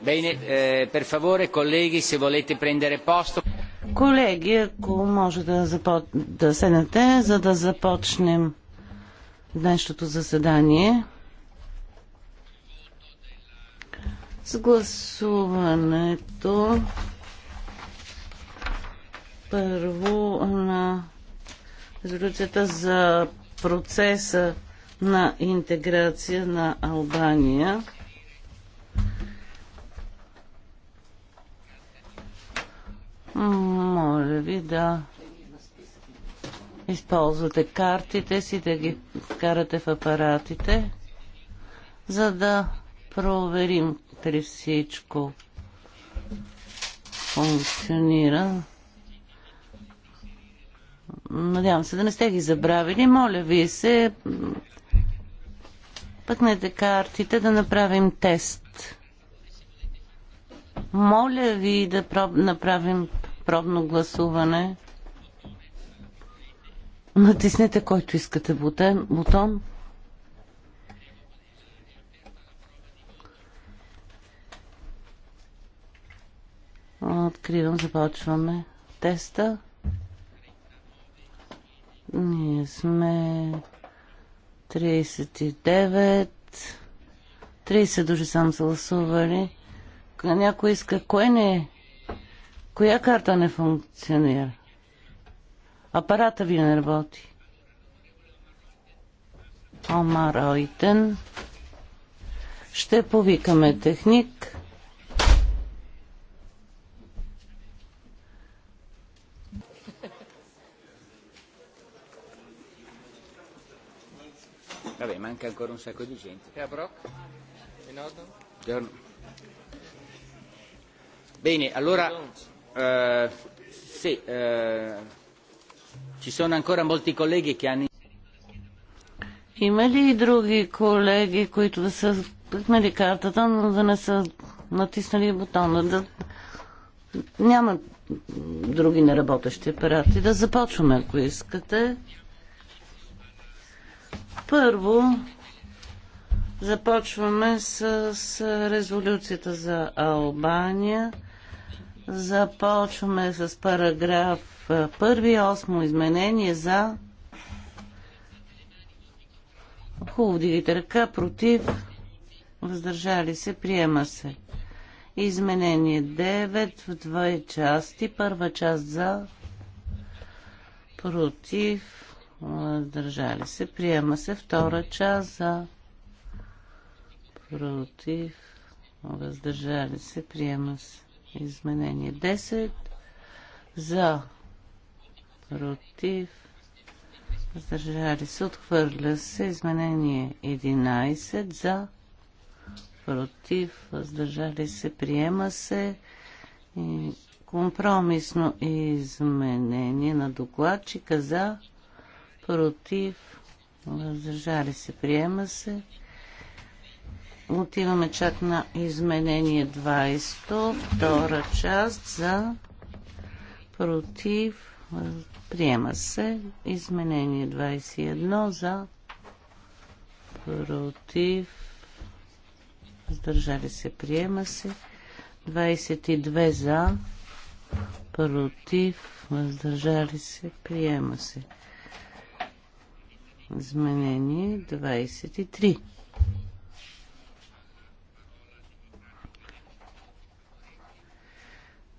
Bene, eh, per favore, colleghi, se volete prendere posto. Колеги, ако може да, запо... да седнете, за да започнем днешното заседание с гласуването първо на резолюцията за процеса на интеграция на Албания. Моля ви да използвате картите си, да ги вкарате в апаратите, за да проверим при всичко функционира. Надявам се да не сте ги забравили. Моля ви се, пъкнете картите да направим тест. Моля ви да направим пробно гласуване. Натиснете който искате бутен, бутон. Откривам, започваме теста. Ние сме 39. 30 души съм са гласували. Някой иска, кое не е? Коя карта не функционира? Апарата ви не работи. Омар Ойтен. Ще повикаме техник. Vabbè, manca ancora un sacco di gente. E a Brock? In Bene, allora... Eh, eh, Има ли и други колеги, които да са пъкнали картата, но да не са натиснали бутона? Да... Няма други неработещи апарати. Да започваме, ако искате. Първо, започваме с резолюцията за Албания. Започваме с параграф първи, осмо изменение за. Хубаво дигайте ръка, против, въздържали се, приема се. Изменение 9 в две части. Първа част за, против, въздържали се, приема се. Втора част за, против, въздържали се, приема се. Изменение 10. За. Против. Въздържали се. Отхвърля се. Изменение 11. За. Против. Въздържали се. Приема се. И компромисно изменение на докладчика за. Против. Въздържали се. Приема се. Отиваме чак на изменение 20, втора част за против. Приема се. Изменение 21 за против. Въздържали се. Приема се. 22 за против. Въздържали се. Приема се. Изменение 23.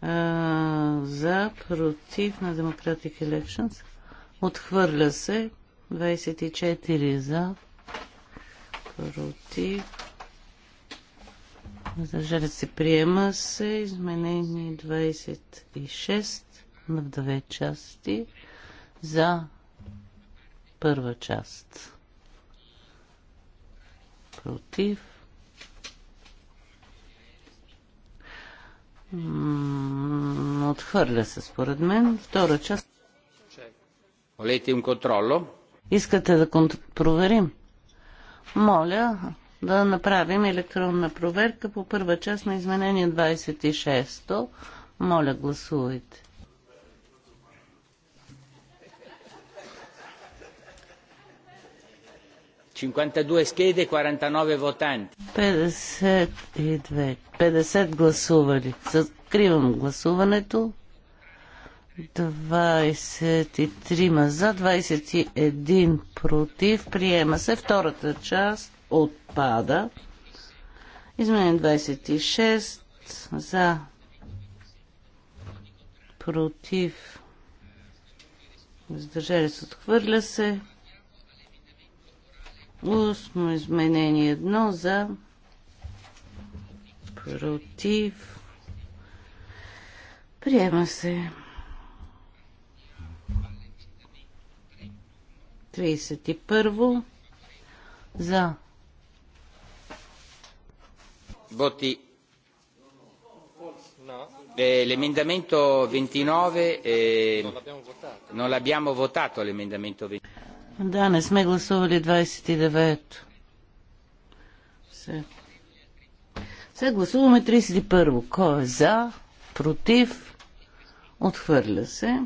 за, против на Democratic Elections. Отхвърля се. 24 за, против. Задържали се. Приема се. Изменение 26 на две части за първа част. Против. Отхвърля се според мен. Втора част. Олете им контроло. Искате да проверим? Моля да направим електронна проверка по първа част на изменение 26. Моля, гласувайте. 52 schede, 49 вотанти. 52. 50 гласували. Закривам гласуването. 23 за, 21 против. Приема се. Втората част отпада. Изменен 26 за, против. Въздържали се. Отхвърля се. Устно изменение едно за против. Приема се. 31 за voti l'emendamento 29 eh, non l'abbiamo votato l'emendamento 29 да, не сме гласували 29-то. Сега. Сега гласуваме 31-во. Кой е за? Против? Отхвърля се.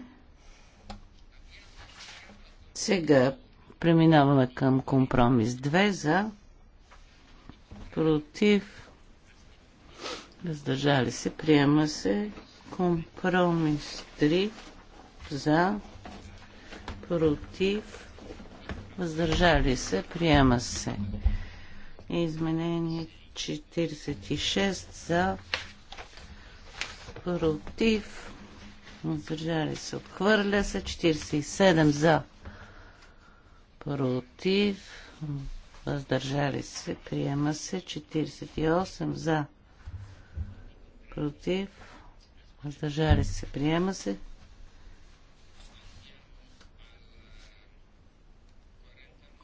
Сега преминаваме към компромис 2 за против Раздържали се приема се компромис 3 за против въздържали се, приема се. Изменение 46 за против, въздържали се, отхвърля се, 47 за против, въздържали се, приема се, 48 за против, въздържали се, приема се,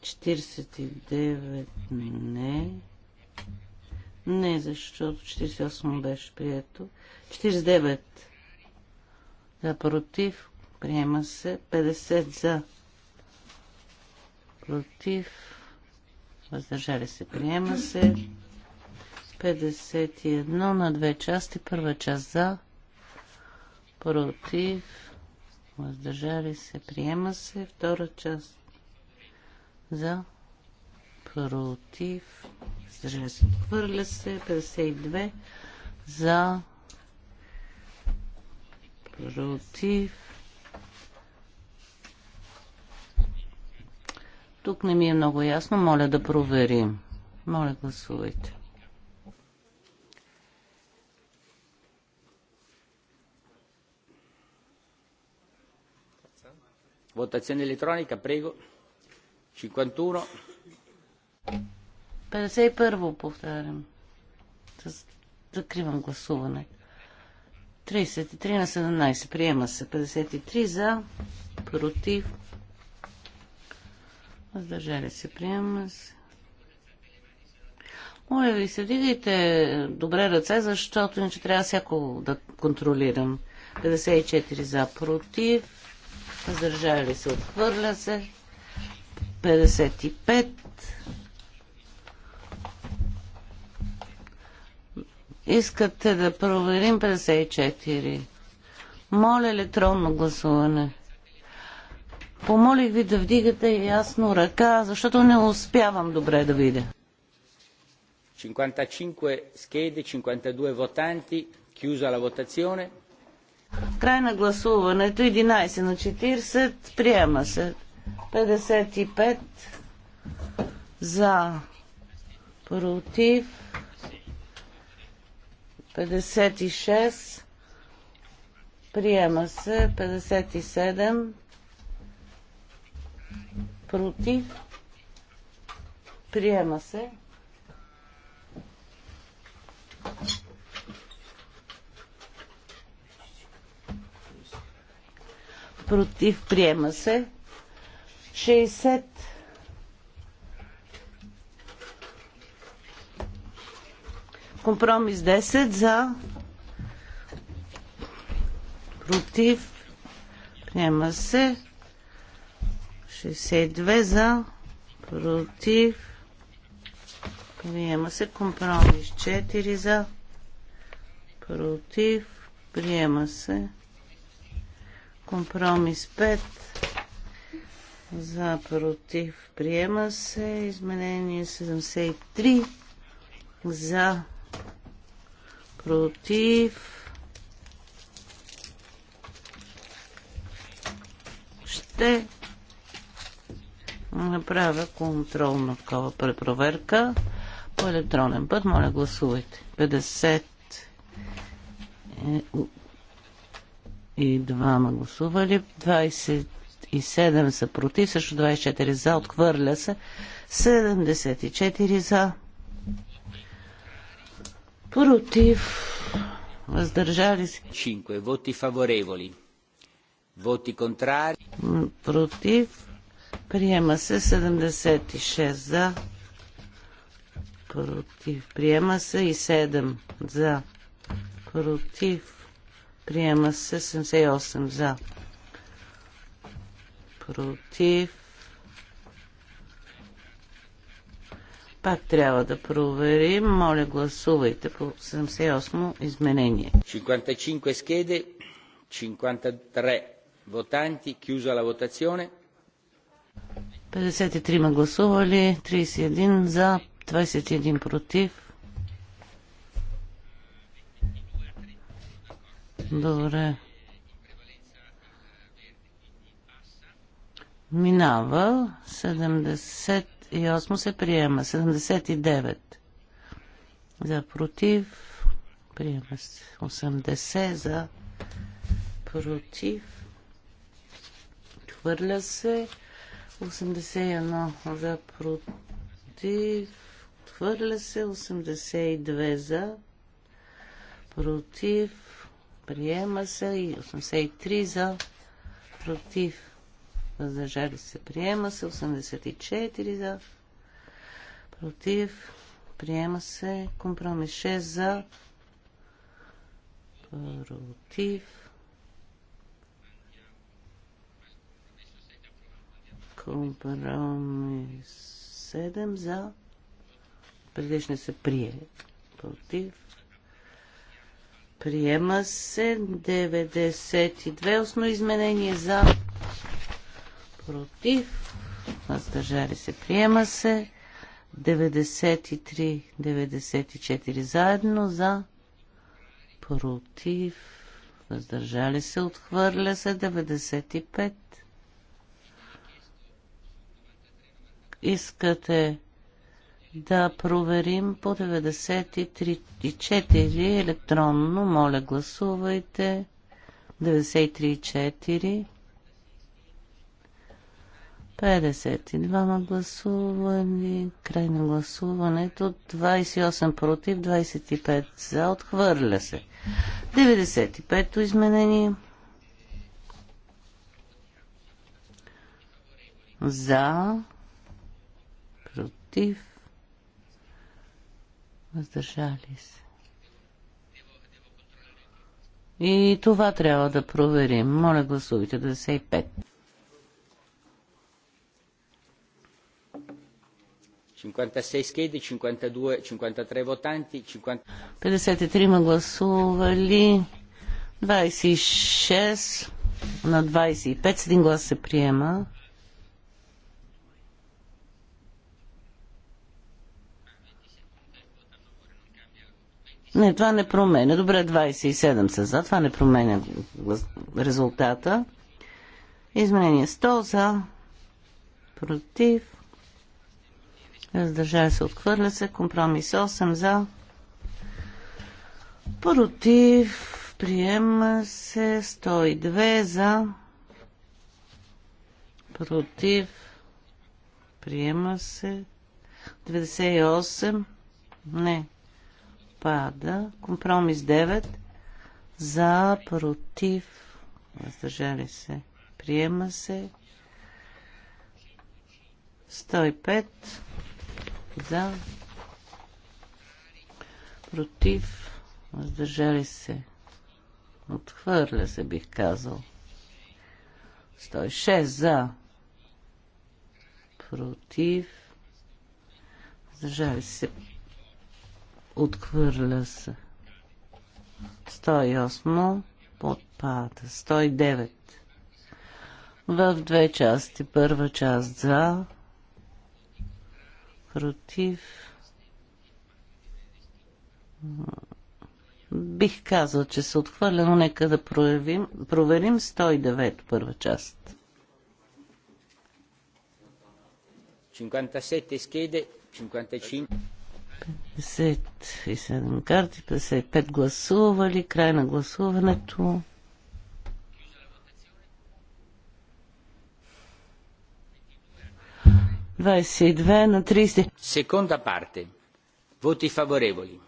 49 не. Не, защото 48 беше прието. 49 за против. Приема се. 50 за против. Въздържали се. Приема се. 51 на две части. Първа част за против. Въздържали се. Приема се. Втора част за против Хвърля се отхвърля се 52 за против Тук не ми е много ясно. Моля да проверим. Моля, гласувайте. Votazione elettronica, prego. 51. 51 повтарям. Закривам гласуване. 33 на 17. Приема се. 53 за. Против. Въздържали се. Приема се. Моля ви се, вдигайте добре ръце, защото иначе трябва всяко да контролирам. 54 за. Против. Въздържали се. Отхвърля се. 55. Искате да проверим 54. Моля електронно гласуване. Помолих ви да вдигате ясно ръка, защото не успявам добре да видя. 55 скеди, 52 вотанти, кюза ла вотационе. Край на гласуването 11 на 40, приема се. 55 за, против, 56, приема се, 57, против, приема се. Против, приема се. 60 Компромис 10 за. Против. Приема се. 62 за. Против. Приема се. Компромис 4 за. Против. Приема се. Компромис 5 за против приема се. Изменение 73. За против. Ще направя контролна такава препроверка по електронен път. Моля, гласувайте. 50 и двама гласували. 20 27 са против, също 24 за, отхвърля се. 74 за. Против. Въздържали се. 5 воти фавореволи. Воти контрари. Против. Приема се 76 за. Против. Приема се и 7 за. Против. Приема се 78 за против. Пак трябва да проверим. Моля, гласувайте по 78 изменение. 55 скеде, 53 вотанти, кюза ла вотационе. 53 ма гласували, 31 за, 21 против. Добре. минава. 78 се приема. 79 за против. Приема се. 80 за против. Хвърля се. 81 за против. Хвърля се. 82 за против. Приема се. И 83 за против въздържали се, приема се. 84 за, против, приема се. Компромис 6 за, против. Компромис 7 за. Предишне се прие. Против. Приема се 92 основно изменение за против, въздържали се, приема се. 93-94 заедно за, против, въздържали се, отхвърля се 95. Искате да проверим по 93-4 електронно, моля гласувайте. 93-4. 52 гласували, край на гласуването, 28 против, 25 за, отхвърля се. 95-то изменение. За, против, въздържали се. И това трябва да проверим. Моля, гласувайте 95. 56 schede, 52, 53 votanti, 50... 53 гласували, 26 на 25, с един глас се приема. Не, това не променя. Добре, 27 са за. Това не променя резултата. Изменение 100 за. Против. Въздържали се, отхвърля се. Компромис 8 за. Против. Приема се 102 за. Против. Приема се 98. Не. Пада. Компромис 9. За. Против. Въздържали се. Приема се. 105. За. Против. Въздържали се. Отхвърля се, бих казал. 106 за. Против. Въздържали се. Отхвърля се. 108 подпада. 109 в две части. Първа част за, против. Бих казал, че се отхвърля, но нека да проявим, проверим 109 първа част. 57 schede, 55. 57 карти, 55 гласували, край на гласуването. 22 на 30. Секунда парте. Воти фавореволи.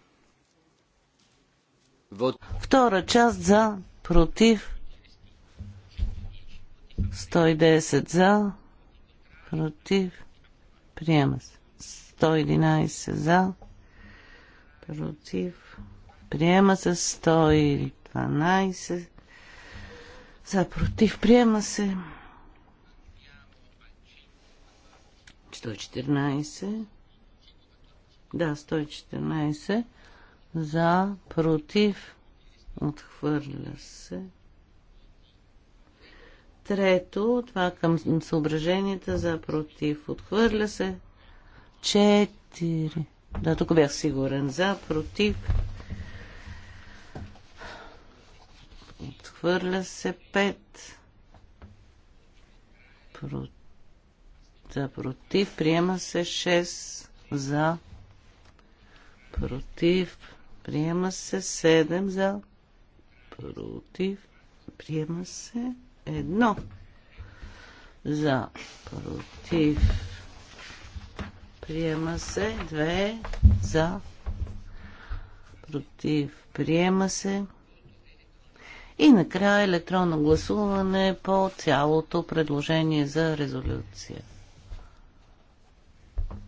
Втора част за, против. 110 за, против. Приема се. 111 за, против. Приема се 112 за, против. Приема се. 114. Да, 114. За, против, отхвърля се. Трето, това към съображенията за против. Отхвърля се. Четири. Да, тук бях сигурен. За, против. Отхвърля се. Пет. Против за, против, приема се 6 за, против, приема се 7 за, против, приема се 1 за, против, приема се 2 за, против, приема се и накрая електронно гласуване по цялото предложение за резолюция.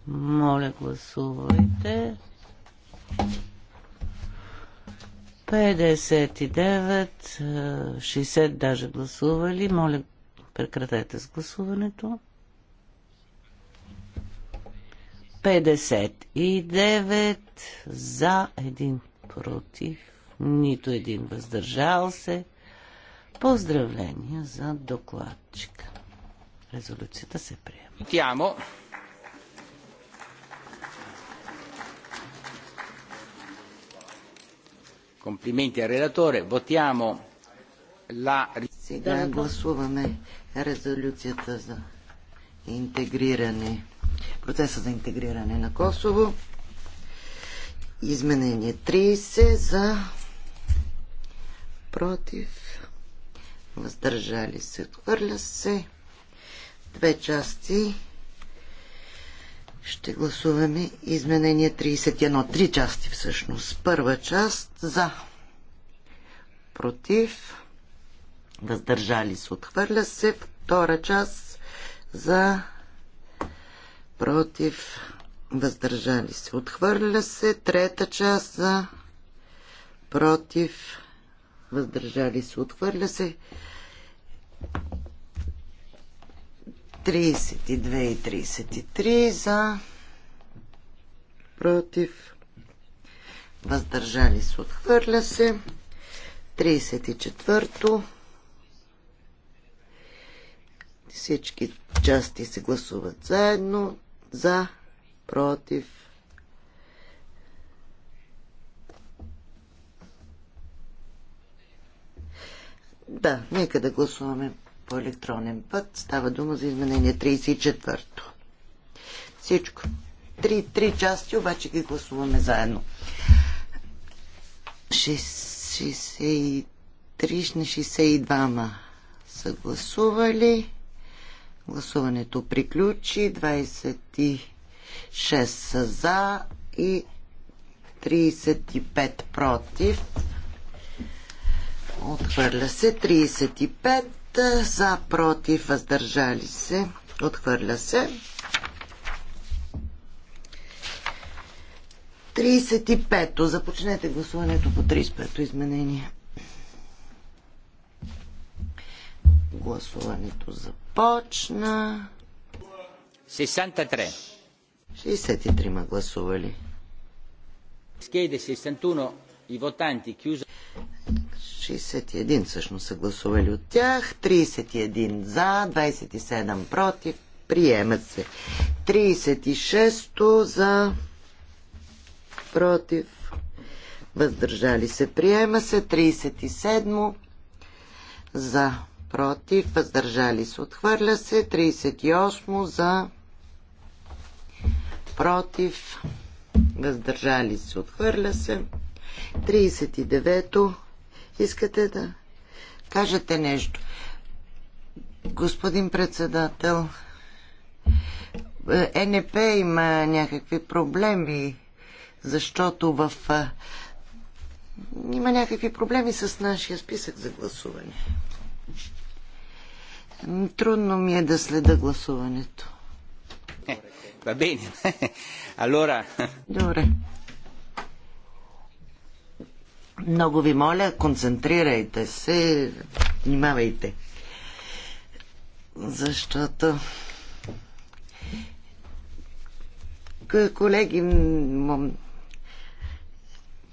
Моля, гласувайте. 59, 60 даже гласували. Моля, прекратете с гласуването. 59 за, 1 против, нито един въздържал се. Поздравления за докладчика. Резолюцията се приема. Complimenti al relatore. Votiamo la... Сега гласуваме резолюцията за интегриране, процеса за интегриране на Косово. Изменение 30 за против. Въздържали се. Отхвърля се. Две части. Ще гласуваме изменение 31. Три части всъщност. Първа част за. Против. Въздържали се. Отхвърля се. Втора част за. Против. Въздържали се. Отхвърля се. Трета част за. Против. Въздържали се. Отхвърля се. 32 и 33 за против въздържали се отхвърля се 34-то всички части се гласуват заедно за против да, нека да гласуваме по електронен път. Става дума за изменение 34-то. Всичко. Три, три части, обаче ги гласуваме заедно. 63 на 62 са гласували. Гласуването приключи. 26 са за и 35 против. Отхвърля се 35 за, против, въздържали се, отхвърля се. 35-то. Започнете гласуването по 35-то изменение. Гласуването започна. 63. 63 ма гласували. Скейде 61 и votanti chiuso. 61 всъщност са гласували от тях. 31 за, 27 против. Приемат се. 36 за, против. Въздържали се. Приема се. 37 за, против. Въздържали се. Отхвърля се. 38 за, против. Въздържали се. Отхвърля се. 39 Искате да кажете нещо? Господин председател, е, НП има някакви проблеми, защото в има някакви проблеми с нашия списък за гласуване. Трудно ми е да следа гласуването. Va bene. Allora... Добре. Много ви моля, концентрирайте се, внимавайте. Защото колеги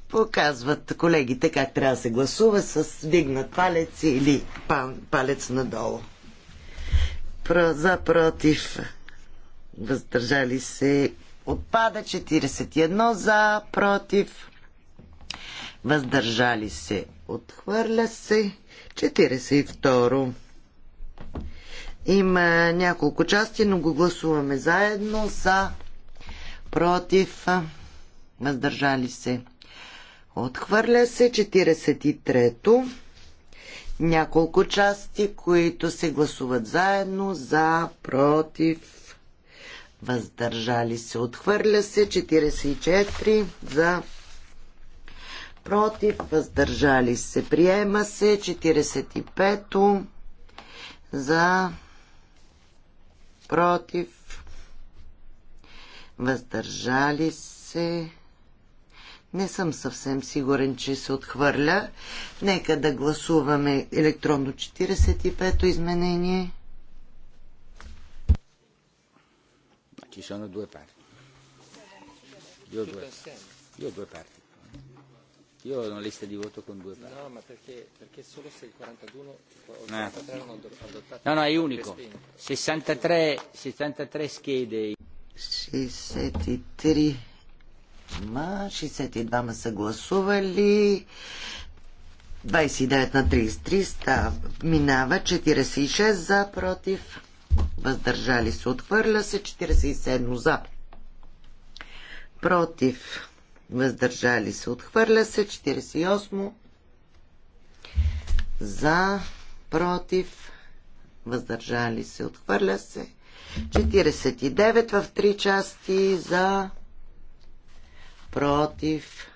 показват колегите как трябва да се гласува с дигнат палец или палец надолу. Про, за против въздържали се отпада 41 за против въздържали се, отхвърля се. 42. Има няколко части, но го гласуваме заедно. За, против, въздържали се. Отхвърля се 43-то. Няколко части, които се гласуват заедно. За, против, въздържали се. Отхвърля се 44 за, против, въздържали се. Приема се 45-то за против, въздържали се. Не съм съвсем сигурен, че се отхвърля. Нека да гласуваме електронно 45-то изменение. Ci sono due parti. Io due, io due parti. Io ho una lista di voto con due parti. No, ma perché, perché solo se il 41 o il 43 hanno adottato... No, no, è unico. 63, 63 schede. 63 ма, 62 ма са гласували. 29 на 33 става, минава 46 за, против, въздържали се, отхвърля се, 47 за, против, въздържали се. Отхвърля се 48 за, против, въздържали се. Отхвърля се 49 в 3 части за, против,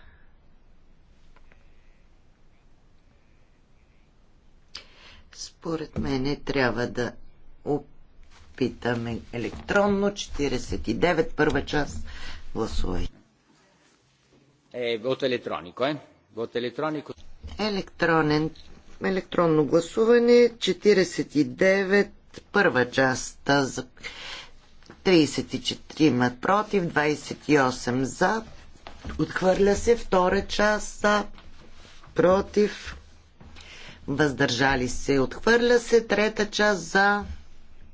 Според мен трябва да опитаме електронно 49 първа част. Гласувайте. Е, вот електронико, е? Вот електронико. Електронен, електронно гласуване, 49, първа част, за 34 против, 28 за, отхвърля се, втора част за, против, въздържали се, отхвърля се, трета част за,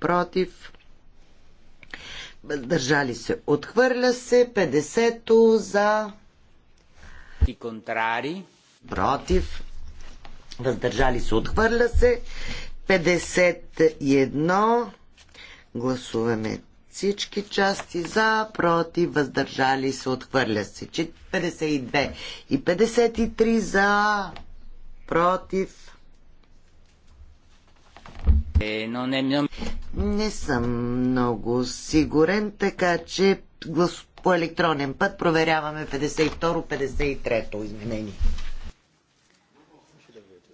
против, въздържали се, отхвърля се, 50 за, Против. Въздържали се. Отхвърля се. 51. Гласуваме всички части за, против, въздържали се, отхвърля се. 52 и 53 за, против. Е, но Не Не съм много сигурен, така че глас по електронен път. Проверяваме 52-53 изменение.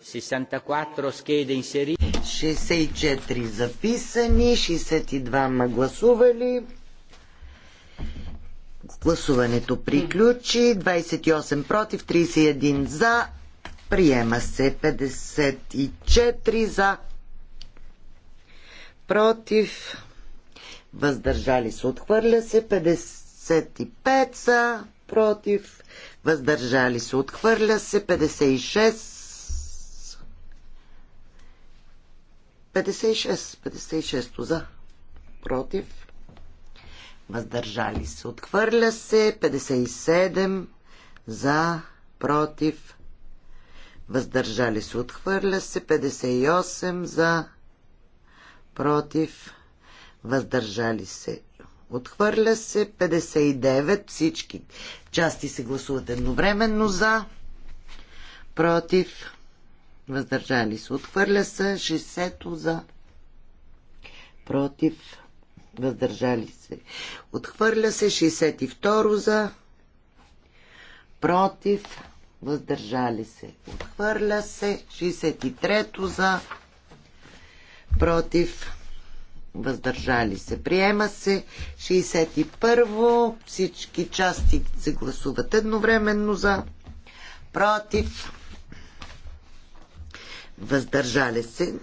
64 64 записани, 62 ма гласували. Гласуването приключи. 28 против, 31 за. Приема се 54 за. Против. Въздържали се. Отхвърля се 50. 55 са против, въздържали се, отхвърля се 56 56, 56 за, против, въздържали се, отхвърля се 57 за, против, въздържали се, отхвърля се 58 за, против, въздържали се, Отхвърля се 59. Всички части се гласуват едновременно за. Против. Въздържали се. Отхвърля се 60 за. Против. Въздържали се. Отхвърля се 62 за. Против. Въздържали се. Отхвърля се 63 за. Против въздържали се. Приема се 61-во, всички части се гласуват едновременно за, против, въздържали се.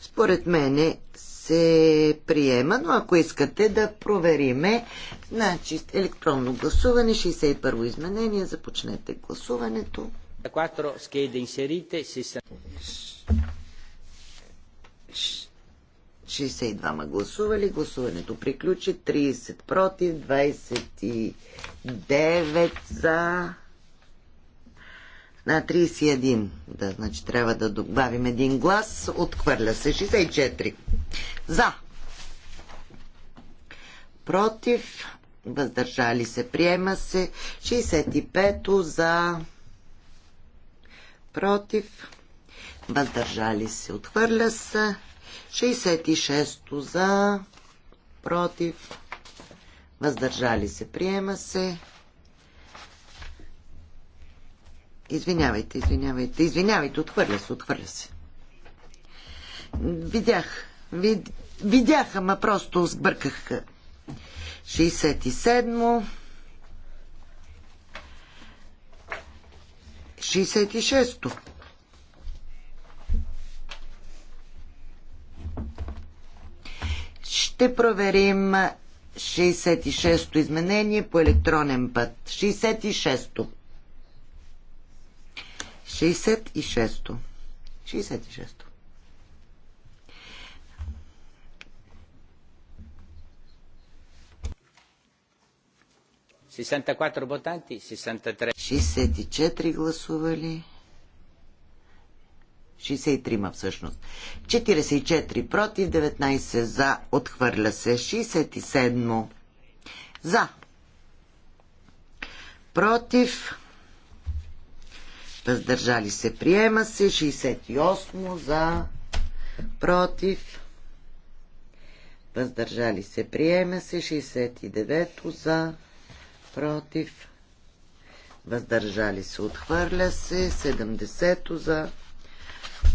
Според мене се приема, но ако искате да провериме, значи електронно гласуване, 61-во изменение, започнете гласуването. 4 schede 60... 62 гласували. Гласуването приключи. 30 против, 29 за. На 31. Да, значи трябва да добавим един глас. Отхвърля се. 64. За. Против. Въздържали се. Приема се. 65 за. Против. Въздържали се. Отхвърля се. 66 за, против, въздържали се, приема се. Извинявайте, извинявайте, извинявайте, отхвърля се, отхвърля се. Видях, вид, видях, ама просто сбърках. 67 66-то. Ще проверим 66-то изменение по електронен път. 66-то. 66-то. 66-то. votanti, 63. 64 гласували. 63 всъщност. 44 против, 19 за, отхвърля се. 67 за. Против. Въздържали се, приема се. 68 за. Против. Въздържали се, приема се. 69 за. Против. Въздържали се, отхвърля се. 70 за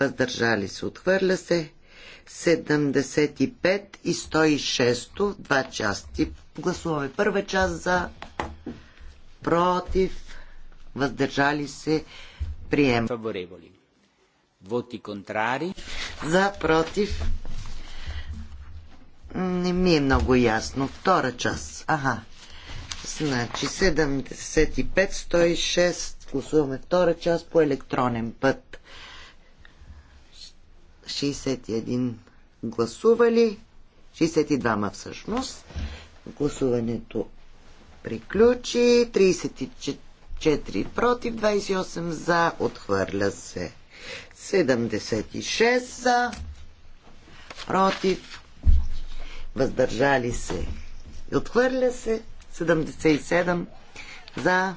въздържали се, отхвърля се. 75 и 106 в два части. Гласуваме първа част за против, въздържали се, прием. Воти контрари. За против. Не ми е много ясно. Втора част. Ага. Значи 75, 106. Гласуваме втора част по електронен път. 61 гласували, 62 всъщност. Гласуването приключи, 34 против, 28 за, отхвърля се. 76 за, против, въздържали се. Отхвърля се 77 за,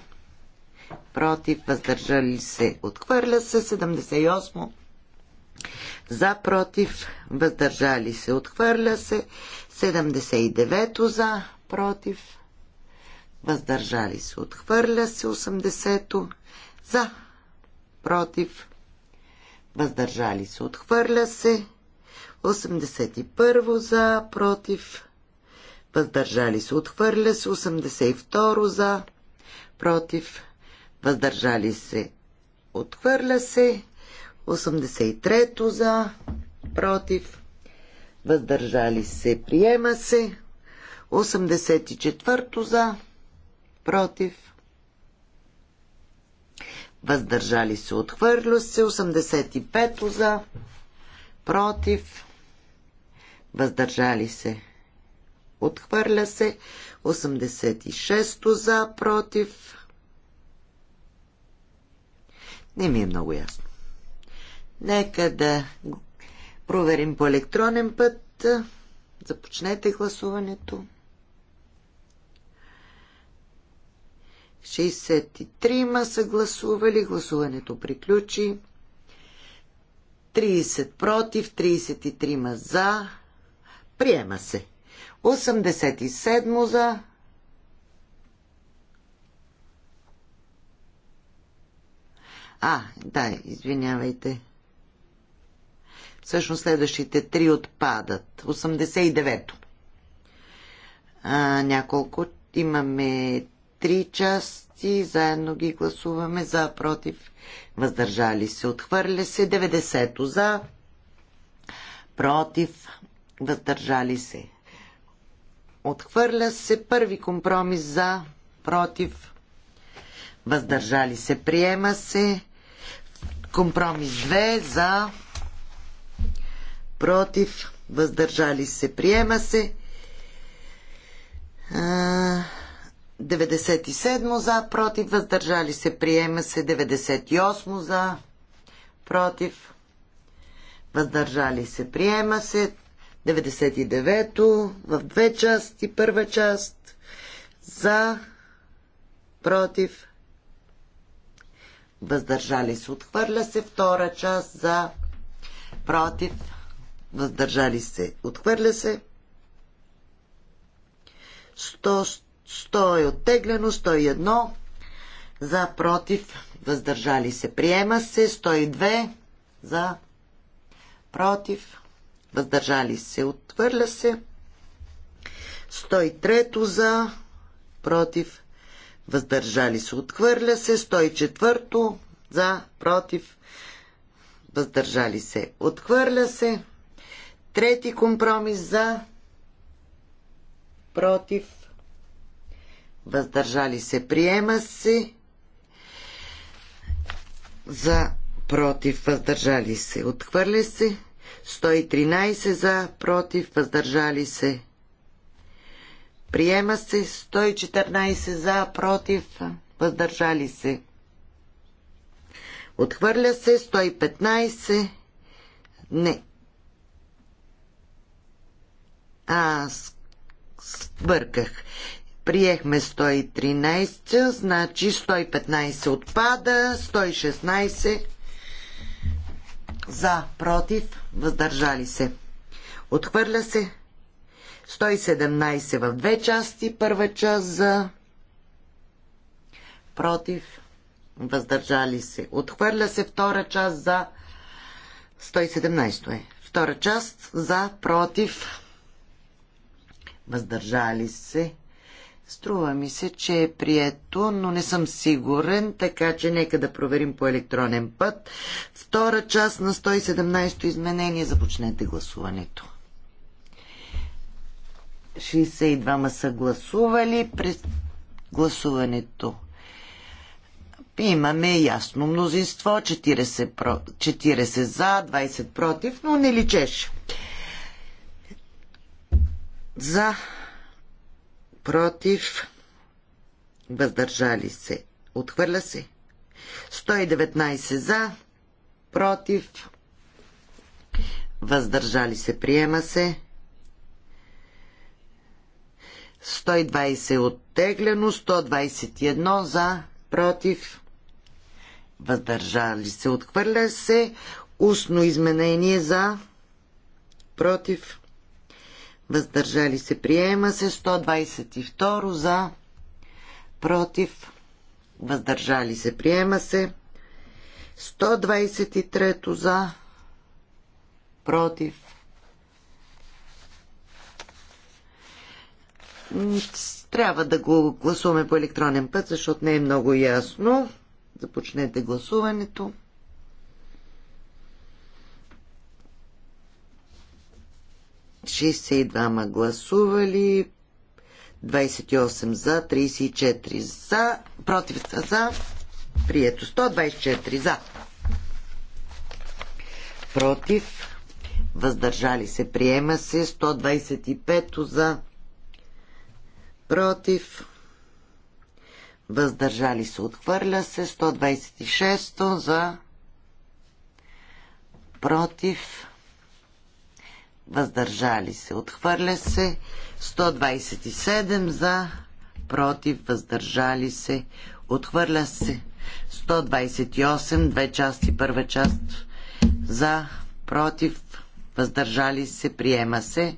против, въздържали се. Отхвърля се 78 за, против, въздържали се, отхвърля се, 79-то за, против, въздържали се, отхвърля се, 80-то за, против, въздържали се, отхвърля се, 81 то за, против, въздържали се, отхвърля се, 82 то за, против, въздържали се, отхвърля се, 83-то за, против, въздържали се, приема се. 84-то за, против, въздържали се, отхвърля се. 85-то за, против, въздържали се, отхвърля се. 86-то за, против. Не ми е много ясно. Нека да проверим по електронен път. Започнете гласуването. 63 са гласували. Гласуването приключи. 30 против, 33 за. Приема се. 87 за. А, да, извинявайте. Всъщност следващите три отпадат. 89-то. няколко. Имаме три части. Заедно ги гласуваме за, против, въздържали се. Отхвърля се 90-то за, против, въздържали се. Отхвърля се първи компромис за, против, въздържали се. Приема се компромис 2 за, против, въздържали се, приема се. 97 за, против, въздържали се, приема се. 98 за, против, въздържали се, приема се. 99-то в две части, първа част за, против, въздържали се, отхвърля се, втора част за, против, въздържали се, отхвърля се. 100, 100 е оттеглено, 101 за, против, въздържали се, приема се, 102 за, против, въздържали се, отхвърля се. 103 за, против, въздържали се, отхвърля се. 104 за, против, въздържали се, отхвърля се. Трети компромис за против въздържали се приема се за против въздържали се отхвърля се 113 за против въздържали се приема се 114 за против въздържали се отхвърля се 115 не а, сбърках. Приехме 113, значи 115 отпада, 116 за, против, въздържали се. Отхвърля се 117 в две части, първа част за, против, въздържали се. Отхвърля се втора част за 117 е. Втора част за, против, въздържали се. Струва ми се, че е прието, но не съм сигурен, така че нека да проверим по електронен път. Втора част на 117-то изменение. Започнете гласуването. 62-ма са гласували през гласуването. Имаме ясно мнозинство, 40, про... 40 за, 20 против, но не личеше. За, против, въздържали се. Отхвърля се. 119 за, против, въздържали се. Приема се. 120 е оттеглено, 121 за, против, въздържали се. Отхвърля се. Устно изменение за, против, въздържали се, приема се. 122 за, против, въздържали се, приема се. 123 за, против. Трябва да го гласуваме по електронен път, защото не е много ясно. Започнете гласуването. 62 гласували, 28 за, 34 за, против са за, прието 124 за. Против, въздържали се, приема се 125 за, против, въздържали се, отхвърля се 126 за, против, въздържали се. Отхвърля се 127 за, против, въздържали се. Отхвърля се 128, две части, първа част за, против, въздържали се, приема се.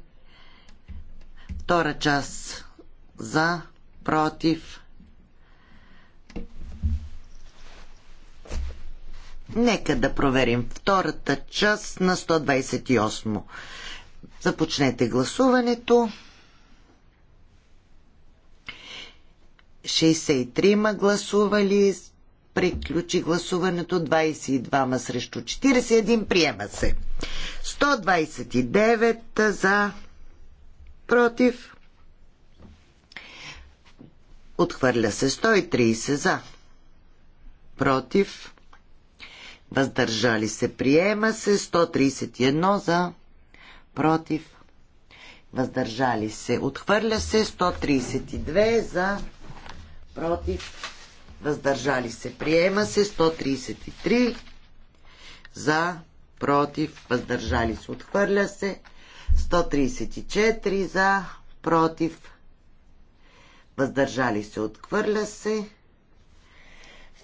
Втора част за, против. Нека да проверим втората част на 128. Започнете гласуването. 63-ма гласували, приключи гласуването 22-ма срещу 41, приема се. 129 за, против, отхвърля се 130 за, против, въздържали се, приема се 131 за, против, въздържали се. Отхвърля се 132 за, против, въздържали се. Приема се 133 за, против, въздържали се. Отхвърля се 134 за, против, въздържали се. Отхвърля се.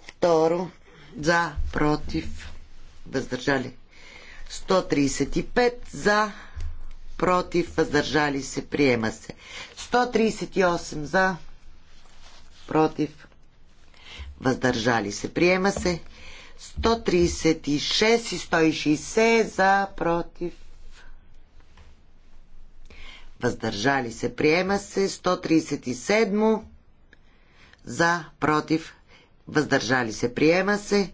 Второ, за, против, въздържали. 135 за, против, въздържали се, приема се. 138 за, против, въздържали се, приема се. 136 и 160 за, против, въздържали се, приема се. 137 за, против, въздържали се, приема се.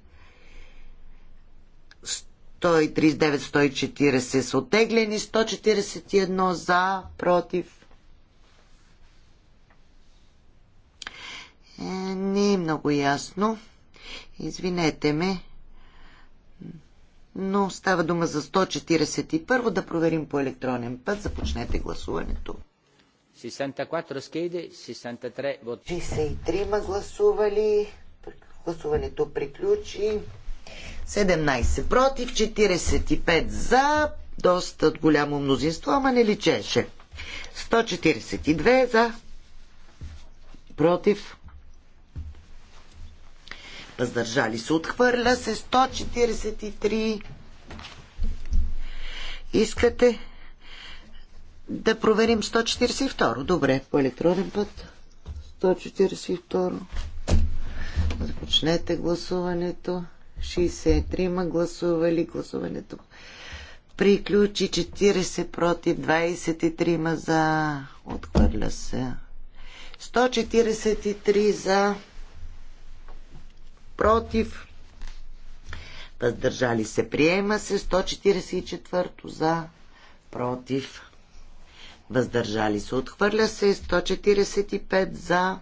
139, 140 са оттеглени, 141 за, против. Е, не е много ясно. Извинете ме. Но става дума за 141. Да проверим по електронен път. Започнете гласуването. 64 schede, 63 voti. 63 ма гласували. Гласуването приключи. 17 против, 45 за, доста голямо мнозинство, ама не личеше. 142 за, против, въздържали се, отхвърля се 143. Искате да проверим 142. Добре, по електронен път. 142. Започнете гласуването. 63 гласували. Гласуването приключи 40 против 23 за. Отхвърля се. 143 за. Против. Въздържали се. Приема се. 144 за. Против. Въздържали се. Отхвърля се. 145 за.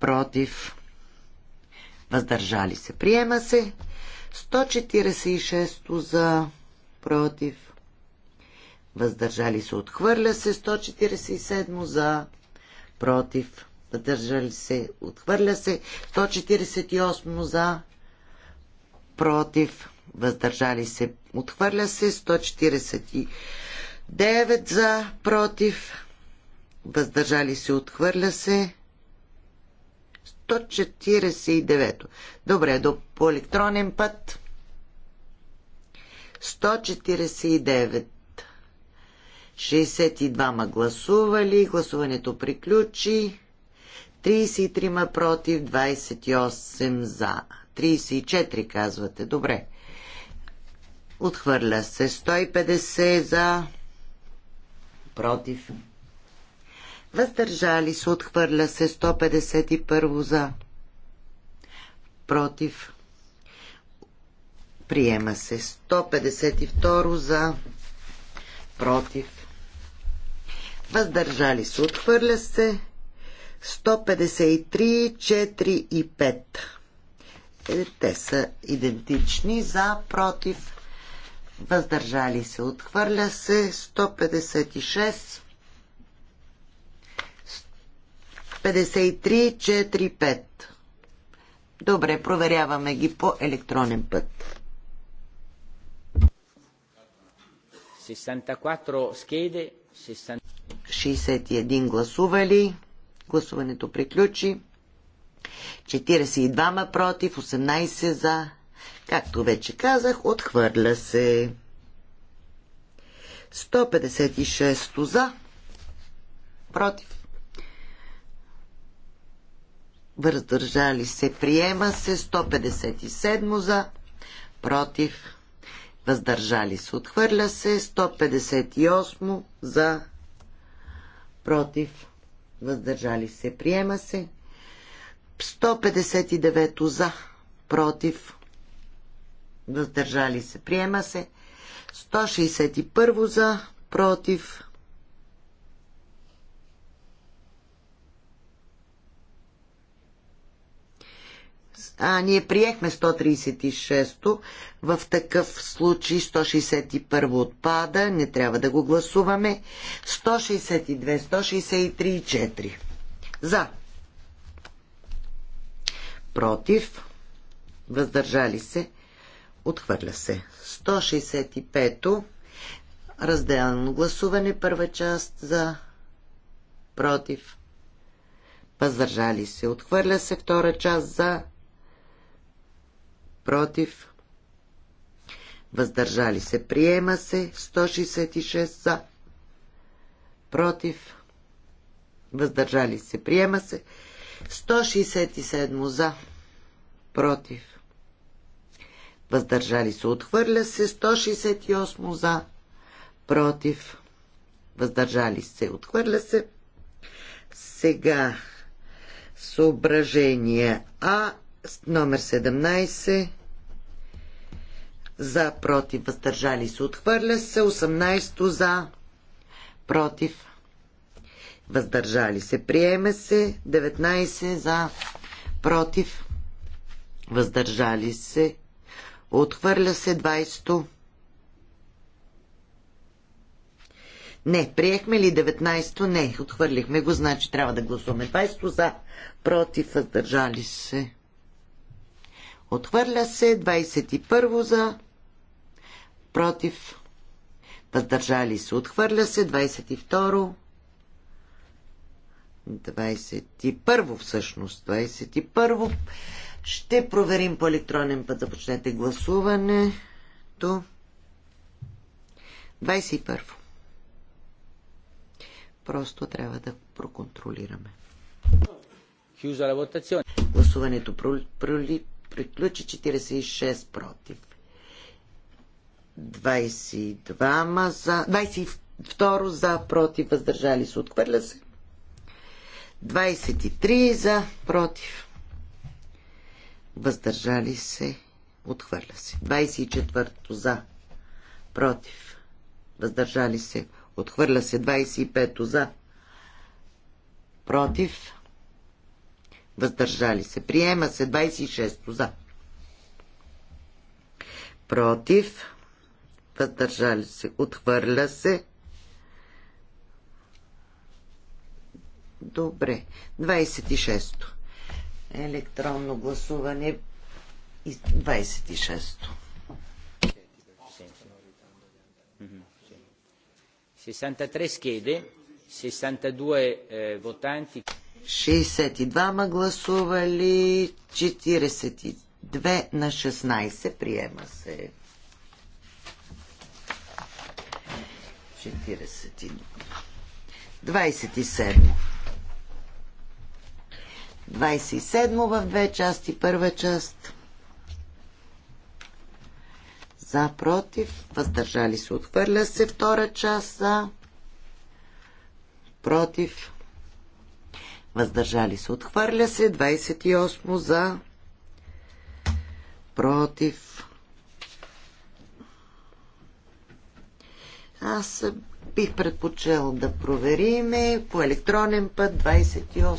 Против въздържали се. Приема се 146 за против, въздържали се. Отхвърля се 147 за против, въздържали се. Отхвърля се 148 за против, въздържали се. Отхвърля се 149 за против, въздържали се. Отхвърля се 149. Добре, до, по електронен път. 149. 62 гласували. Гласуването приключи. 33 против, 28 за. 34 казвате. Добре. Отхвърля се 150 за против въздържали се, отхвърля се 151 за, против, приема се 152 за, против, въздържали се, отхвърля се 153, 4 и 5. Е, те са идентични за, против, въздържали се, отхвърля се 156 53-45. Добре, проверяваме ги по електронен път. 64 скеде, 61 гласували. Гласуването приключи. 42 против, 18 за. Както вече казах, отхвърля се. 156 за. Против въздържали се, приема се 157 за, против, въздържали се, отхвърля се 158 за, против, въздържали се, приема се 159 за, против, въздържали се, приема се 161 за, против, А, ние приехме 136-то. В такъв случай 161 отпада. Не трябва да го гласуваме. 162, 163 и 4. За. Против. Въздържали се. Отхвърля се. 165-то. Разделено гласуване. Първа част за. Против. Въздържали се. Отхвърля се. Втора част за против, въздържали се, приема се, 166 за, против, въздържали се, приема се, 167 за, против, въздържали се, отхвърля се, 168 за, против, въздържали се, отхвърля се. Сега съображение А, номер 17, за, против, въздържали се, отхвърля се. 18 за, против, въздържали се, приеме се. 19 за, против, въздържали се, отхвърля се. 20 Не, приехме ли 19-то? Не, отхвърлихме го, значи трябва да гласуваме 20 за, против, въздържали се. Отхвърля се 21 за, против, въздържали се, отхвърля се, 22, 21 всъщност, 21. Ще проверим по електронен път, започнете гласуването. 21. Просто трябва да проконтролираме. Гласуването приключи 46 против. 22 за, 22 за, против, въздържали се, отхвърля се. 23 за, против, въздържали се, отхвърля се. 24 за, против, въздържали се, отхвърля се. 25 за, против, въздържали се. Приема се 26 за. Против, въздържали се, отхвърля се. Добре. 26-то. Електронно гласуване 26-то. 63 schede, 62 eh, votanti. 62 гласували, 42 на 16 приема се. 27. 27 в две части. Първа част. За, против. Въздържали се. Отхвърля се. Втора част. За, против. Въздържали се. Отхвърля се. 28 за, против Аз бих предпочел да провериме по електронен път 28.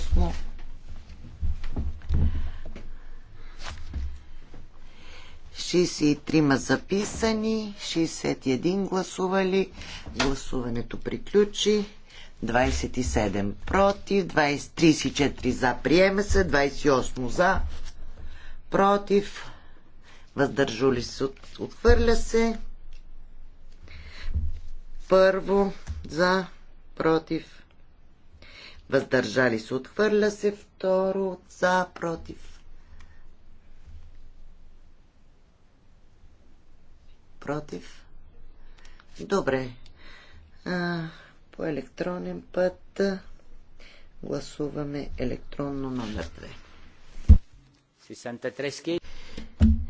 63 трима записани, 61 гласували, гласуването приключи, 27 против, 20, 34 за, приема се, 28 за, против, въздържали се, отхвърля се. Първо за, против, въздържали се, отхвърля се. Второ за, против. Против. Добре. А, по електронен път гласуваме електронно номер 2. 63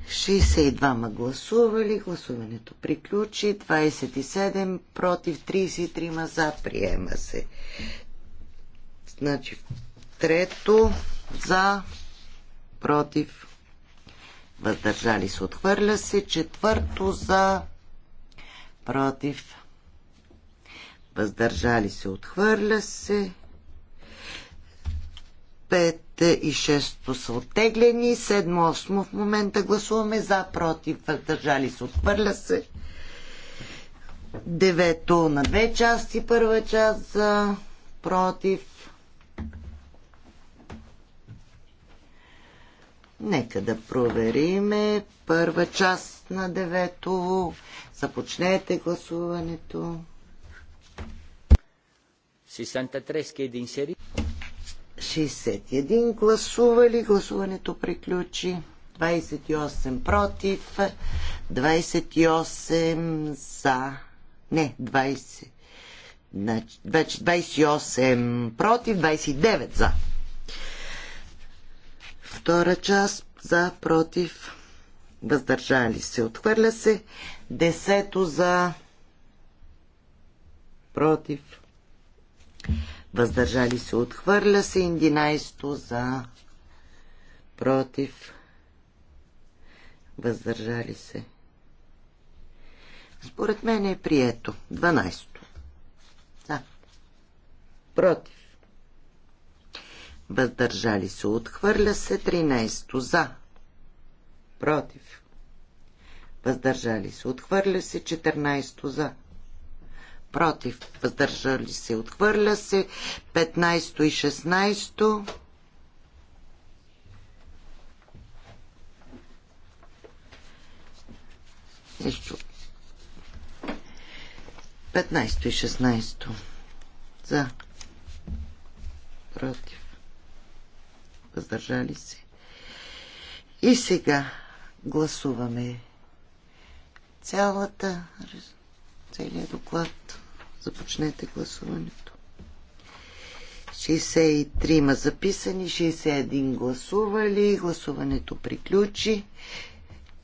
62 гласували, гласуването приключи, 27 против 33 за, приема се. Значи трето за, против, въздържали се, отхвърля се, четвърто за, против, въздържали се, отхвърля се, 5 и 6 са оттеглени. 7-8 в момента гласуваме за, против, въздържали се, отхвърля се. Девето на две части, първа част за, против. Нека да провериме първа част на девето. Започнете гласуването. 63 schede 61 гласували. Гласуването приключи. 28 против, 28 за. Не, 20. Значи, 28 значи против, 29 за. Втора част за, против, въздържали се. Отхвърля се. Десето за, против въздържали се, отхвърля се, 11 за, против, въздържали се. Според мен е прието. 12 За. Против. Въздържали се. Отхвърля се. 13 За. Против. Въздържали се. Отхвърля се. 14 За против, въздържали се, отхвърля се. 15 и 16. Нещо. 15 и 16. За. Против. Въздържали се. И сега гласуваме цялата резолюция целият доклад. Започнете гласуването. 63 ма записани, 61 гласували, гласуването приключи.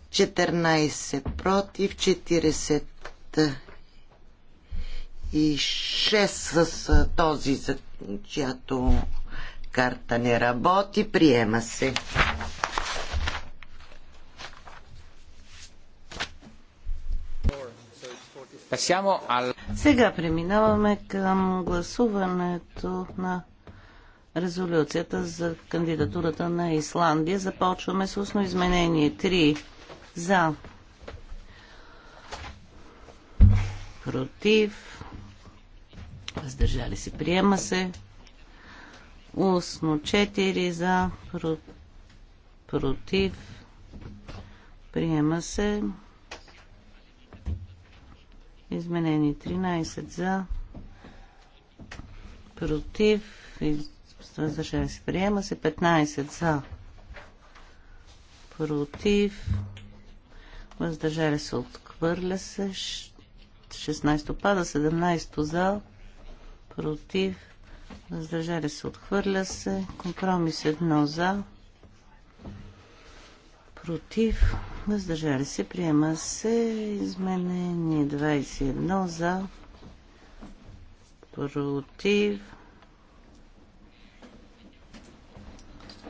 14 против, 40 и 6 с този, за чиято карта не работи. Приема се. Сега преминаваме към гласуването на резолюцията за кандидатурата на Исландия. Започваме с устно изменение 3 за против въздържали се приема се устно 4 за против приема се Изменени 13 за. Против. Въздържали се. Приема се. 15 за. Против. Въздържали се. Отхвърля се. 16 пада. 17 за. Против. Въздържали се. Отхвърля се. Компромис 1 за против, въздържали се, приема се изменени 21 за, против.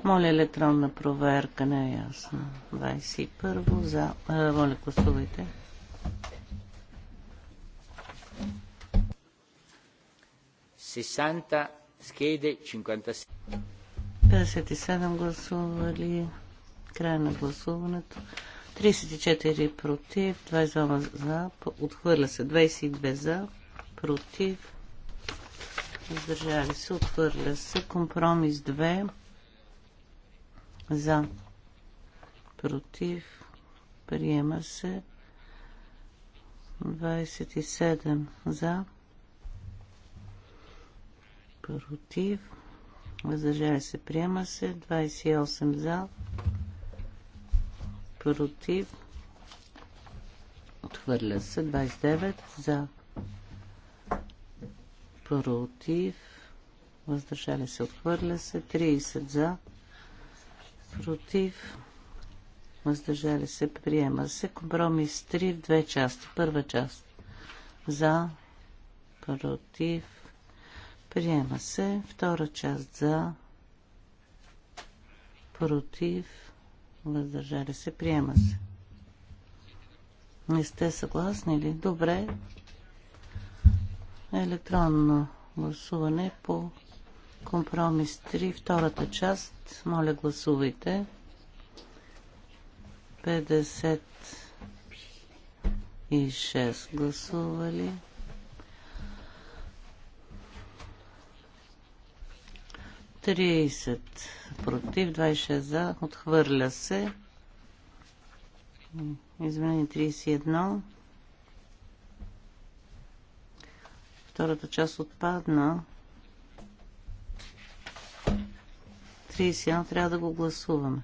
Моля електронна проверка, не е ясно. 21 за, а, моля гласувайте. Сесанта скеде 57. 57 гласували. Край на гласуването. 34 против, 22 за, отхвърля се 22 за, против, издържали се, отхвърля се, компромис 2 за, против, приема се 27 за, против, въздържали се, приема се 28 за, против, отхвърля се. 29 за, против, въздържали се, отхвърля се. 30 за, против, въздържали се, приема се. Компромис 3 в две части. Първа част за, против, приема се. Втора част за, против, въздържали се, приема се. Не сте съгласни ли? Добре. Електронно гласуване по компромис 3, втората част. Моля, гласувайте. 56 гласували. 30 против, 26 за, отхвърля се. Изменение 31. Втората част отпадна. 31 трябва да го гласуваме.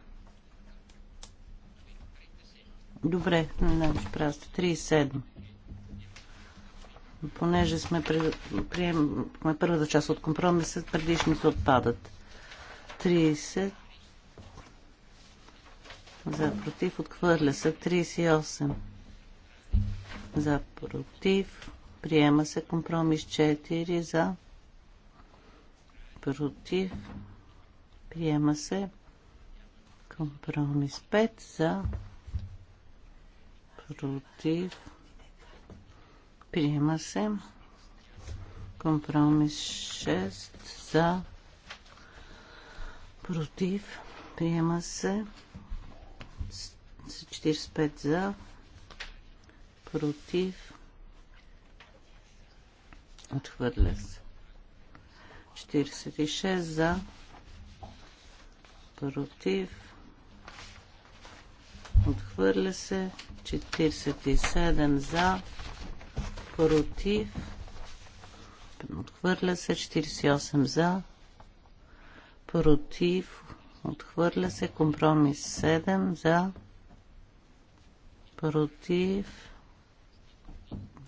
Добре, не, ще прасте. 37 понеже сме приемахме първата част от компромиса, предишните отпадат. 30 за против, отхвърля се 38 за против, приема се компромис 4 за против, приема се компромис 5 за против, Приема се. Компромис 6 за. Против. Приема се. 45 за. Против. Отхвърля се. 46 за. Против. Отхвърля се. 47 за против, отхвърля се, 48 за, против, отхвърля се, компромис 7 за, против,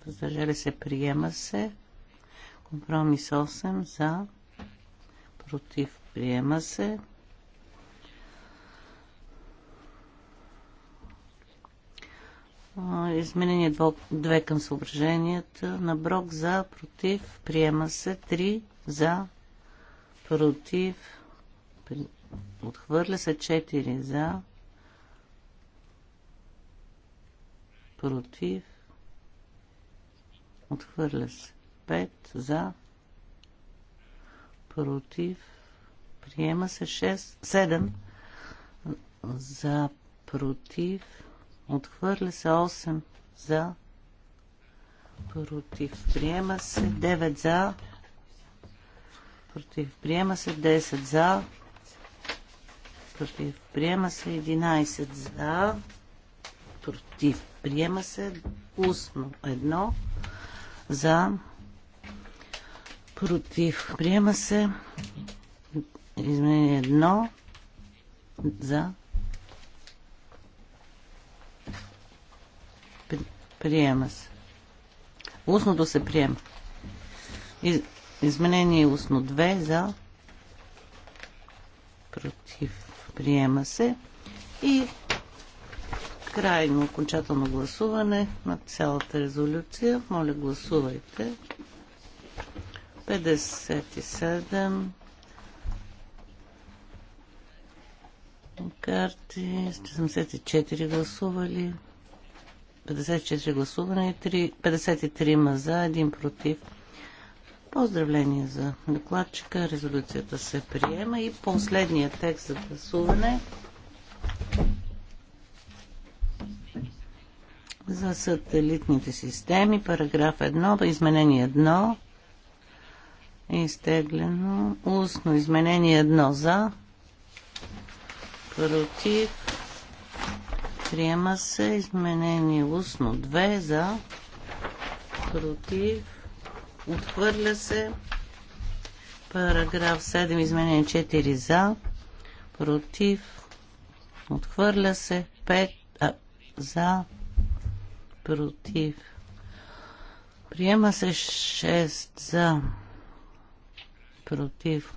въздържали се, приема се, компромис 8 за, против, приема се, Изменение 2 към съображенията на Брок за, против, приема се 3 за, против, отхвърля се 4 за, против, отхвърля се 5 за, против, приема се 6, 7 за, против, Отхвърля се 8 за. Против. Приема се 9 за. Против. Приема се 10 за. Против. Приема се 11 за. Против. Приема се устно 1 за. Против. Приема се изменение 1 за Приема се. Устното се приема. Из... Изменение устно 2 за. Против. Приема се. И крайно окончателно гласуване на цялата резолюция. Моля, гласувайте. 57 карти, 74 гласували. 54 гласуване, 53 ма за, 1 против. Поздравление за докладчика. Резолюцията се приема и последния текст за гласуване за сателитните системи, параграф 1, изменение 1, изтеглено, устно изменение 1 за, против, Приема се изменение устно 2 за против. Отхвърля се. Параграф 7 изменение 4 за против. Отхвърля се 5 а, за против. Приема се 6 за против.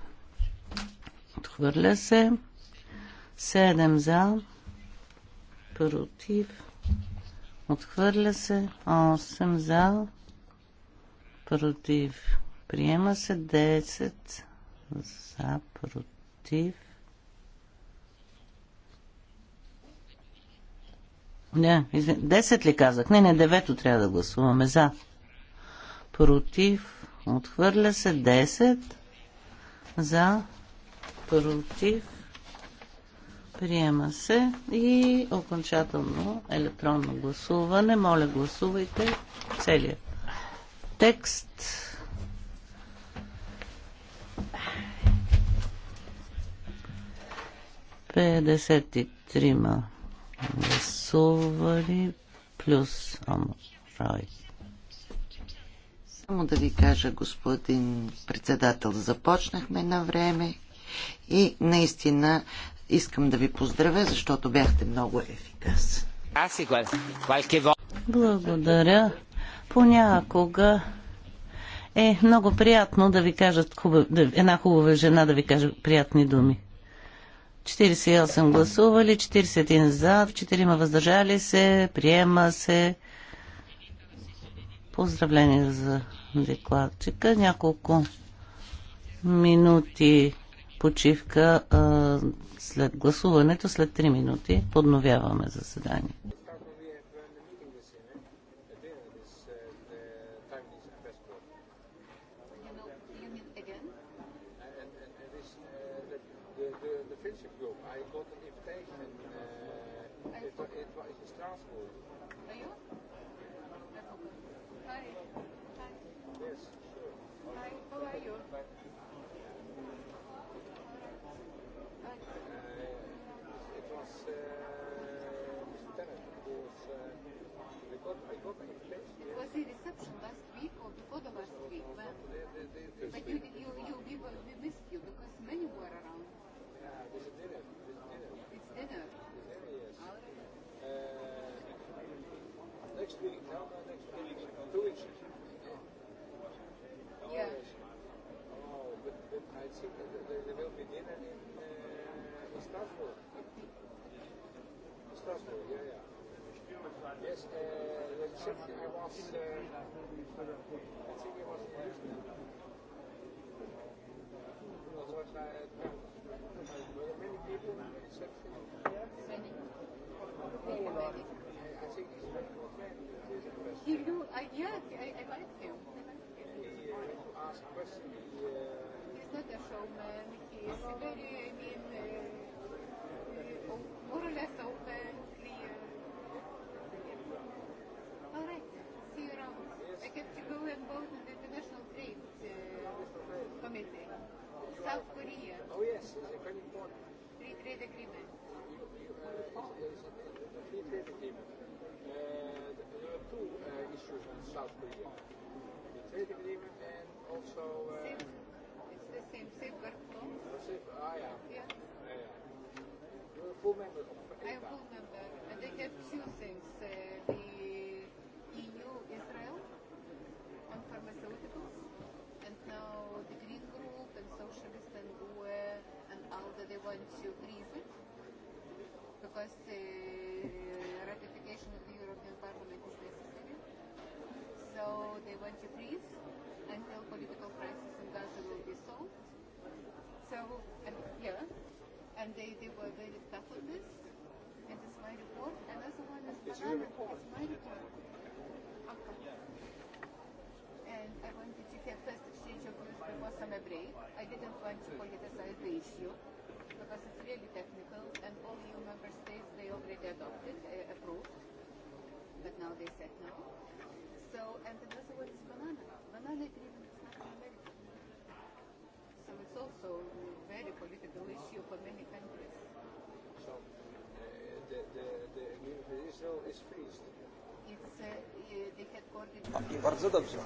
Отхвърля се 7 за против, отхвърля се, 8 за, против, приема се, 10 за, против. Не, 10 ли казах? Не, не, 9 трябва да гласуваме за. Против, отхвърля се, 10 за, против, Приема се и окончателно електронно гласуване. Моля, гласувайте целият текст. Петдесет и трима гласували плюс Омрой. Само да ви кажа, господин председател, започнахме на време и наистина Искам да ви поздравя, защото бяхте много ефикасен. Благодаря. Понякога е много приятно да ви кажат хубав, една хубава жена да ви каже приятни думи. 48 гласували, 41 за, 4 въздържали се, приема се. Поздравление за декладчика. Няколко минути почивка а, след гласуването, след 3 минути подновяваме заседанието. And I wanted to have first exchange of views before summer break. I didn't want to politicize the issue because it's really technical and all EU member states, they already adopted, uh, approved, but now they said no. So, and another one is banana. Banana agreement is not in America. So it's also a very political issue for many countries. Bardzo dobrze.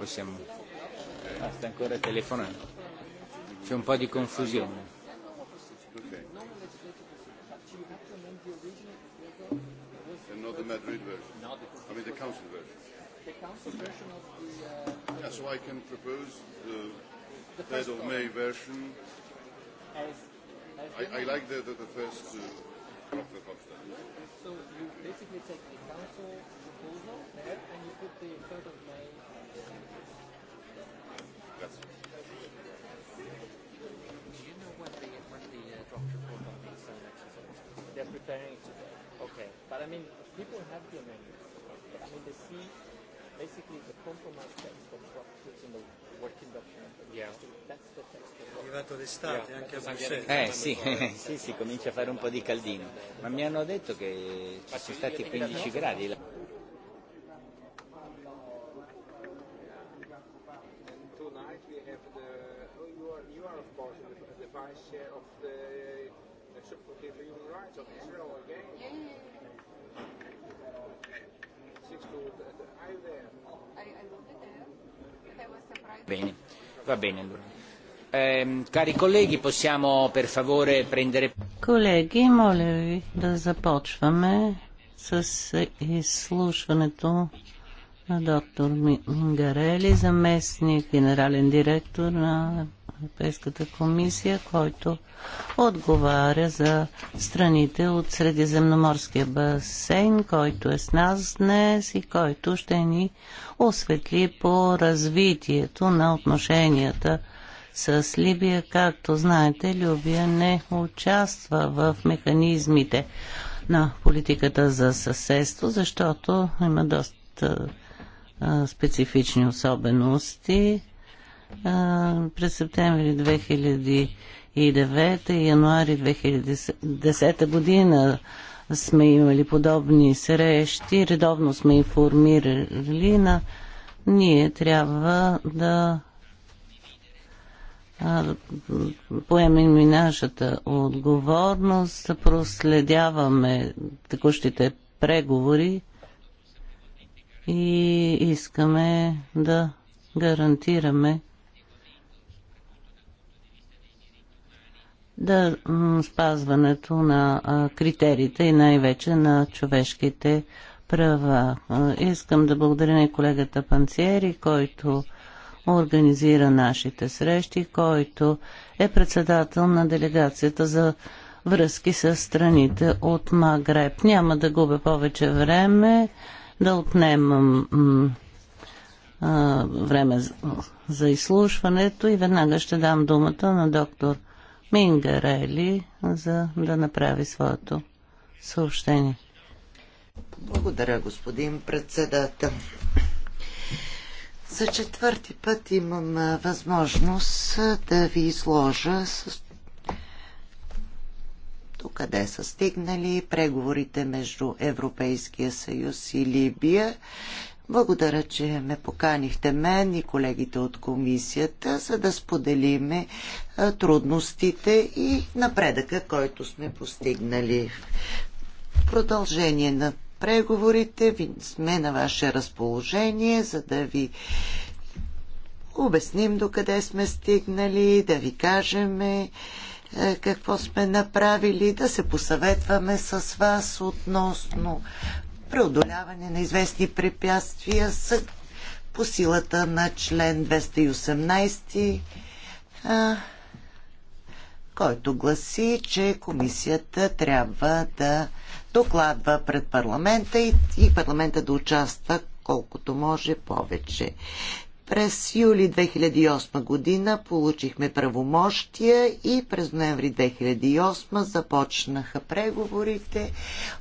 possiamo... Ah, sta ancora telefonando. C'è un po' di confusione. And not the Madrid version. I mean the council version. The council version of the. Uh, yeah, so I can propose the, the third of May version. As, as I, I like the, the, the first. Uh, so you basically take the council you put the when the, uh, report on They're preparing it today. Okay. But I mean, people have the amendments. I mean, they see basically the compromise text of what puts in the working document. Eh sì, sì, sì, comincia a fare un po' di caldino. Ma mi hanno detto che ci sono stati 15 gradi. Bene, va bene allora. Eh, cari colleghi, possiamo per favore prendere... Колеги, моля ви да започваме с изслушването на доктор Мингарели, заместник генерален директор на Европейската комисия, който отговаря за страните от Средиземноморския басейн, който е с нас днес и който ще ни осветли по развитието на отношенията с Либия. Както знаете, Любия не участва в механизмите на политиката за съседство, защото има доста специфични особености през септември 2009 и януари 2010 година сме имали подобни срещи, редовно сме информирали на ние трябва да поемем и нашата отговорност, да проследяваме текущите преговори и искаме да гарантираме да спазването на критериите и най-вече на човешките права. Искам да благодаря на колегата Панциери, който организира нашите срещи, който е председател на делегацията за връзки с страните от Магреб. Няма да губя повече време, да отнемам време за изслушването и веднага ще дам думата на доктор Мингарели, за да направи своето съобщение. Благодаря, господин председател. За четвърти път имам възможност да ви изложа с... до къде са стигнали преговорите между Европейския съюз и Либия благодаря, че ме поканихте мен и колегите от комисията, за да споделиме трудностите и напредъка, който сме постигнали. В продължение на преговорите ви сме на ваше разположение, за да ви обясним докъде сме стигнали, да ви кажем е, какво сме направили, да се посъветваме с вас относно преодоляване на известни препятствия са по силата на член 218, а, който гласи, че комисията трябва да докладва пред парламента и, и парламента да участва колкото може повече. През юли 2008 година получихме правомощия и през ноември 2008 започнаха преговорите.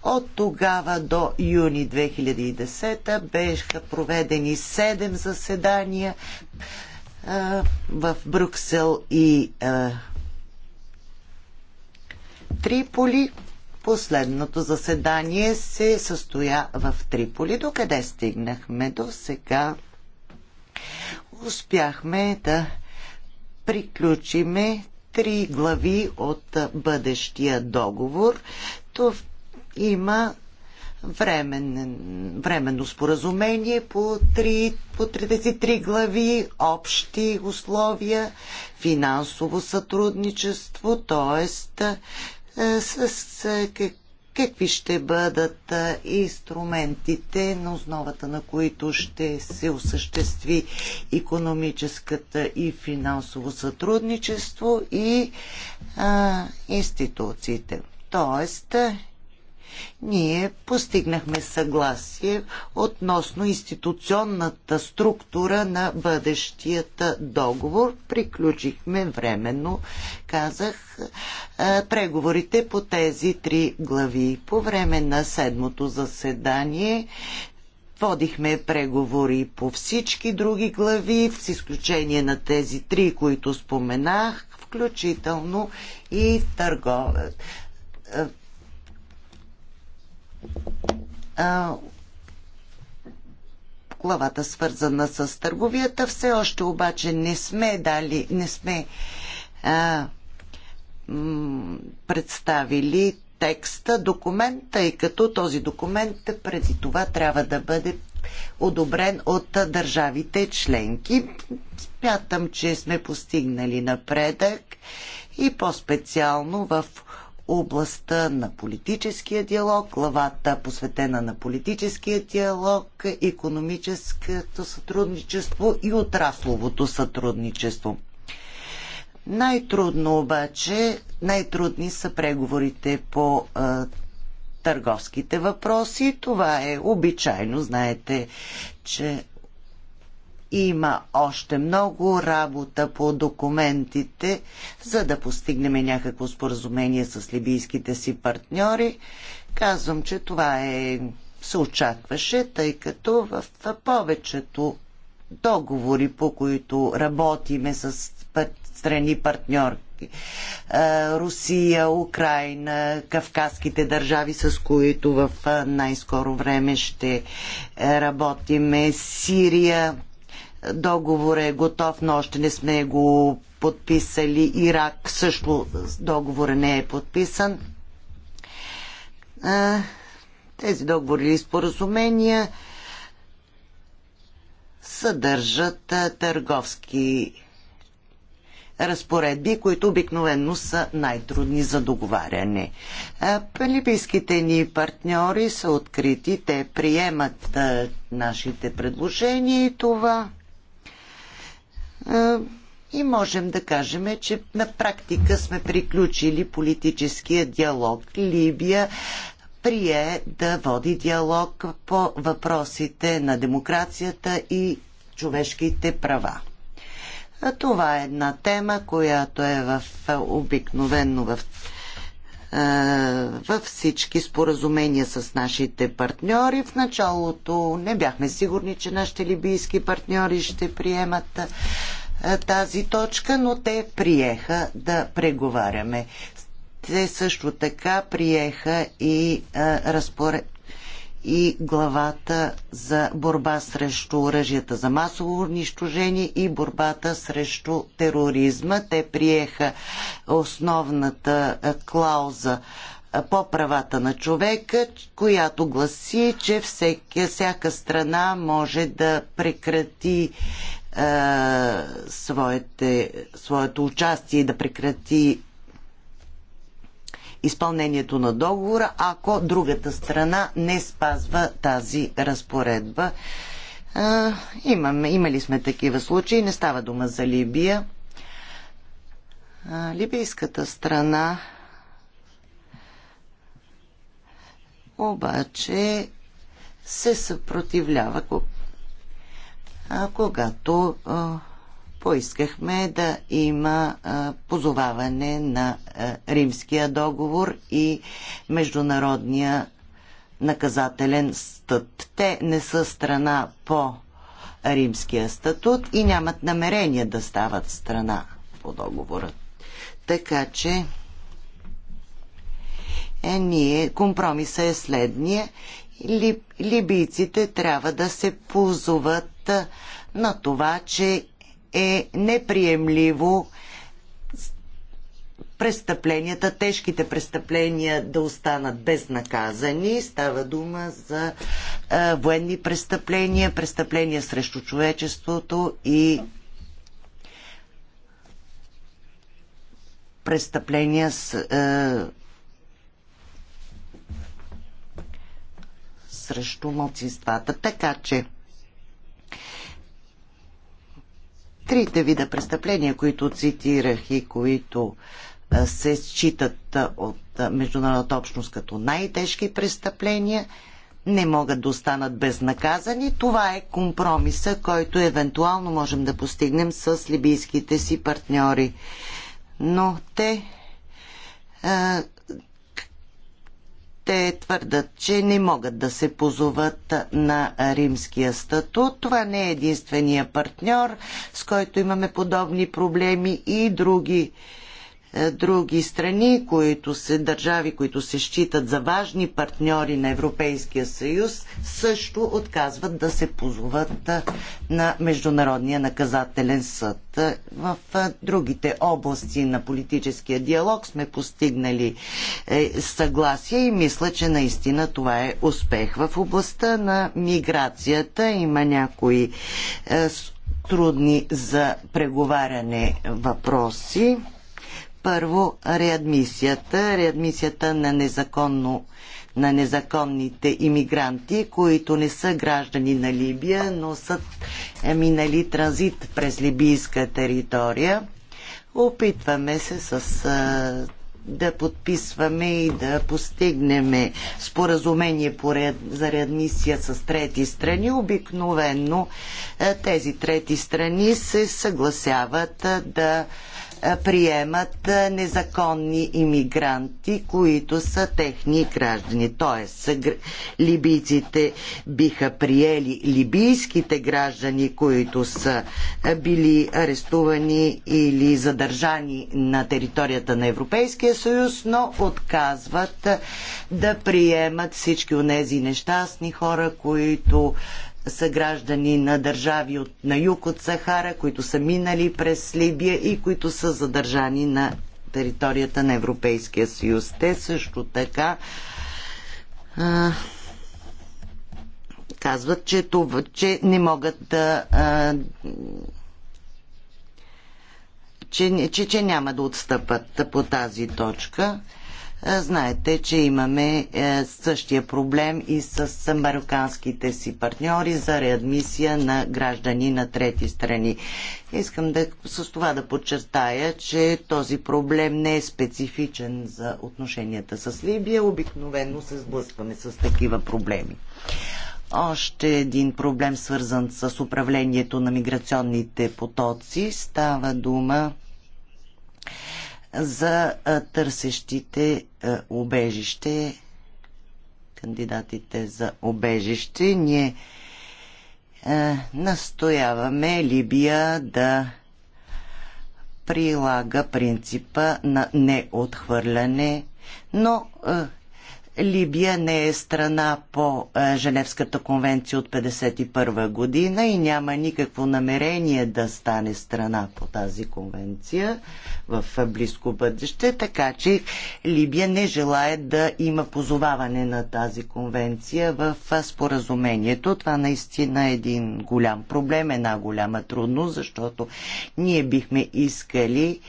От тогава до юни 2010 беха проведени 7 заседания в Брюксел и Триполи. Последното заседание се състоя в Триполи. Докъде стигнахме до сега? Успяхме да приключиме три глави от бъдещия договор. То има времен, временно споразумение по, 3, по 33 глави, общи условия, финансово сътрудничество, т.е. С, с, какви ще бъдат инструментите, на основата на които ще се осъществи економическата и финансово сътрудничество и а, институциите. Тоест, ние постигнахме съгласие относно институционната структура на бъдещият договор. Приключихме временно, казах, е, преговорите по тези три глави. По време на седмото заседание Водихме преговори по всички други глави, с изключение на тези три, които споменах, включително и търговец а, главата свързана с търговията. Все още обаче не сме дали, не сме а, представили текста, документ, тъй като този документ преди това трябва да бъде одобрен от държавите членки. Смятам, че сме постигнали напредък и по-специално в областта на политическия диалог, главата посветена на политическия диалог, економическото сътрудничество и отрасловото сътрудничество. Най-трудно обаче, най-трудни са преговорите по а, търговските въпроси. Това е обичайно. Знаете, че има още много работа по документите, за да постигнем някакво споразумение с либийските си партньори. Казвам, че това е, се очакваше, тъй като в повечето договори, по които работиме с страни партньорки, е, Русия, Украина, кавказските държави, с които в е, най-скоро време ще е, работиме, Сирия, Договор е готов, но още не сме го подписали. Ирак също договор не е подписан. Тези договори или споразумения съдържат търговски разпоредби, които обикновено са най-трудни за договаряне. Либийските ни партньори са открити, те приемат нашите предложения и това и можем да кажем, че на практика сме приключили политическия диалог. Либия прие да води диалог по въпросите на демокрацията и човешките права. А това е една тема, която е в, обикновенно в, във всички споразумения с нашите партньори. В началото не бяхме сигурни, че нашите либийски партньори ще приемат тази точка, но те приеха да преговаряме. Те също така приеха и разпоред и главата за борба срещу оръжията за масово унищожение и борбата срещу тероризма. Те приеха основната клауза по правата на човека, която гласи, че всеки, всяка страна може да прекрати а, е, своите, своето участие и да прекрати изпълнението на договора, ако другата страна не спазва тази разпоредба. А, е, имаме, имали сме такива случаи, не става дума за Либия. А, е, либийската страна обаче се съпротивлява когато поискахме да има позоваване на Римския договор и Международния наказателен стът. Те не са страна по Римския статут и нямат намерение да стават страна по договора. Така че е, ние, компромиса е следния. либийците трябва да се ползуват на това, че е неприемливо престъпленията, тежките престъпления да останат безнаказани. Става дума за е, военни престъпления, престъпления срещу човечеството и престъпления с, е, срещу младсинствата. Така че трите вида престъпления, които цитирах и които се считат от международната общност като най-тежки престъпления, не могат да останат безнаказани. Това е компромиса, който евентуално можем да постигнем с либийските си партньори. Но те те твърдат, че не могат да се позоват на римския статут. Това не е единствения партньор, с който имаме подобни проблеми и други е, други страни, които държави, които се считат за важни партньори на Европейския съюз, също отказват да се позоват е, на Международния наказателен съд. Е, в другите области на политическия диалог сме постигнали съгласие и мисля, че наистина това е успех. В областта на миграцията има някои трудни за преговаряне въпроси. Първо, реадмисията. Реадмисията на, незаконно, на незаконните иммигранти, които не са граждани на Либия, но са е, минали транзит през либийска територия. Опитваме се с а, да подписваме и да постигнем споразумение за реадмисия с трети страни. Обикновенно е, тези трети страни се съгласяват да приемат незаконни иммигранти, които са техни граждани. Тоест, либийците биха приели либийските граждани, които са били арестувани или задържани на територията на Европейския съюз, но отказват да приемат всички онези нещастни хора, които съграждани на държави от, на юг от Сахара, които са минали през Либия и които са задържани на територията на Европейския съюз. Те също така а, казват, че, това, че не могат да. А, че, че, че няма да отстъпат по тази точка. Е, знаете, че имаме е, същия проблем и с мароканските си партньори за реадмисия на граждани на трети страни. Искам да, с това да подчертая, че този проблем не е специфичен за отношенията с Либия. Обикновено се сблъскваме с такива проблеми. Още един проблем, свързан с управлението на миграционните потоци, става дума за търсещите обежище, кандидатите за обежище. Ние настояваме Либия да прилага принципа на неотхвърляне, но Либия не е страна по е, Женевската конвенция от 1951 година и няма никакво намерение да стане страна по тази конвенция в е, близко бъдеще, така че Либия не желая да има позоваване на тази конвенция в е, споразумението. Това наистина е един голям проблем, една голяма трудност, защото ние бихме искали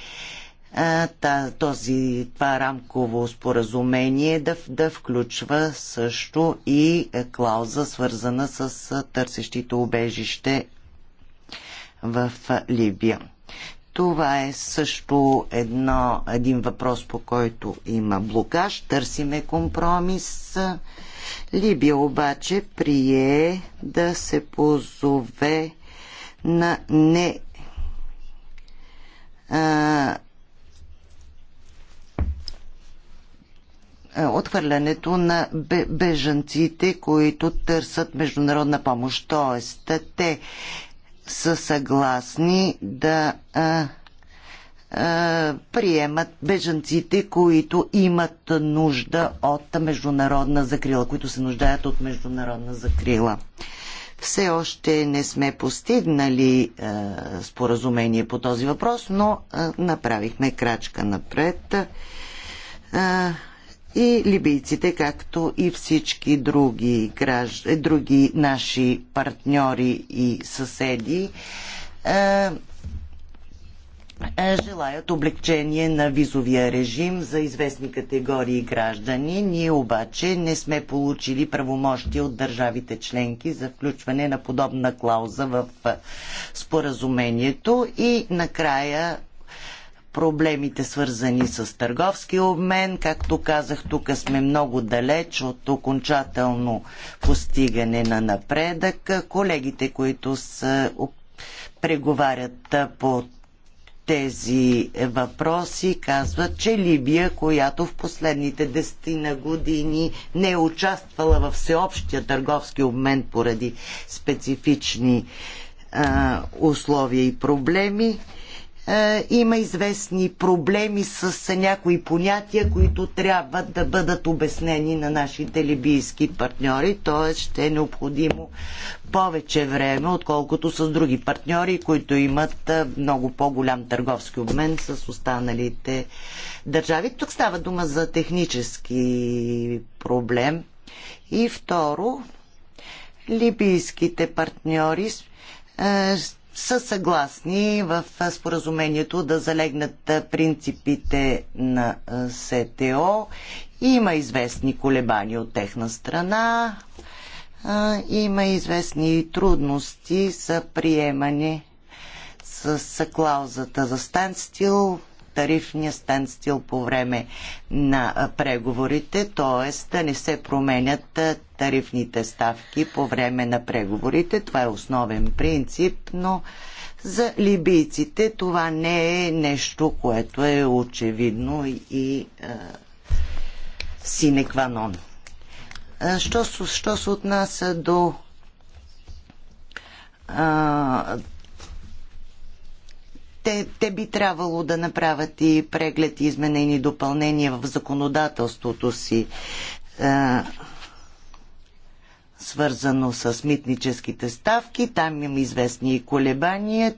този, това рамково споразумение да, да включва също и е, клауза, свързана с търсещите убежище в Либия. Това е също едно, един въпрос, по който има блокаж. Търсиме компромис. Либия обаче прие да се позове на не а, Е, отхвърлянето на бежанците, които търсят международна помощ. Тоест, те са съгласни да а, е, а, е, приемат бежанците, които имат нужда от международна закрила, които се нуждаят от международна закрила. Все още не сме постигнали а, споразумение по този въпрос, но а, направихме крачка напред. А, и либийците, както и всички други, гражд... други наши партньори и съседи, е, е, желаят облегчение на визовия режим за известни категории граждани. Ние обаче не сме получили правомощи от държавите членки за включване на подобна клауза в е, споразумението и накрая проблемите свързани с търговски обмен. Както казах, тук сме много далеч от окончателно постигане на напредък. Колегите, които са, преговарят по тези въпроси казват, че Либия, която в последните десетина години не е участвала в всеобщия търговски обмен поради специфични а, условия и проблеми, е, има известни проблеми с някои понятия, които трябва да бъдат обяснени на нашите либийски партньори, т.е. ще е необходимо повече време, отколкото с други партньори, които имат е, много по-голям търговски обмен с останалите държави. Тук става дума за технически проблем. И второ, либийските партньори е, са съгласни в споразумението да залегнат принципите на СТО. Има известни колебания от техна страна. Има известни трудности за приемане с клаузата за станстил тарифния стенстил по време на преговорите, т.е. да не се променят тарифните ставки по време на преговорите. Това е основен принцип, но за либийците това не е нещо, което е очевидно и синекванон. Що, що се отнася до те, те би трябвало да направят и преглед и изменени допълнения в законодателството си, а, свързано с митническите ставки. Там има известни колебания,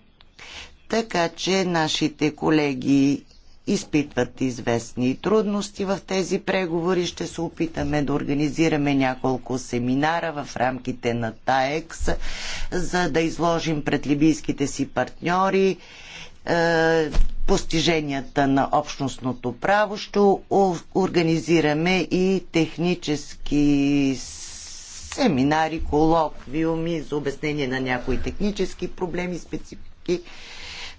така че нашите колеги изпитват известни трудности в тези преговори. Ще се опитаме да организираме няколко семинара в рамките на ТАЕКС, за да изложим пред либийските си партньори е, постиженията на общностното право. Ще организираме и технически семинари, колоквиуми за обяснение на някои технически проблеми, специфики,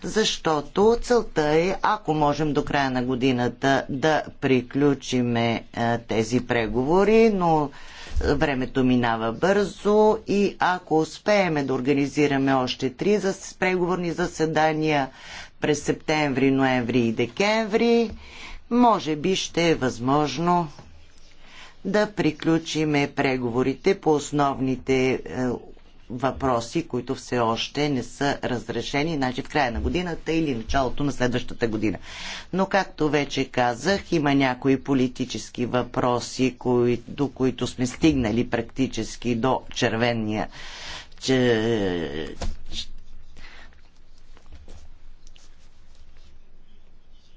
защото целта е, ако можем до края на годината да приключиме е, тези преговори, но Времето минава бързо и ако успееме да организираме още три преговорни заседания през септември, ноември и декември, може би ще е възможно да приключиме преговорите по основните е, въпроси, които все още не са разрешени, значи в края на годината или началото на следващата година. Но, както вече казах, има някои политически въпроси, кои, до които сме стигнали практически до червения че,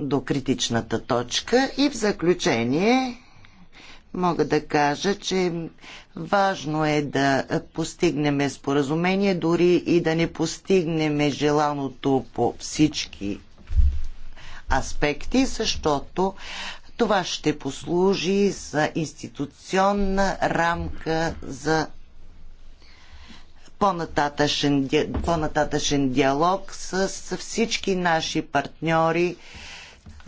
до критичната точка и в заключение мога да кажа, че важно е да постигнем споразумение, дори и да не постигнем желаното по всички аспекти, защото това ще послужи за институционна рамка за по-нататъчен, по диалог с, с всички наши партньори,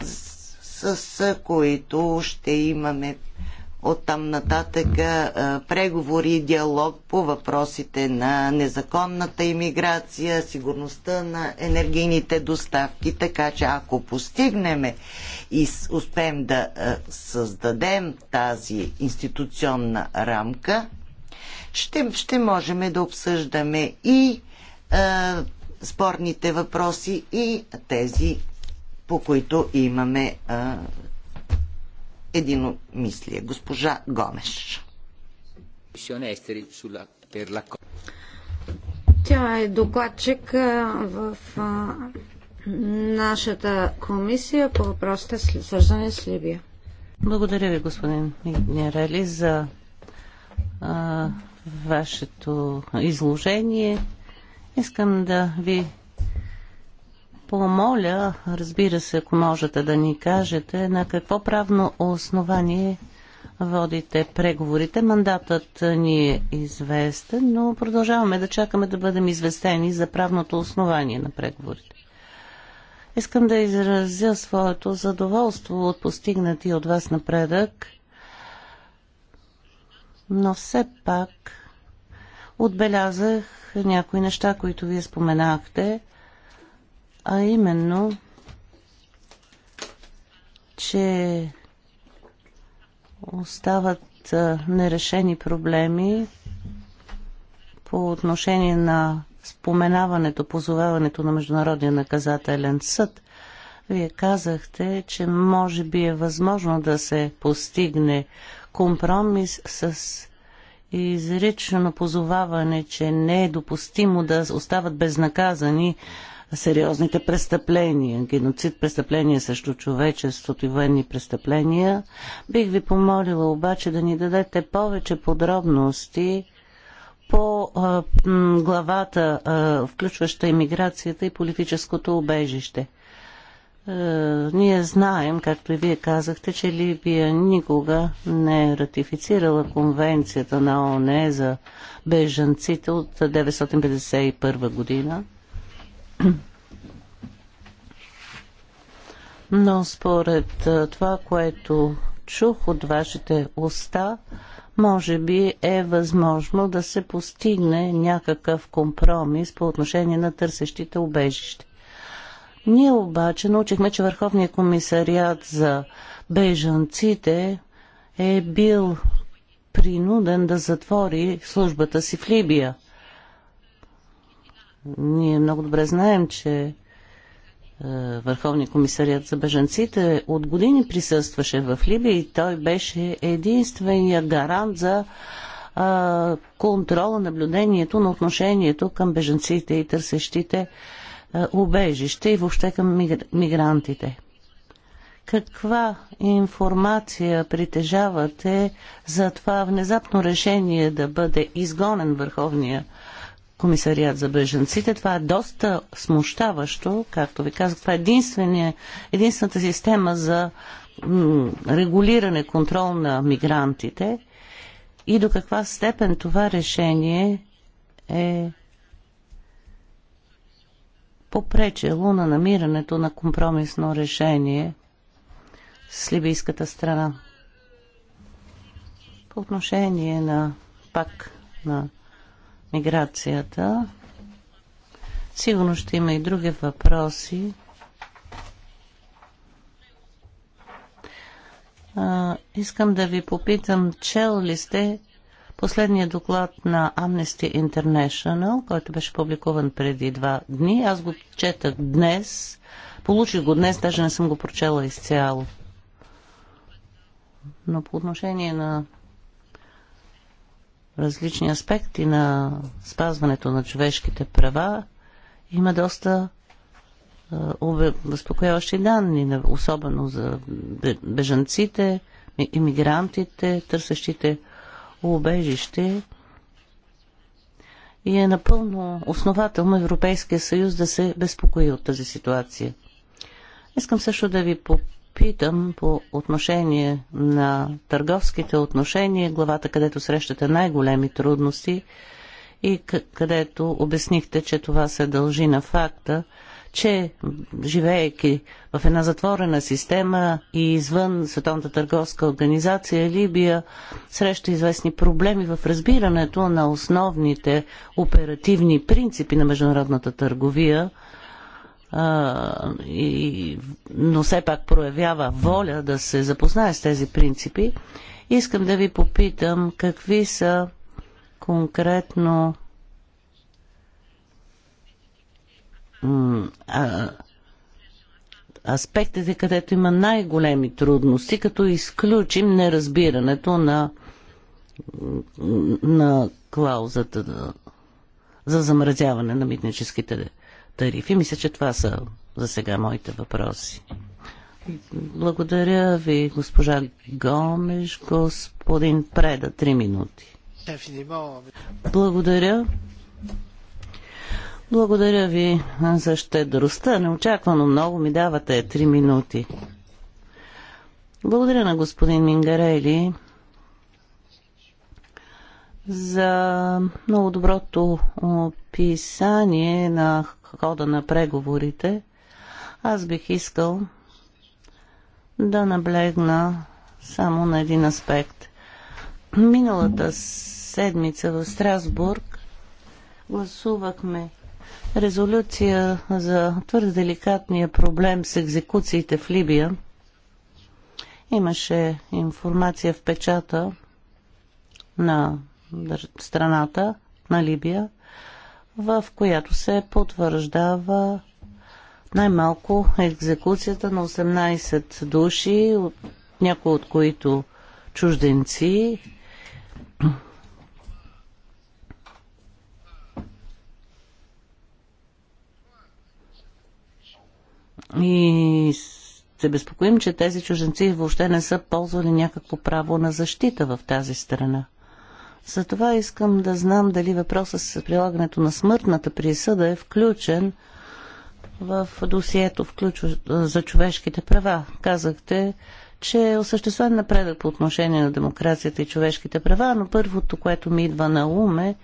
с, с които ще имаме от там нататък преговори и диалог по въпросите на незаконната иммиграция, сигурността на енергийните доставки, така че ако постигнем и успеем да създадем тази институционна рамка, ще, ще можем да обсъждаме и е, спорните въпроси и тези, по които имаме е, единомислие. Госпожа Гомеш. Тя е докладчик в нашата комисия по въпросите свързани с Либия. Благодаря ви, господин Минерали, за а, вашето изложение. Искам да ви помоля, разбира се, ако можете да ни кажете, на какво правно основание водите преговорите. Мандатът ни е известен, но продължаваме да чакаме да бъдем известени за правното основание на преговорите. Искам да изразя своето задоволство от постигнати от вас напредък, но все пак отбелязах някои неща, които вие споменахте – а именно, че остават нерешени проблеми по отношение на споменаването, позоваването на Международния наказателен съд. Вие казахте, че може би е възможно да се постигне компромис с изрично позоваване, че не е допустимо да остават безнаказани сериозните престъпления, геноцид, престъпления срещу човечеството и военни престъпления. Бих ви помолила обаче да ни дадете повече подробности по а, м, главата, а, включваща иммиграцията и политическото убежище. А, ние знаем, както и вие казахте, че Либия никога не е ратифицирала конвенцията на ООН за бежанците от 1951 година. Но според това, което чух от вашите уста, може би е възможно да се постигне някакъв компромис по отношение на търсещите убежище. Ние обаче научихме, че Върховният комисариат за бежанците е бил принуден да затвори службата си в Либия – ние много добре знаем, че е, Върховния комисарият за бежанците от години присъстваше в Либия и той беше единствения гарант за контрола, наблюдението на отношението към бежанците и търсещите е, убежище и въобще към мигр... мигрантите. Каква информация притежавате за това внезапно решение да бъде изгонен Върховния комисарият за беженците. Това е доста смущаващо, както ви казах. Това е единствената система за регулиране, контрол на мигрантите и до каква степен това решение е попречело на намирането на компромисно решение с либийската страна. По отношение на пак на миграцията. Сигурно ще има и други въпроси. А, искам да ви попитам, чел ли сте последния доклад на Amnesty International, който беше публикуван преди два дни. Аз го четах днес. Получих го днес, даже не съм го прочела изцяло. Но по отношение на различни аспекти на спазването на човешките права има доста възпокояващи данни, особено за бежанците, иммигрантите, търсещите убежище. И е напълно основателно Европейския съюз да се безпокои от тази ситуация. Искам също да ви питам по отношение на търговските отношения, главата, където срещате най-големи трудности и където обяснихте, че това се дължи на факта, че живеейки в една затворена система и извън Световната търговска организация, Либия среща известни проблеми в разбирането на основните оперативни принципи на международната търговия – а, и, но все пак проявява воля да се запознае с тези принципи, искам да ви попитам какви са конкретно а, аспектите, където има най-големи трудности, като изключим неразбирането на, на клаузата за замразяване на митническите тарифи. Мисля, че това са за сега моите въпроси. Благодаря ви, госпожа Гомеш, господин Преда, три минути. Благодаря. Благодаря ви за щедростта. Неочаквано много ми давате три минути. Благодаря на господин Мингарели за много доброто описание на хода на преговорите, аз бих искал да наблегна само на един аспект. Миналата седмица в Страсбург гласувахме резолюция за твърде деликатния проблем с екзекуциите в Либия. Имаше информация в печата на страната, на Либия, в която се потвърждава най-малко екзекуцията на 18 души, някои от които чужденци. И се безпокоим, че тези чужденци въобще не са ползвали някакво право на защита в тази страна. Затова искам да знам дали въпросът с прилагането на смъртната присъда е включен в досието включва, за човешките права. Казахте, че е осъществен напредък по отношение на демокрацията и човешките права, но първото, което ми идва на ум е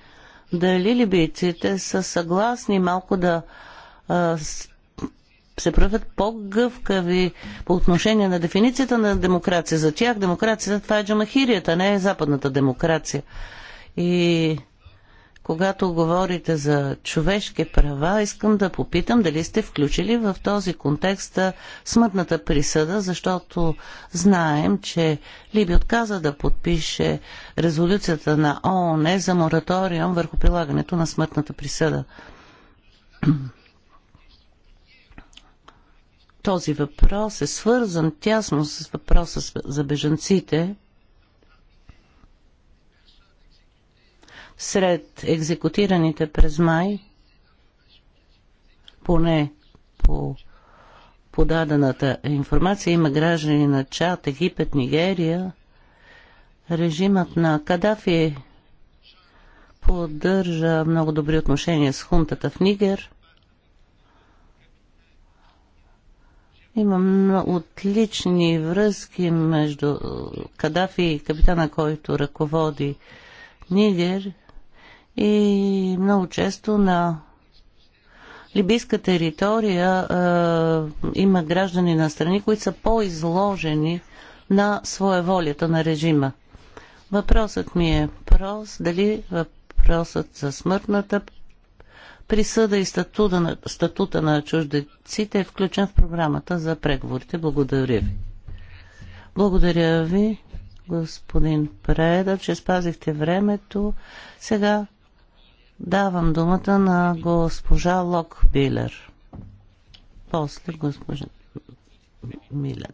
дали либийците са съгласни малко да а, се правят по-гъвкави по отношение на дефиницията на демокрация. За тях демокрацията това е джамахирията, не е западната демокрация. И когато говорите за човешки права, искам да попитам дали сте включили в този контекст смътната присъда, защото знаем, че Либи отказа да подпише резолюцията на ООН за мораториум върху прилагането на смъртната присъда. Този въпрос е свързан тясно с въпроса за бежанците. Сред екзекутираните през май, поне по подадената информация, има граждани на Чад, Египет, Нигерия. Режимът на Кадафи поддържа много добри отношения с хунтата в Нигер. много отлични връзки между е, Кадафи и капитана, който ръководи Нигер и много често на либийска територия е, има граждани на страни, които са по-изложени на своеволията на режима. Въпросът ми е прост, дали въпросът за смъртната присъда и статута на, статута на чуждеците е включен в програмата за преговорите. Благодаря ви. Благодаря ви, господин Преда, че спазихте времето. Сега давам думата на госпожа Лок Билер. После госпожа Милен.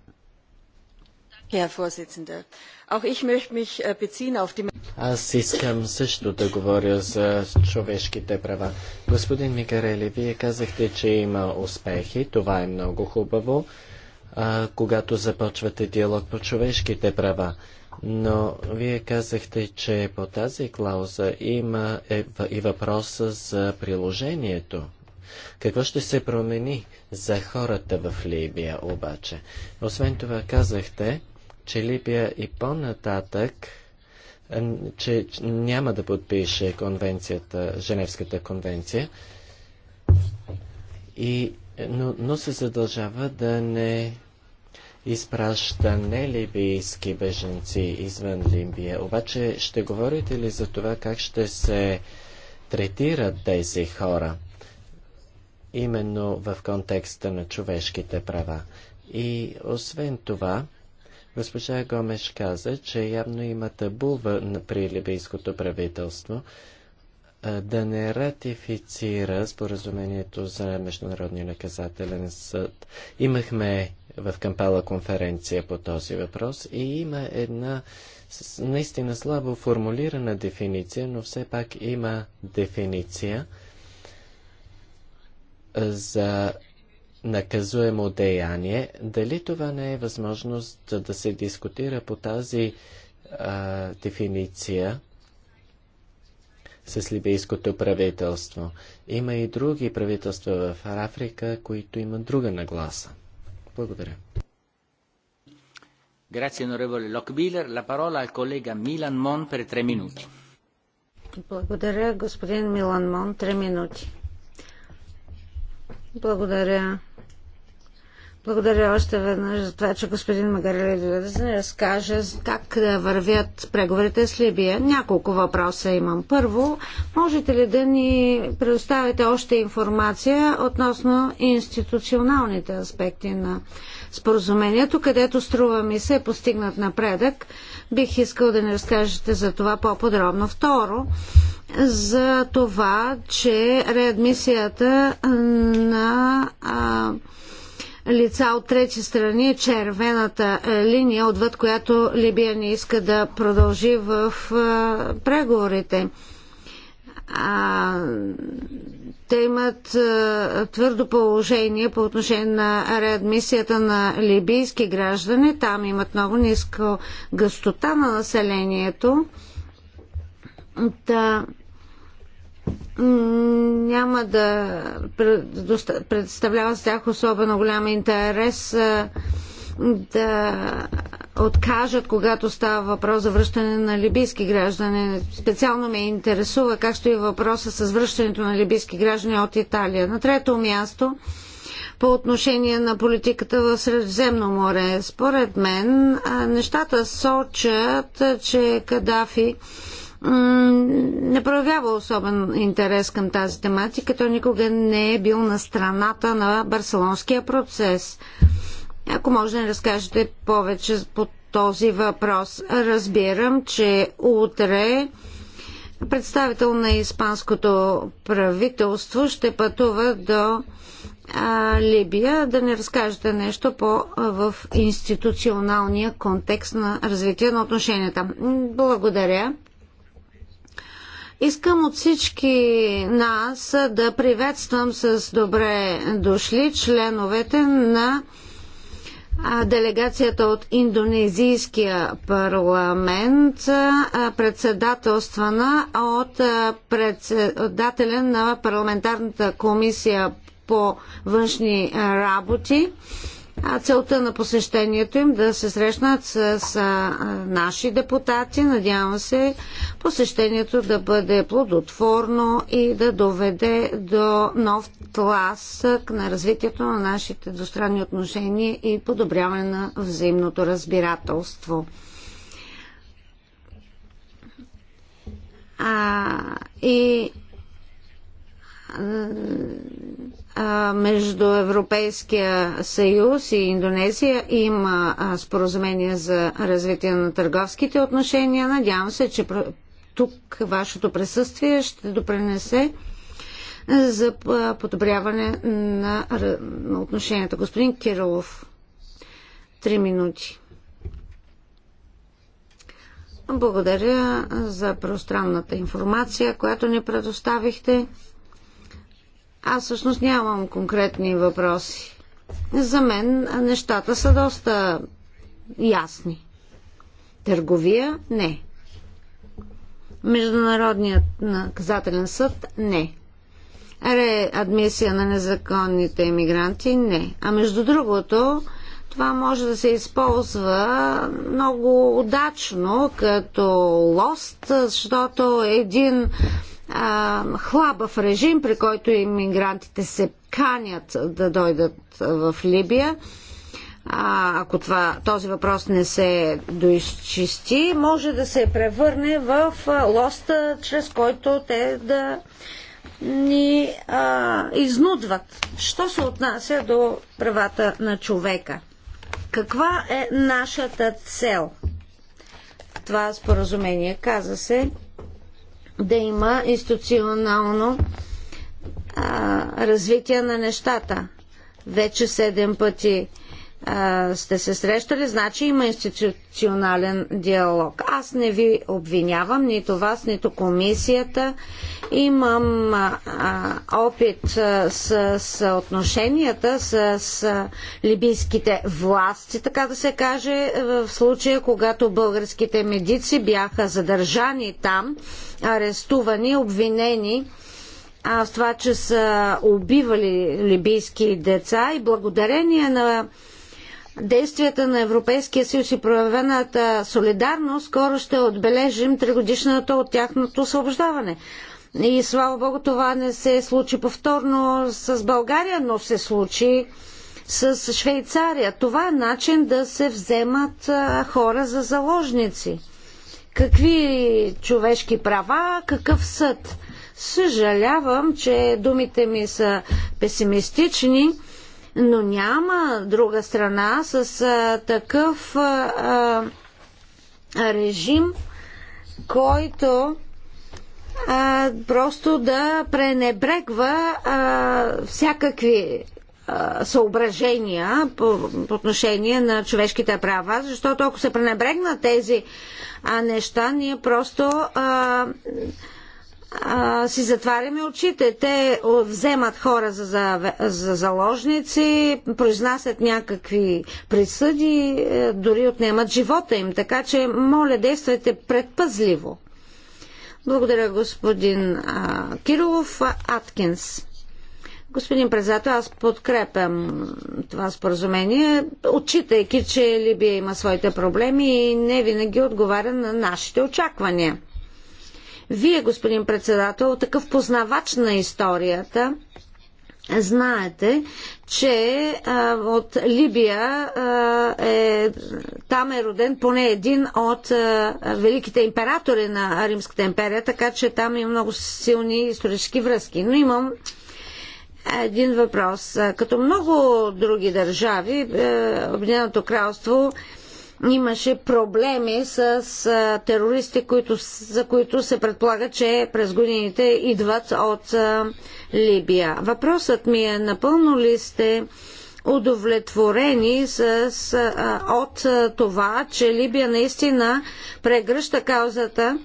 Herr Vorsitzender, auch ich möchte mich äh, beziehen auf die... Аз искам също да говоря за човешките права. Господин Мигарели, вие казахте, че има успехи. Това е много хубаво, а, когато започвате диалог по човешките права. Но вие казахте, че по тази клауза има е, и въпроса за приложението. Какво ще се промени за хората в Либия обаче? Освен това казахте, че Либия и по-нататък че няма да подпише конвенцията, Женевската конвенция, и, но, но се задължава да не изпраща нелибийски беженци извън Либия. Обаче ще говорите ли за това как ще се третират тези хора? Именно в контекста на човешките права. И освен това, Госпожа Гомеш каза, че явно има табу при либийското правителство да не ратифицира споразумението за Международния наказателен съд. Имахме в Кампала конференция по този въпрос и има една наистина слабо формулирана дефиниция, но все пак има дефиниция за наказуемо деяние, дали това не е възможност да се дискутира по тази а, дефиниция с либийското правителство? Има и други правителства в Африка, които имат друга нагласа. Благодаря. Grazie onorevole Lockbiller. La parola al collega Milan Mon per tre minuti. Благодаря, господин Милан Мон. Три минути. Благодаря, благодаря още веднъж за това, че господин Магарели да ни разкаже как да вървят преговорите с Либия. Няколко въпроса имам. Първо, можете ли да ни предоставите още информация относно институционалните аспекти на споразумението, където струва ми се е постигнат напредък? Бих искал да ни разкажете за това по-подробно. Второ, за това, че реадмисията на а, лица от трети страни е червената линия, отвъд която Либия не иска да продължи в е, преговорите. А, те имат а, е, твърдо положение по отношение на реадмисията на либийски граждани. Там имат много ниска гъстота на населението. Та, няма да представлява с тях особено голям интерес да откажат, когато става въпрос за връщане на либийски граждани. Специално ме интересува как стои въпроса с връщането на либийски граждани от Италия. На трето място по отношение на политиката в Средиземно море. Според мен нещата сочат, че Кадафи не проявява особен интерес към тази тематика. Той никога не е бил на страната на барселонския процес. Ако може да разкажете повече по този въпрос. Разбирам, че утре представител на испанското правителство ще пътува до а, Либия. Да не разкажете нещо по, в институционалния контекст на развитие на отношенията. Благодаря. Искам от всички нас да приветствам с добре дошли членовете на делегацията от Индонезийския парламент, председателствана от председателя на парламентарната комисия по външни работи а целта на посещението им да се срещнат с, с наши депутати. Надявам се посещението да бъде плодотворно и да доведе до нов тласък на развитието на нашите двустранни отношения и подобряване на взаимното разбирателство. А, и между Европейския съюз и Индонезия има споразумение за развитие на търговските отношения. Надявам се, че тук вашето присъствие ще допренесе за подобряване на отношенията. Господин Кирилов, три минути. Благодаря за пространната информация, която ни предоставихте. Аз всъщност нямам конкретни въпроси. За мен нещата са доста ясни. Търговия – не. Международният наказателен съд – не. Реадмисия на незаконните иммигранти – не. А между другото, това може да се използва много удачно като лост, защото един а, хлабав режим, при който иммигрантите се канят да дойдат в Либия. А, ако това, този въпрос не се доизчисти, може да се превърне в лоста, чрез който те да ни а, изнудват. Що се отнася до правата на човека? Каква е нашата цел? Това споразумение каза се да има институционално а, развитие на нещата. Вече седем пъти сте се срещали, значи има институционален диалог. Аз не ви обвинявам, нито вас, нито комисията. Имам опит с, с отношенията с, с либийските власти, така да се каже, в случая, когато българските медици бяха задържани там, арестувани, обвинени а, това, че са убивали либийски деца и благодарение на действията на Европейския съюз и проявената солидарност, скоро ще отбележим тригодишната от тяхното освобождаване. И слава Богу, това не се случи повторно с България, но се случи с Швейцария. Това е начин да се вземат хора за заложници. Какви човешки права, какъв съд? Съжалявам, че думите ми са песимистични но няма друга страна с а, такъв а, режим, който а, просто да пренебрегва а, всякакви съображения по, по отношение на човешките права, защото ако се пренебрегнат тези а, неща, ние просто а, а, си затваряме очите. Те вземат хора за, за, за заложници, произнасят някакви присъди, е, дори отнемат живота им. Така че, моля, действайте предпазливо. Благодаря, господин а, Кирилов. Аткинс. Господин председател, аз подкрепям това споразумение, отчитайки, че Либия има своите проблеми и не винаги отговаря на нашите очаквания. Вие, господин председател, такъв познавач на историята, знаете, че а, от Либия а, е, там е роден поне един от а, великите императори на Римската империя, така че там има много силни исторически връзки. Но имам един въпрос. Като много други държави, е, Обединеното кралство имаше проблеми с терористи, които, за които се предполага, че през годините идват от Либия. Въпросът ми е, напълно ли сте удовлетворени с, от това, че Либия наистина прегръща каузата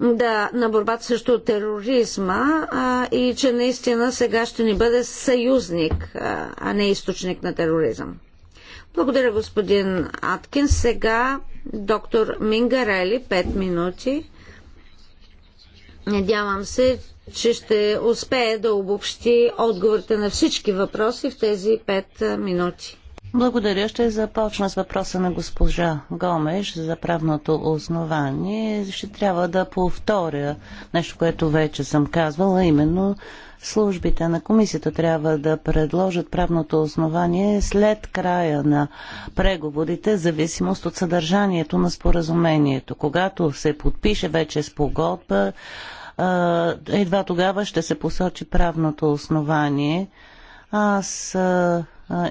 да, на борбата срещу тероризма а, и че наистина сега ще ни бъде съюзник, а, а не източник на тероризъм. Благодаря, господин Аткин. Сега доктор Мингарели, 5 минути. Надявам се, че ще успее да обобщи отговорите на всички въпроси в тези 5 минути. Благодаря. Ще започна с въпроса на госпожа Гомеш за правното основание. Ще трябва да повторя нещо, което вече съм казвала, именно службите на комисията трябва да предложат правното основание след края на преговорите, в зависимост от съдържанието на споразумението. Когато се подпише вече спогодба, едва тогава ще се посочи правното основание. Аз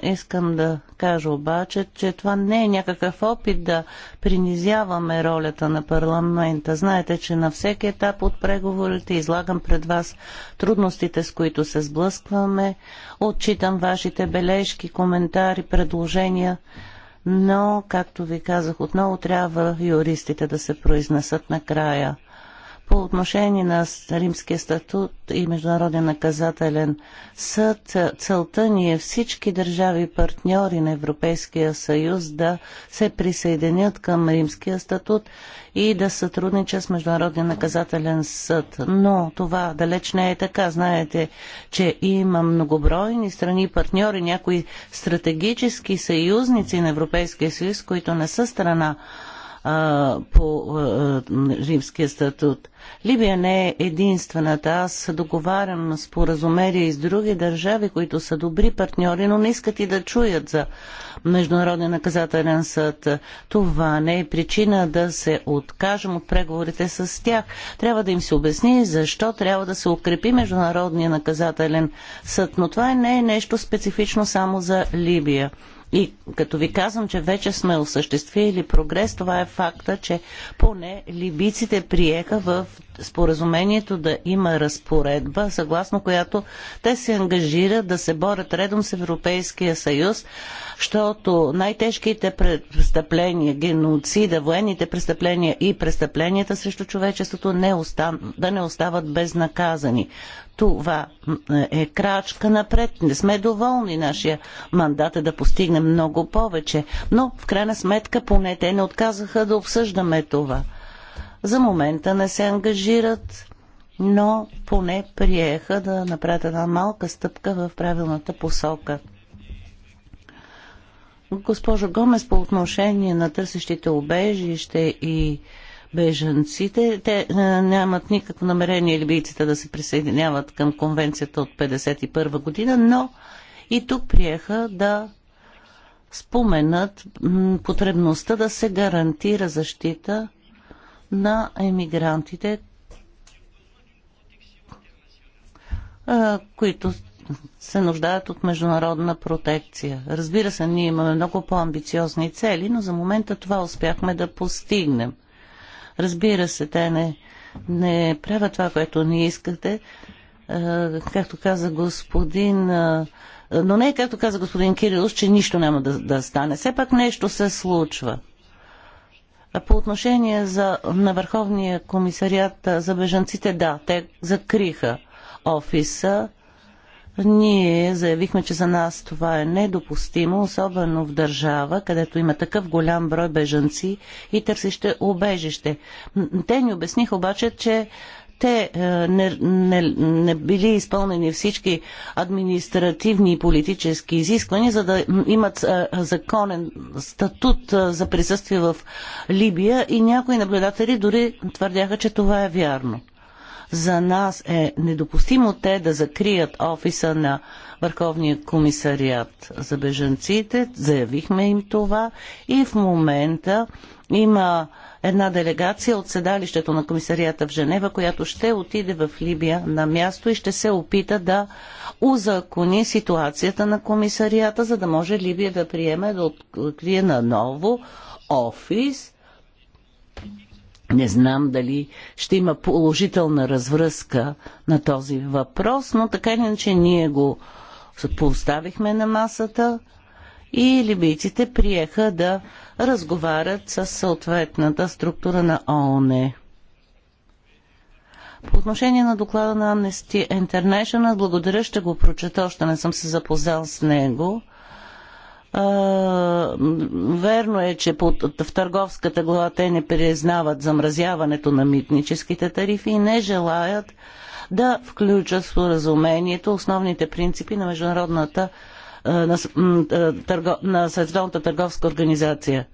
Искам да кажа обаче, че това не е някакъв опит да принизяваме ролята на парламента. Знаете, че на всеки етап от преговорите излагам пред вас трудностите, с които се сблъскваме. Отчитам вашите бележки, коментари, предложения. Но, както ви казах, отново трябва юристите да се произнесат накрая. По отношение на Римския статут и Международен наказателен съд, целта ни е всички държави партньори на Европейския съюз да се присъединят към Римския статут и да сътрудничат с Международен наказателен съд. Но това далеч не е така. Знаете, че има многобройни страни партньори, някои стратегически съюзници на Европейския съюз, които не са страна а, по а, римския статут. Либия не е единствената. Аз договарям споразумерия и с други държави, които са добри партньори, но не искат и да чуят за Международен наказателен съд. Това не е причина да се откажем от преговорите с тях. Трябва да им се обясни защо трябва да се укрепи Международния наказателен съд. Но това не е нещо специфично само за Либия. И като ви казвам, че вече сме осъществили прогрес, това е факта, че поне либиците приеха в споразумението да има разпоредба, съгласно която те се ангажират да се борят редом с Европейския съюз, защото най-тежките престъпления, геноцида, военните престъпления и престъпленията срещу човечеството не остан... да не остават безнаказани. Това е крачка напред. Не сме доволни. Нашия мандат е да постигнем много повече. Но, в крайна сметка, поне те не отказаха да обсъждаме това. За момента не се ангажират, но поне приеха да направят една малка стъпка в правилната посока. Госпожо Гомес, по отношение на търсещите обежище и бежанците, те е, нямат никакво намерение либийците да се присъединяват към конвенцията от 1951 година, но и тук приеха да споменат потребността да се гарантира защита на емигрантите, които се нуждаят от международна протекция. Разбира се, ние имаме много по-амбициозни цели, но за момента това успяхме да постигнем. Разбира се, те не, не правят това, което не искате. Както каза господин. Но не, както каза господин Кирилов, че нищо няма да, да стане. Все пак нещо се случва. По отношение за, на Върховния комисариат за бежанците, да, те закриха офиса. Ние заявихме, че за нас това е недопустимо, особено в държава, където има такъв голям брой бежанци и търсище убежище. Те ни обясниха обаче, че те е, не, не, не били изпълнени всички административни и политически изисквания, за да имат е, законен статут е, за присъствие в Либия и някои наблюдатели дори твърдяха, че това е вярно. За нас е недопустимо те да закрият офиса на Върховния комисариат за бежанците. Заявихме им това и в момента има една делегация от седалището на комисарията в Женева, която ще отиде в Либия на място и ще се опита да узакони ситуацията на комисарията, за да може Либия да приеме да открие на ново офис. Не знам дали ще има положителна развръзка на този въпрос, но така или иначе ние го поставихме на масата и либийците приеха да разговарят с съответната структура на ООН. По отношение на доклада на Amnesty International, благодаря, ще го прочета, още не съм се запознал с него. верно е, че в търговската глава те не признават замразяването на митническите тарифи и не желаят да включат в споразумението основните принципи на международната на, търго, на Световната търговска организация.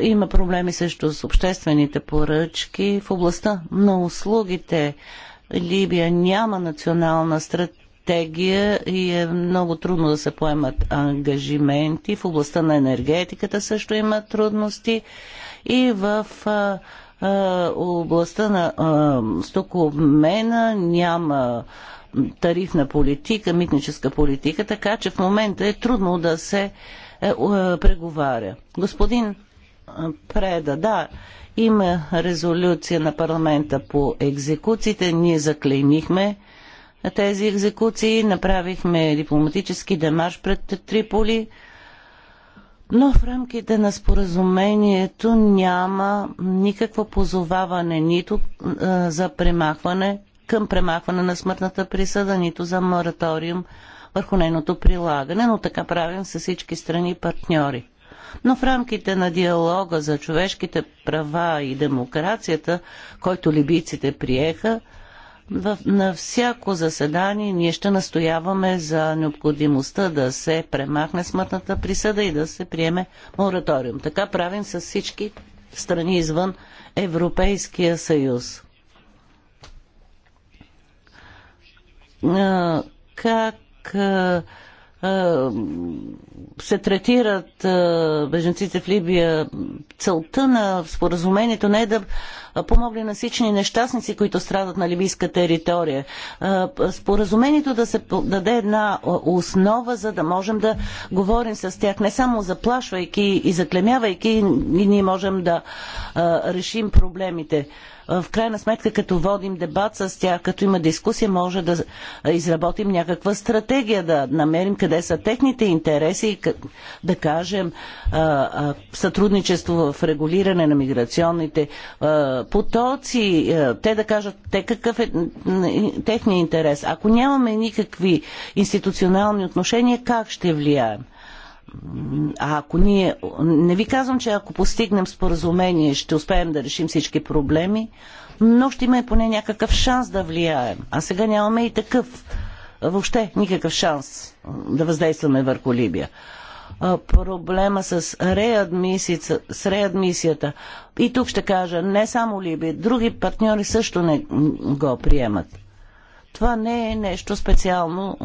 Има проблеми също с обществените поръчки. В областта на услугите Либия няма национална стратегия и е много трудно да се поемат ангажименти. В областта на енергетиката също има трудности. И в областта на стокообмена няма тарифна политика, митническа политика, така че в момента е трудно да се е, е, преговаря. Господин е, Преда, да, има резолюция на парламента по екзекуциите. Ние заклеймихме тези екзекуции, направихме дипломатически демарш пред Триполи, но в рамките на споразумението няма никакво позоваване нито за премахване към премахване на смъртната присъда, нито за мораториум върху нейното прилагане, но така правим с всички страни партньори. Но в рамките на диалога за човешките права и демокрацията, който либийците приеха, на всяко заседание ние ще настояваме за необходимостта да се премахне смъртната присъда и да се приеме мораториум. Така правим с всички страни извън Европейския съюз. как се третират беженците в Либия. Целта на споразумението не е да помогне на всички нещастници, които страдат на либийска територия. Споразумението да се даде една основа, за да можем да говорим с тях, не само заплашвайки и заклемявайки, и ние можем да решим проблемите в крайна сметка, като водим дебат с тях, като има дискусия, може да изработим някаква стратегия, да намерим къде са техните интереси и да кажем сътрудничество в регулиране на миграционните потоци, те да кажат те какъв е техния интерес. Ако нямаме никакви институционални отношения, как ще влияем? а ако ние... Не ви казвам, че ако постигнем споразумение, ще успеем да решим всички проблеми, но ще имаме поне някакъв шанс да влияем. А сега нямаме и такъв, въобще никакъв шанс да въздействаме върху Либия. Проблема с, реадмисията, с реадмисията. И тук ще кажа, не само Либия, други партньори също не го приемат. Това не е нещо специално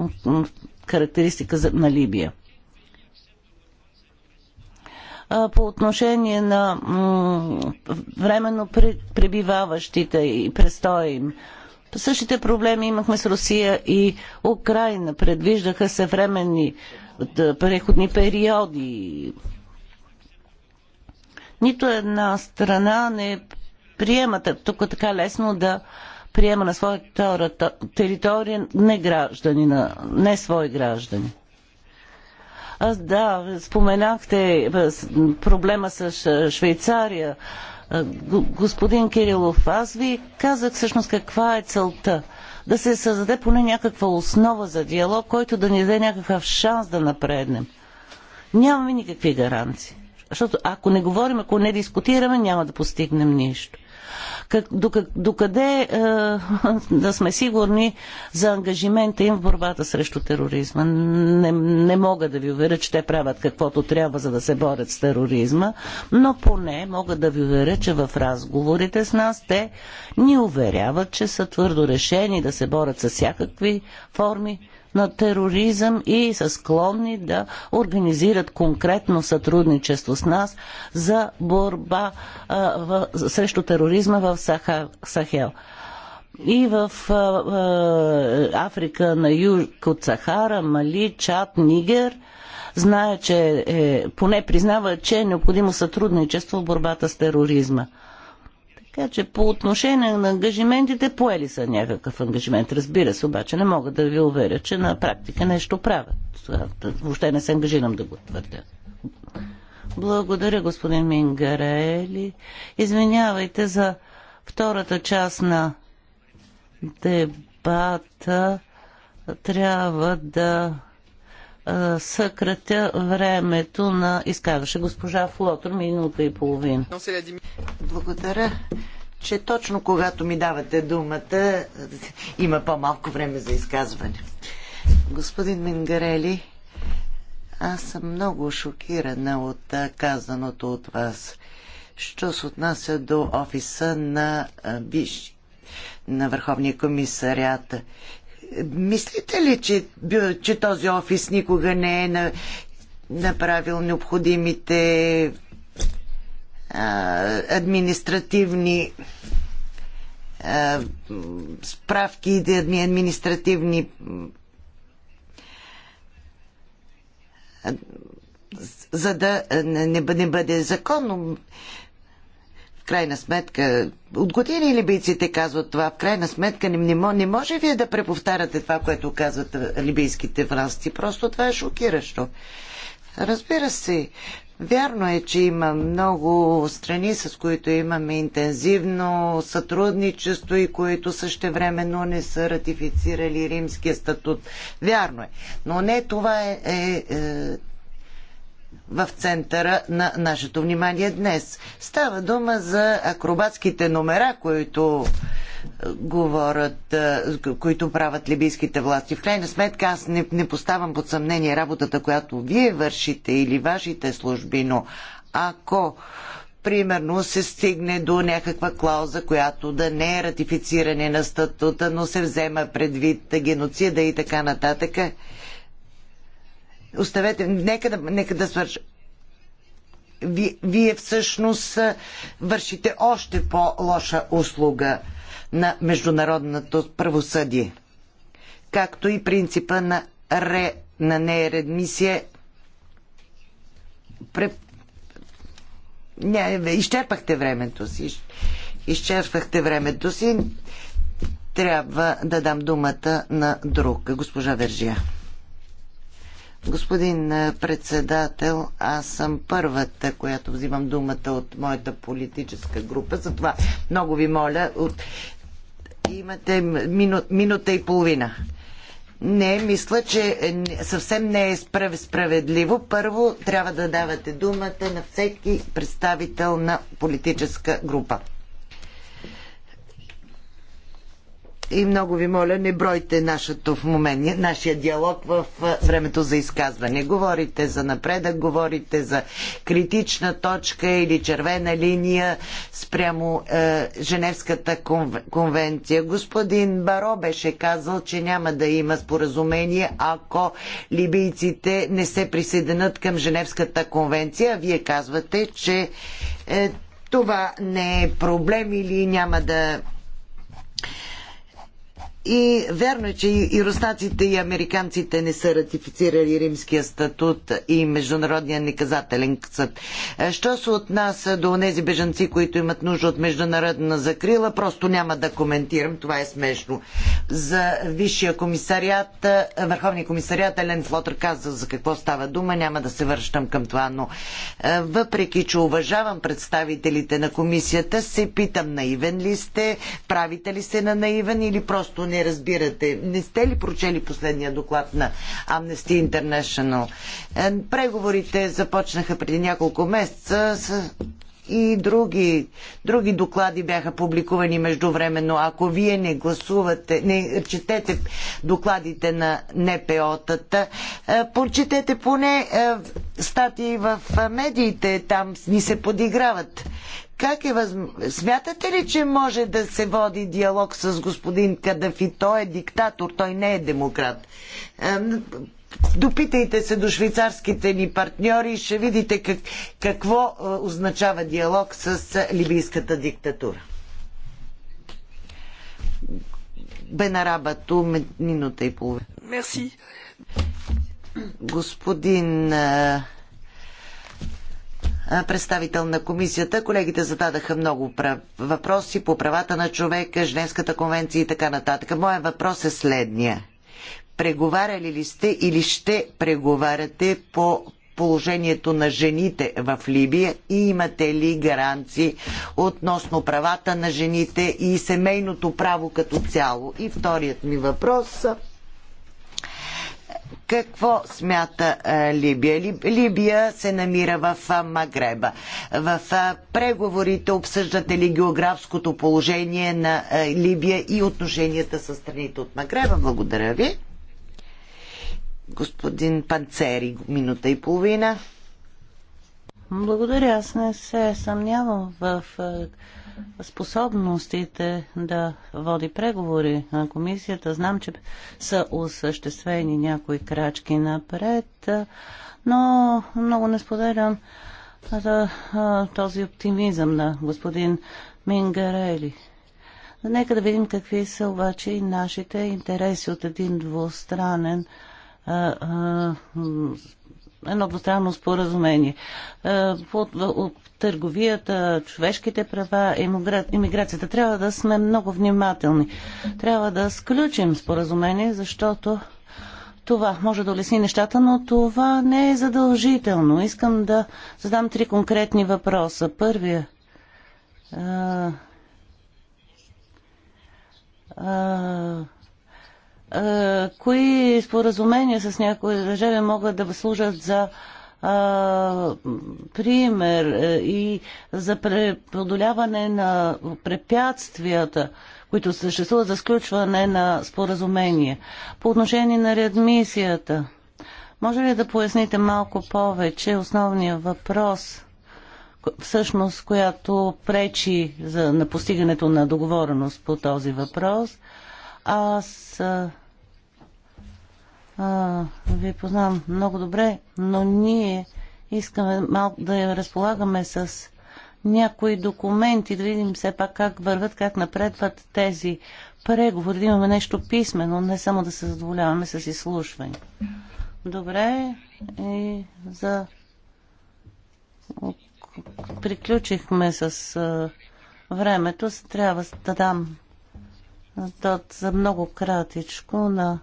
характеристика на Либия по отношение на временно пребиваващите и престоя им. Същите проблеми имахме с Русия и Украина. Предвиждаха се временни преходни периоди. Нито една страна не приема тук така лесно да приема на своята територия не граждани, не свои граждани. Аз да, споменахте проблема с Швейцария. Господин Кирилов, аз ви казах всъщност каква е целта. Да се създаде поне някаква основа за диалог, който да ни даде някакъв шанс да напреднем. Нямаме никакви гаранции. Защото ако не говорим, ако не дискутираме, няма да постигнем нищо как, докъде, докъде е, да сме сигурни за ангажимента им в борбата срещу тероризма. Не, не мога да ви уверя, че те правят каквото трябва, за да се борят с тероризма, но поне мога да ви уверя, че в разговорите с нас те ни уверяват, че са твърдо решени да се борят с всякакви форми на тероризъм и са склонни да организират конкретно сътрудничество с нас за борба а, в, срещу тероризма в Сахел. И в а, а, Африка на юг от Сахара, Мали, Чад, Нигер знае, че е, поне признава, че е необходимо сътрудничество в борбата с тероризма. Така че по отношение на ангажиментите поели са някакъв ангажимент. Разбира се, обаче не мога да ви уверя, че на практика нещо правят. Въобще не се ангажирам да го твърдя. Благодаря, господин Мингарели. Извинявайте за втората част на дебата. Трябва да съкратя времето на изказваше госпожа Флотор минута и половина. Благодаря, че точно когато ми давате думата, има по-малко време за изказване. Господин Менгарели, аз съм много шокирана от казаното от вас. Що се отнася до офиса на Виш, на Върховния комисариат. Мислите ли, че, че този офис никога не е на, направил необходимите а, административни а, справки и административни за да не бъде, не бъде законно крайна сметка, от години либийците казват това, в крайна сметка не, не, не може вие да преповтаряте това, което казват либийските власти. Просто това е шокиращо. Разбира се, Вярно е, че има много страни, с които имаме интензивно сътрудничество и които същевременно не са ратифицирали римския статут. Вярно е. Но не това е, е, е в центъра на нашето внимание днес. Става дума за акробатските номера, които е, говорят, е, които правят либийските власти. В крайна сметка аз не, не поставам под съмнение работата, която вие вършите или вашите служби, но ако примерно се стигне до някаква клауза, която да не е ратифициране на статута, но се взема предвид геноцида и така нататък. Оставете, нека да, нека да свърша. Вие, вие всъщност вършите още по-лоша услуга на международното правосъдие, както и принципа на, ре, на нередмисия. Пре... Не, изчерпахте времето си. Изчерпахте времето си. Трябва да дам думата на друг. Госпожа Вержия. Господин председател, аз съм първата, която взимам думата от моята политическа група, затова много ви моля, от... имате мину... минута и половина. Не, мисля, че съвсем не е справедливо. Първо трябва да давате думата на всеки представител на политическа група. и много ви моля, не бройте нашето в момент, нашия диалог в времето за изказване. Говорите за напредък, говорите за критична точка или червена линия спрямо е, Женевската конвенция. Господин Баро беше казал, че няма да има споразумение, ако либийците не се присъединят към Женевската конвенция. А вие казвате, че е, това не е проблем или няма да и вярно е, че и руснаците, и американците не са ратифицирали римския статут и Международния наказателен съд. Е, що се отнася до тези бежанци, които имат нужда от международна закрила, просто няма да коментирам, това е смешно. За Висшия комисариат, е, Върховния комисариат Елен Флотър каза за какво става дума, няма да се връщам към това, но е, въпреки, че уважавам представителите на комисията, се питам наивен ли сте, правите ли се на наивен или просто не не разбирате. Не сте ли прочели последния доклад на Amnesty International? Е, преговорите започнаха преди няколко месеца с и други, други доклади бяха публикувани междувременно. Ако вие не гласувате, не четете докладите на НПО-тата, е, прочетете поне е, статии в медиите, там ни се подиграват. Как е Смятате ли, че може да се води диалог с господин Кадафи? Той е диктатор, той не е демократ. Допитайте се до швейцарските ни партньори и ще видите как, какво означава диалог с либийската диктатура. Бенараба, минута и половина. Мерси. Господин а, представител на комисията. Колегите зададаха много въпроси по правата на човека, Женевската конвенция и така нататък. Моят въпрос е следния. Преговаряли ли сте или ще преговаряте по положението на жените в Либия и имате ли гаранции относно правата на жените и семейното право като цяло? И вторият ми въпрос какво смята Либия? Либия се намира в Магреба. В преговорите обсъждате ли географското положение на Либия и отношенията с страните от Магреба? Благодаря ви. Господин Панцери, минута и половина. Благодаря. Аз не се съмнявам в способностите да води преговори на комисията. Знам, че са осъществени някои крачки напред, но много не споделям за този оптимизъм на господин Мингарели. Нека да видим какви са обаче и нашите интереси от един двустранен едно двустранно споразумение. Е, от търговията, човешките права, иммиграцията. Трябва да сме много внимателни. Трябва да сключим споразумение, защото това може да улесни нещата, но това не е задължително. Искам да задам три конкретни въпроса. Първия. А, е, а, е, е, кои споразумения с някои държави могат да служат за а, е, пример е, и за преодоляване на препятствията, които съществуват за сключване на споразумение. По отношение на реадмисията, може ли да поясните малко повече основния въпрос, всъщност, която пречи за, на постигането на договореност по този въпрос – аз а, а, ви познавам много добре, но ние искаме малко да я разполагаме с някои документи, да видим все пак как върват, как напредват тези преговори, да имаме нещо писмено, не само да се задоволяваме с изслушване. Добре, и за... Приключихме с времето, трябва да дам дат за много кратичко на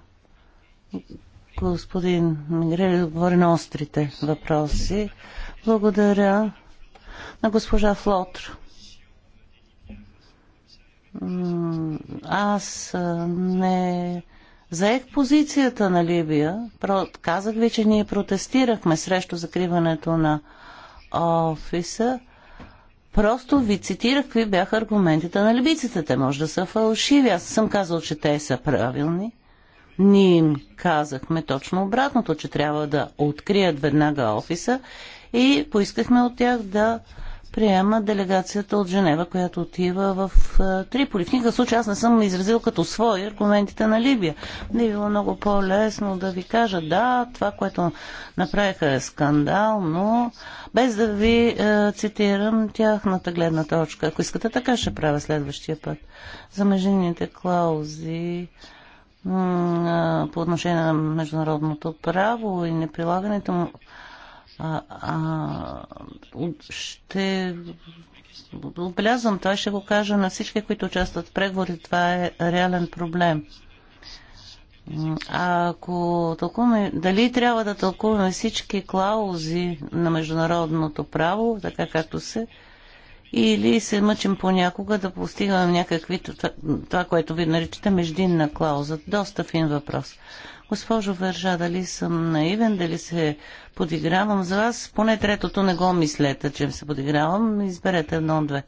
господин Мигрели отговори на острите въпроси. Благодаря на госпожа Флотр. Аз не заех позицията на Либия. Казах ви, че ние протестирахме срещу закриването на офиса. Просто ви цитирах какви бяха аргументите на либиците. Те може да са фалшиви. Аз съм казал, че те са правилни. Ние им казахме точно обратното, че трябва да открият веднага офиса и поискахме от тях да приема делегацията от Женева, която отива в е, Триполи. В никакъв случай аз не съм изразил като свои аргументите на Либия. Не е било много по-лесно да ви кажа, да, това, което направиха е скандал, но без да ви е, цитирам тяхната гледна точка. Ако искате, така ще правя следващия път. За междинните клаузи по отношение на международното право и неприлагането му а, ще отбелязвам това, ще го кажа на всички, които участват в преговори. Това е реален проблем. А ако тълкуваме, дали трябва да тълкуваме всички клаузи на международното право, така както се или се мъчим понякога да постигаме някакви това, което ви наричате междинна клауза. Доста фин въпрос. Госпожо Вържа, дали съм наивен, дали се подигравам за вас? Поне третото не го мислете, че се подигравам. Изберете едно от две.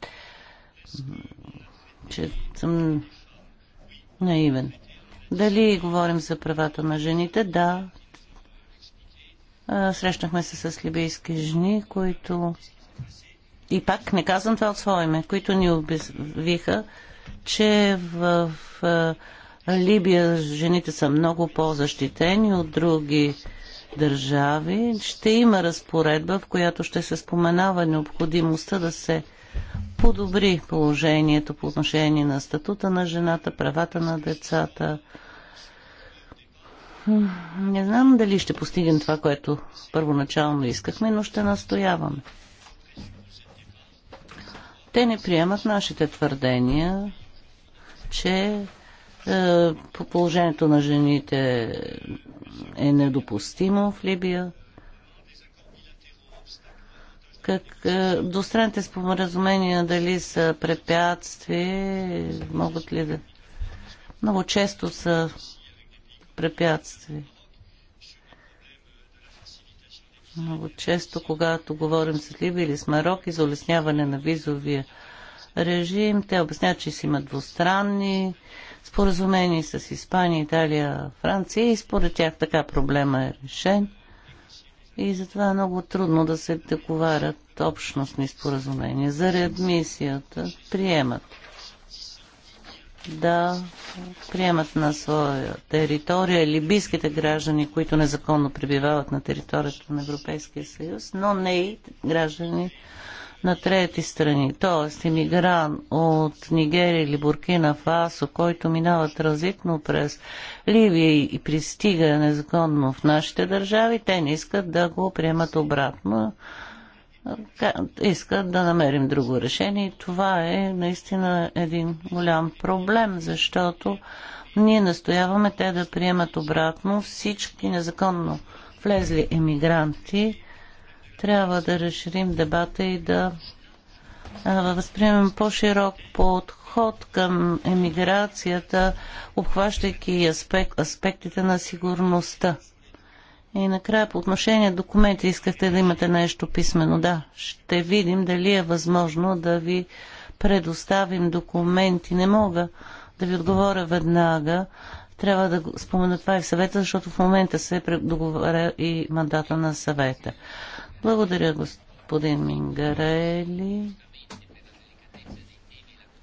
Че съм наивен. Дали говорим за правата на жените? Да. Срещнахме се с либийски жени, които и пак не казвам това от свое име, които ни обявиха, че в, в Либия жените са много по-защитени от други държави. Ще има разпоредба, в която ще се споменава необходимостта да се подобри положението по отношение на статута на жената, правата на децата. Не знам дали ще постигнем това, което първоначално искахме, но ще настояваме. Те не приемат нашите твърдения, че е, положението на жените е недопустимо в Либия. Как е, достранните споразумения дали са препятствие, могат ли да... Много често са препятствия. Много често, когато говорим с Либия или с Марок и за улесняване на визовия режим, те обясняват, че си имат двустранни споразумени с Испания, Италия, Франция и според тях така проблема е решен. И затова е много трудно да се договарят общностни споразумения. За реадмисията приемат да приемат на своя територия либийските граждани, които незаконно пребивават на територията на Европейския съюз, но не и граждани на трети страни, т.е. иммигрант от Нигерия или Буркина Фасо, който минава транзитно през Ливия и пристига незаконно в нашите държави, те не искат да го приемат обратно искат да намерим друго решение. И това е наистина един голям проблем, защото ние настояваме те да приемат обратно всички незаконно влезли емигранти. Трябва да разширим дебата и да възприемем по-широк подход към емиграцията, обхващайки аспект, аспектите на сигурността. И накрая по отношение на документи искахте да имате нещо писмено. Да, ще видим дали е възможно да ви предоставим документи. Не мога да ви отговоря веднага. Трябва да спомена това и в съвета, защото в момента се договаря и мандата на съвета. Благодаря, господин Мингарели.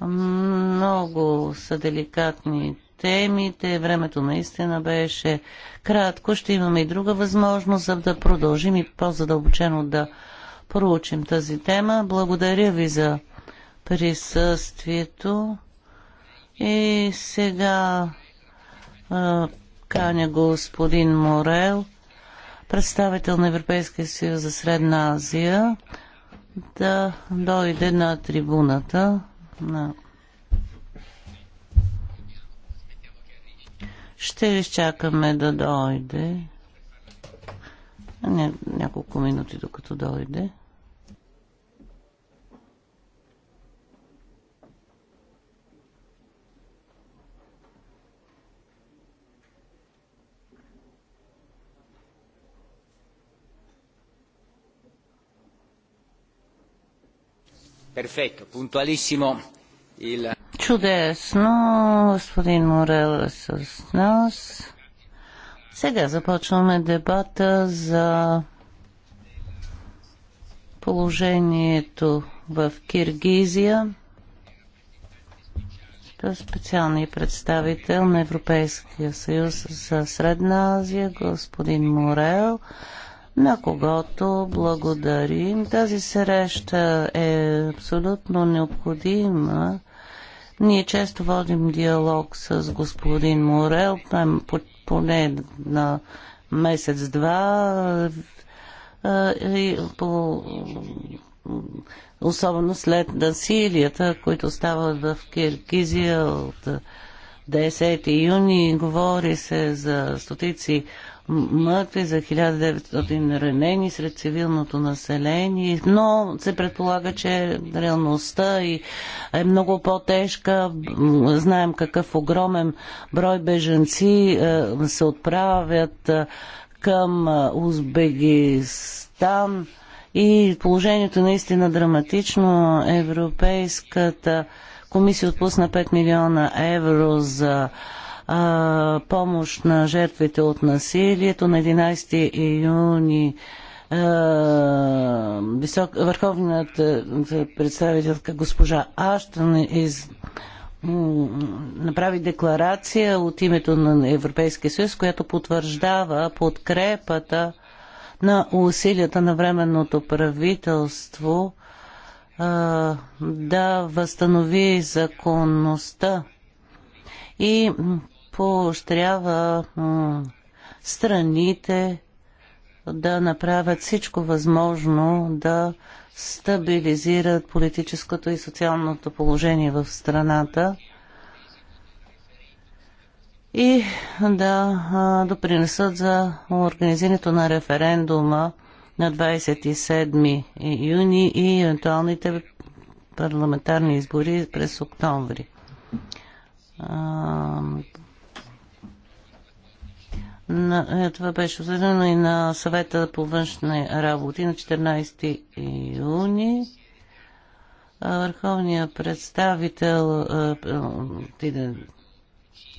Много са деликатни темите. Времето наистина беше кратко. Ще имаме и друга възможност, за да продължим и по-задълбочено да проучим тази тема. Благодаря ви за присъствието. И сега а, каня господин Морел, представител на Европейския съюз за Средна Азия, да дойде на трибуната на Ще изчакаме да дойде. Ня, няколко минути докато дойде. Perfetto, puntualissimo Чудесно, господин Морел е с нас. Сега започваме дебата за положението в Киргизия. Е специалният представител на Европейския съюз за Средна Азия, господин Морел, на когото благодарим. Тази среща е абсолютно необходима ние често водим диалог с господин Морел, поне на месец-два, е, е, особено след насилията, които стават в Киргизия от 10 юни. Говори се за стотици мъртви, за 1900 ранени сред цивилното население, но се предполага, че реалността е много по-тежка. Знаем какъв огромен брой беженци е, се отправят е, към е, Узбегистан и положението наистина драматично. Европейската комисия отпусна 5 милиона евро за а, помощ на жертвите от насилието. На 11 июни висок, върховният представителка госпожа Аштън из направи декларация от името на Европейския съюз, която потвърждава подкрепата на усилията на временното правителство а, да възстанови законността. И поощрява страните да направят всичко възможно да стабилизират политическото и социалното положение в страната и да допринесат за организирането на референдума на 27 юни и евентуалните парламентарни избори през октомври. На, е, това беше осъдено и на съвета по външни работи на 14 юни. Върховният представител е, е, отиде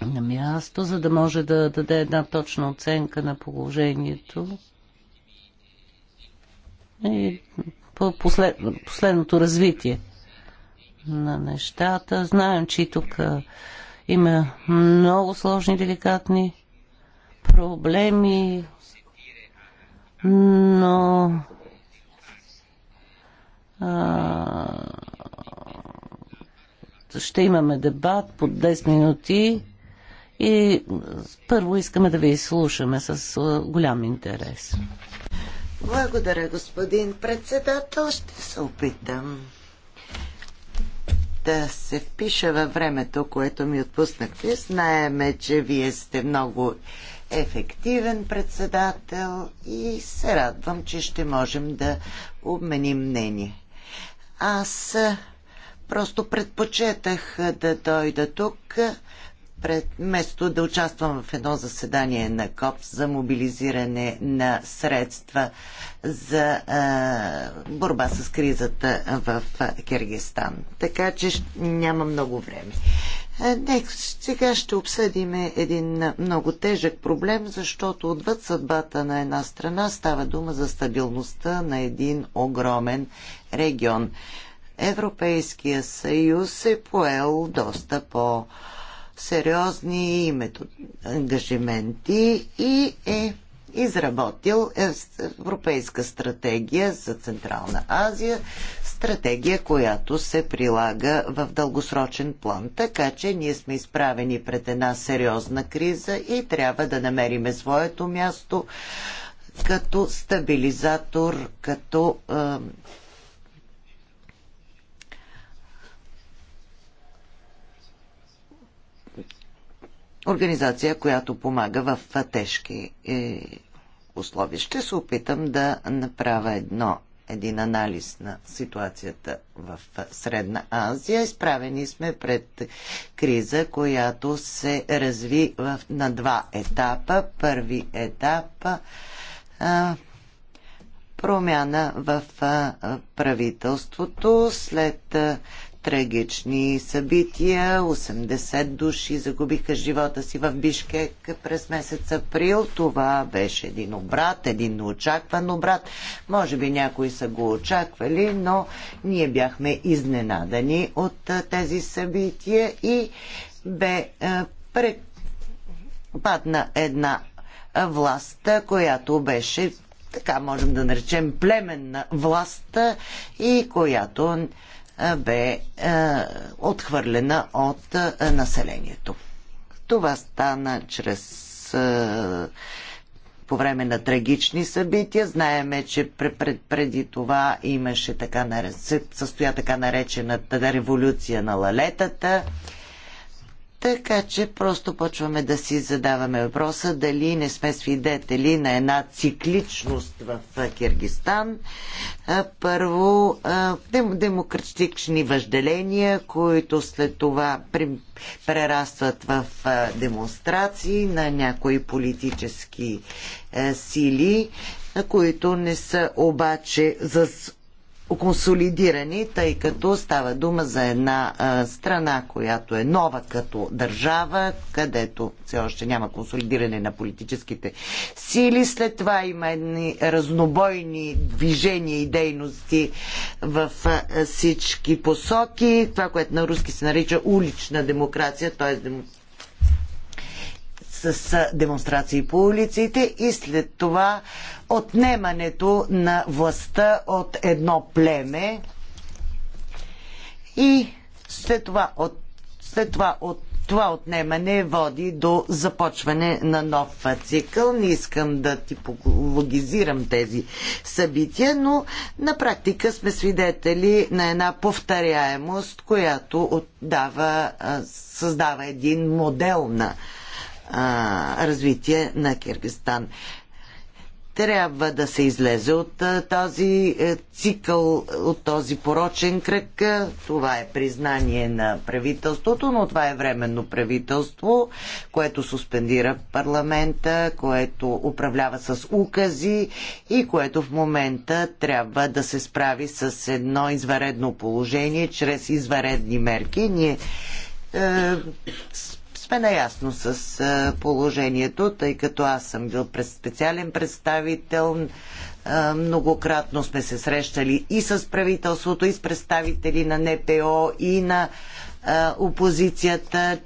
на място, за да може да даде една точна оценка на положението. И по послед, последното развитие на нещата. Знаем, че и тук има много сложни, деликатни проблеми, но а, ще имаме дебат под 10 минути и първо искаме да ви изслушаме с голям интерес. Благодаря, господин председател. Ще се опитам да се впиша във времето, което ми отпуснахте. Знаеме, че вие сте много ефективен председател и се радвам, че ще можем да обменим мнение. Аз просто предпочетах да дойда тук, пред, вместо да участвам в едно заседание на КОП за мобилизиране на средства за а, борба с кризата в Киргистан. Така че няма много време. Днес е, сега ще обсъдим един много тежък проблем, защото отвъд съдбата на една страна става дума за стабилността на един огромен регион. Европейския съюз е поел доста по сериозни метод... ангажименти и е изработил е, Европейска стратегия за Централна Азия стратегия, която се прилага в дългосрочен план. Така че ние сме изправени пред една сериозна криза и трябва да намериме своето място като стабилизатор, като е, организация, която помага в тежки е, условия. Ще се опитам да направя едно един анализ на ситуацията в Средна Азия. Изправени сме пред криза, която се разви в, на два етапа. Първи етап а, промяна в а, правителството след а, трагични събития. 80 души загубиха живота си в Бишкек през месец април. Това беше един обрат, един очакван обрат. Може би някои са го очаквали, но ние бяхме изненадани от тези събития и бе падна една власт, която беше така можем да наречем племенна власт и която бе отхвърлена от населението. Това стана чрез по време на трагични събития. Знаеме, че преди това имаше така, се състоя така наречената революция на лалетата така че просто почваме да си задаваме въпроса дали не сме свидетели на една цикличност в Киргистан. Първо, демократични въжделения, които след това прерастват в демонстрации на някои политически е, сили, които не са обаче за консолидирани, тъй като става дума за една а, страна, която е нова като държава, където все още няма консолидиране на политическите сили. След това има едни разнобойни движения и дейности в а, всички посоки. Това, което на руски се нарича улична демокрация, т.е с демонстрации по улиците и след това отнемането на властта от едно племе и след това от, след това от това отнемане води до започване на нов цикъл. Не искам да типологизирам тези събития, но на практика сме свидетели на една повторяемост, която отдава, създава един модел на а, развитие на Киргизстан. Трябва да се излезе от този е, цикъл, от този порочен кръг. това е признание на правителството, но това е временно правителство, което суспендира парламента, което управлява с укази и което в момента трябва да се справи с едно изваредно положение чрез изваредни мерки. Ние е, сме наясно с положението, тъй като аз съм бил специален представител. Многократно сме се срещали и с правителството, и с представители на НПО, и на опозицията.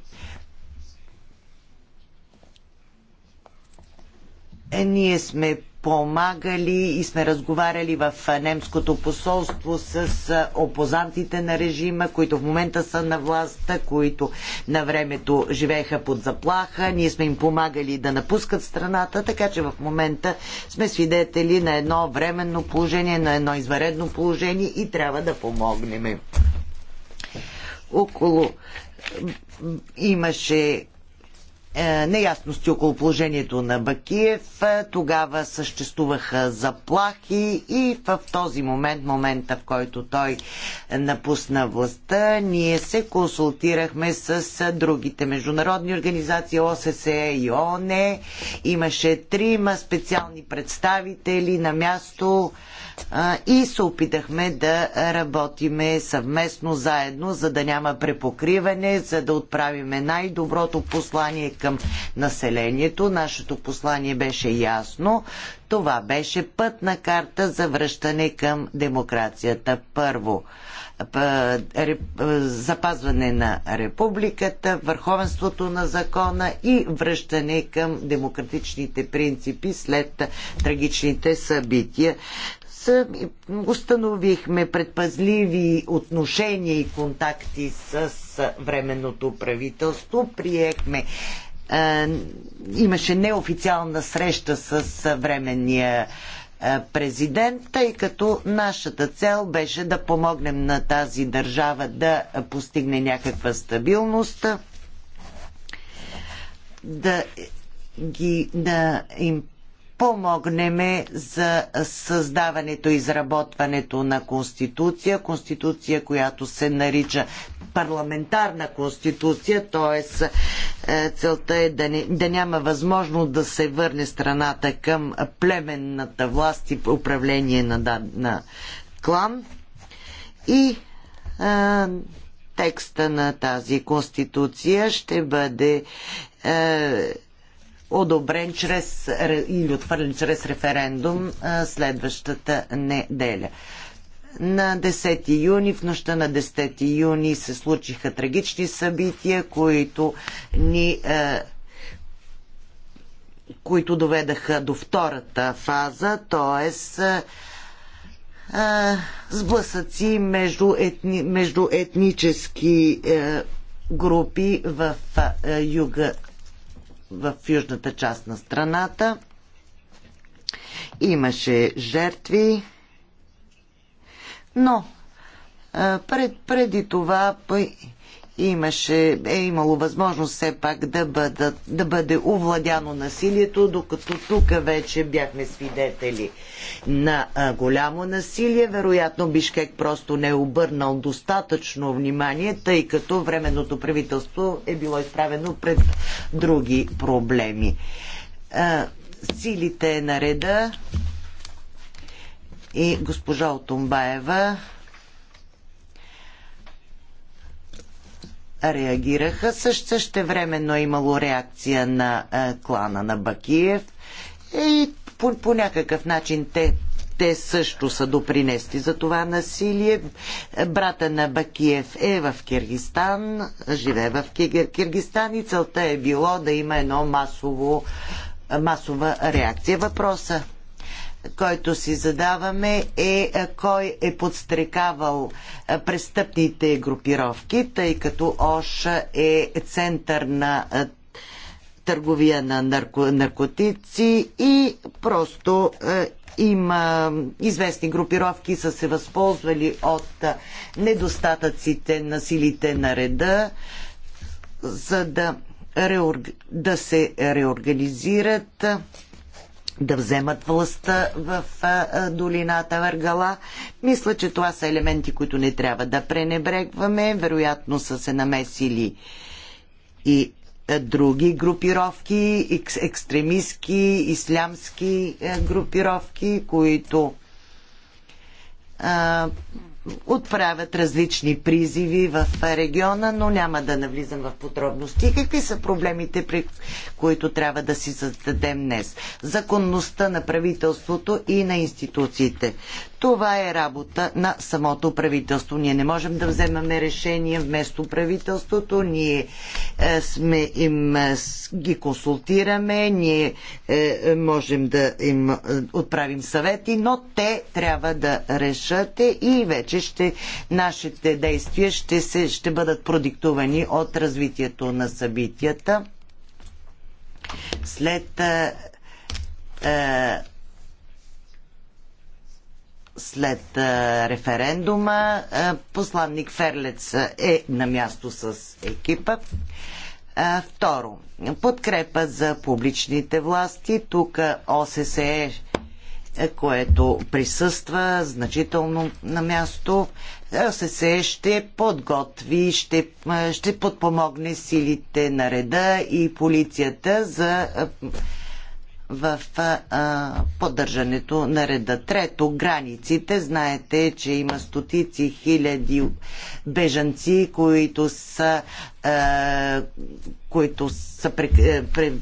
Е, ние сме помагали и сме разговаряли в немското посолство с опозантите на режима, които в момента са на властта, които на времето живееха под заплаха. Ние сме им помагали да напускат страната, така че в момента сме свидетели на едно временно положение, на едно изваредно положение и трябва да помогнем. Около имаше е, неясности около положението на Бакиев. Е, тогава съществуваха заплахи и в този момент, момента в който той напусна властта, ние се консултирахме с другите международни организации, ОССЕ и ООН. Е. Имаше трима специални представители на място и се опитахме да работиме съвместно заедно, за да няма препокриване, за да отправиме най-доброто послание към населението. Нашето послание беше ясно. Това беше пътна карта за връщане към демокрацията. Първо, запазване на републиката, върховенството на закона и връщане към демократичните принципи след трагичните събития установихме предпазливи отношения и контакти с временното правителство. Приехме имаше неофициална среща с временния президент, тъй като нашата цел беше да помогнем на тази държава да постигне някаква стабилност, да, ги, да им помогнем за създаването и изработването на конституция, конституция, която се нарича парламентарна конституция, т.е. Е, целта е да, не, да няма възможност да се върне страната към племенната власт и управление на, на клан. И а, е, текста на тази конституция ще бъде е, одобрен чрез или отвърлен чрез референдум следващата неделя. На 10 юни, в нощта на 10 юни се случиха трагични събития, които ни които доведаха до втората фаза, т.е. сблъсъци между, етни, между етнически групи в юга в южната част на страната. Имаше жертви, но пред, преди това имаше, е имало възможност все пак да, бъдат, да бъде овладяно насилието, докато тук вече бяхме свидетели на а, голямо насилие. Вероятно Бишкек просто не е обърнал достатъчно внимание, тъй като временното правителство е било изправено пред други проблеми. А, силите на реда и госпожа Отумбаева реагираха. Също, същевременно е имало реакция на а, е, клана на Бакиев и по, по някакъв начин те те също са допринести за това насилие. Брата на Бакиев е в Киргистан, живее в Киргистан и целта е било да има едно масово, масова реакция. Въпроса който си задаваме е, е кой е подстрекавал е, престъпните групировки, тъй като ОШ е център на е, търговия на нарко, наркотици и просто има известни групировки са се възползвали от недостатъците на силите на реда, за да, реорг... да се реорганизират да вземат властта в долината Въргала. Мисля, че това са елементи, които не трябва да пренебрегваме. Вероятно са се намесили и други групировки, екстремистски, ислямски групировки, които отправят различни призиви в региона, но няма да навлизам в подробности. Какви са проблемите, при които трябва да си зададем днес? Законността на правителството и на институциите. Това е работа на самото правителство. Ние не можем да вземаме решение вместо правителството. Ние е, сме им, е, ги консултираме, ние е, можем да им отправим съвети, но те трябва да решат и вече ще, нашите действия ще, се, ще бъдат продиктувани от развитието на събитията. След след референдума. Посланник Ферлец е на място с екипа. Второ, подкрепа за публичните власти. Тук ОССЕ, което присъства значително на място, ОССЕ ще подготви, ще, ще подпомогне силите на реда и полицията за в а, поддържането на реда. Трето, границите. Знаете, че има стотици хиляди бежанци, които са, а, които са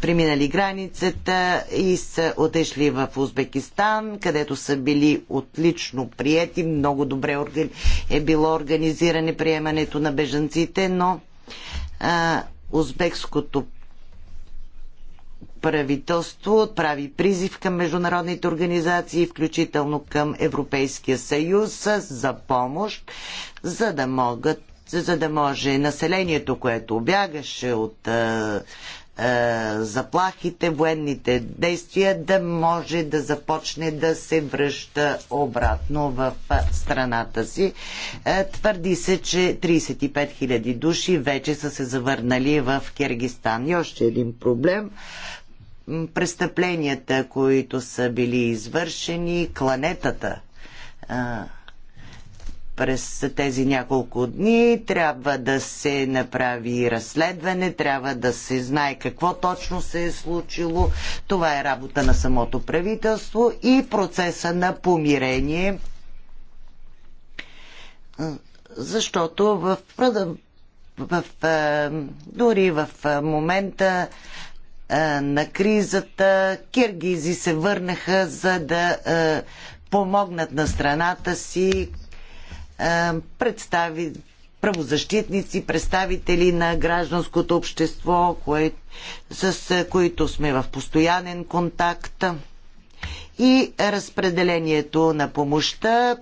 преминали границата и са отешли в Узбекистан, където са били отлично приети, много добре е било организиране приемането на бежанците, но а, узбекското правителство отправи призив към международните организации, включително към Европейския съюз за помощ, за да могат за да може населението, което бягаше от е, е, заплахите, военните действия, да може да започне да се връща обратно в страната си. Е, твърди се, че 35 000 души вече са се завърнали в Киргистан. И още един проблем престъпленията, които са били извършени, кланетата а, през тези няколко дни. Трябва да се направи разследване, трябва да се знае какво точно се е случило. Това е работа на самото правителство и процеса на помирение. Защото в, в, в дори в момента на кризата. Киргизи се върнаха за да помогнат на страната си представи, правозащитници, представители на гражданското общество, кое, с които сме в постоянен контакт. И разпределението на помощта.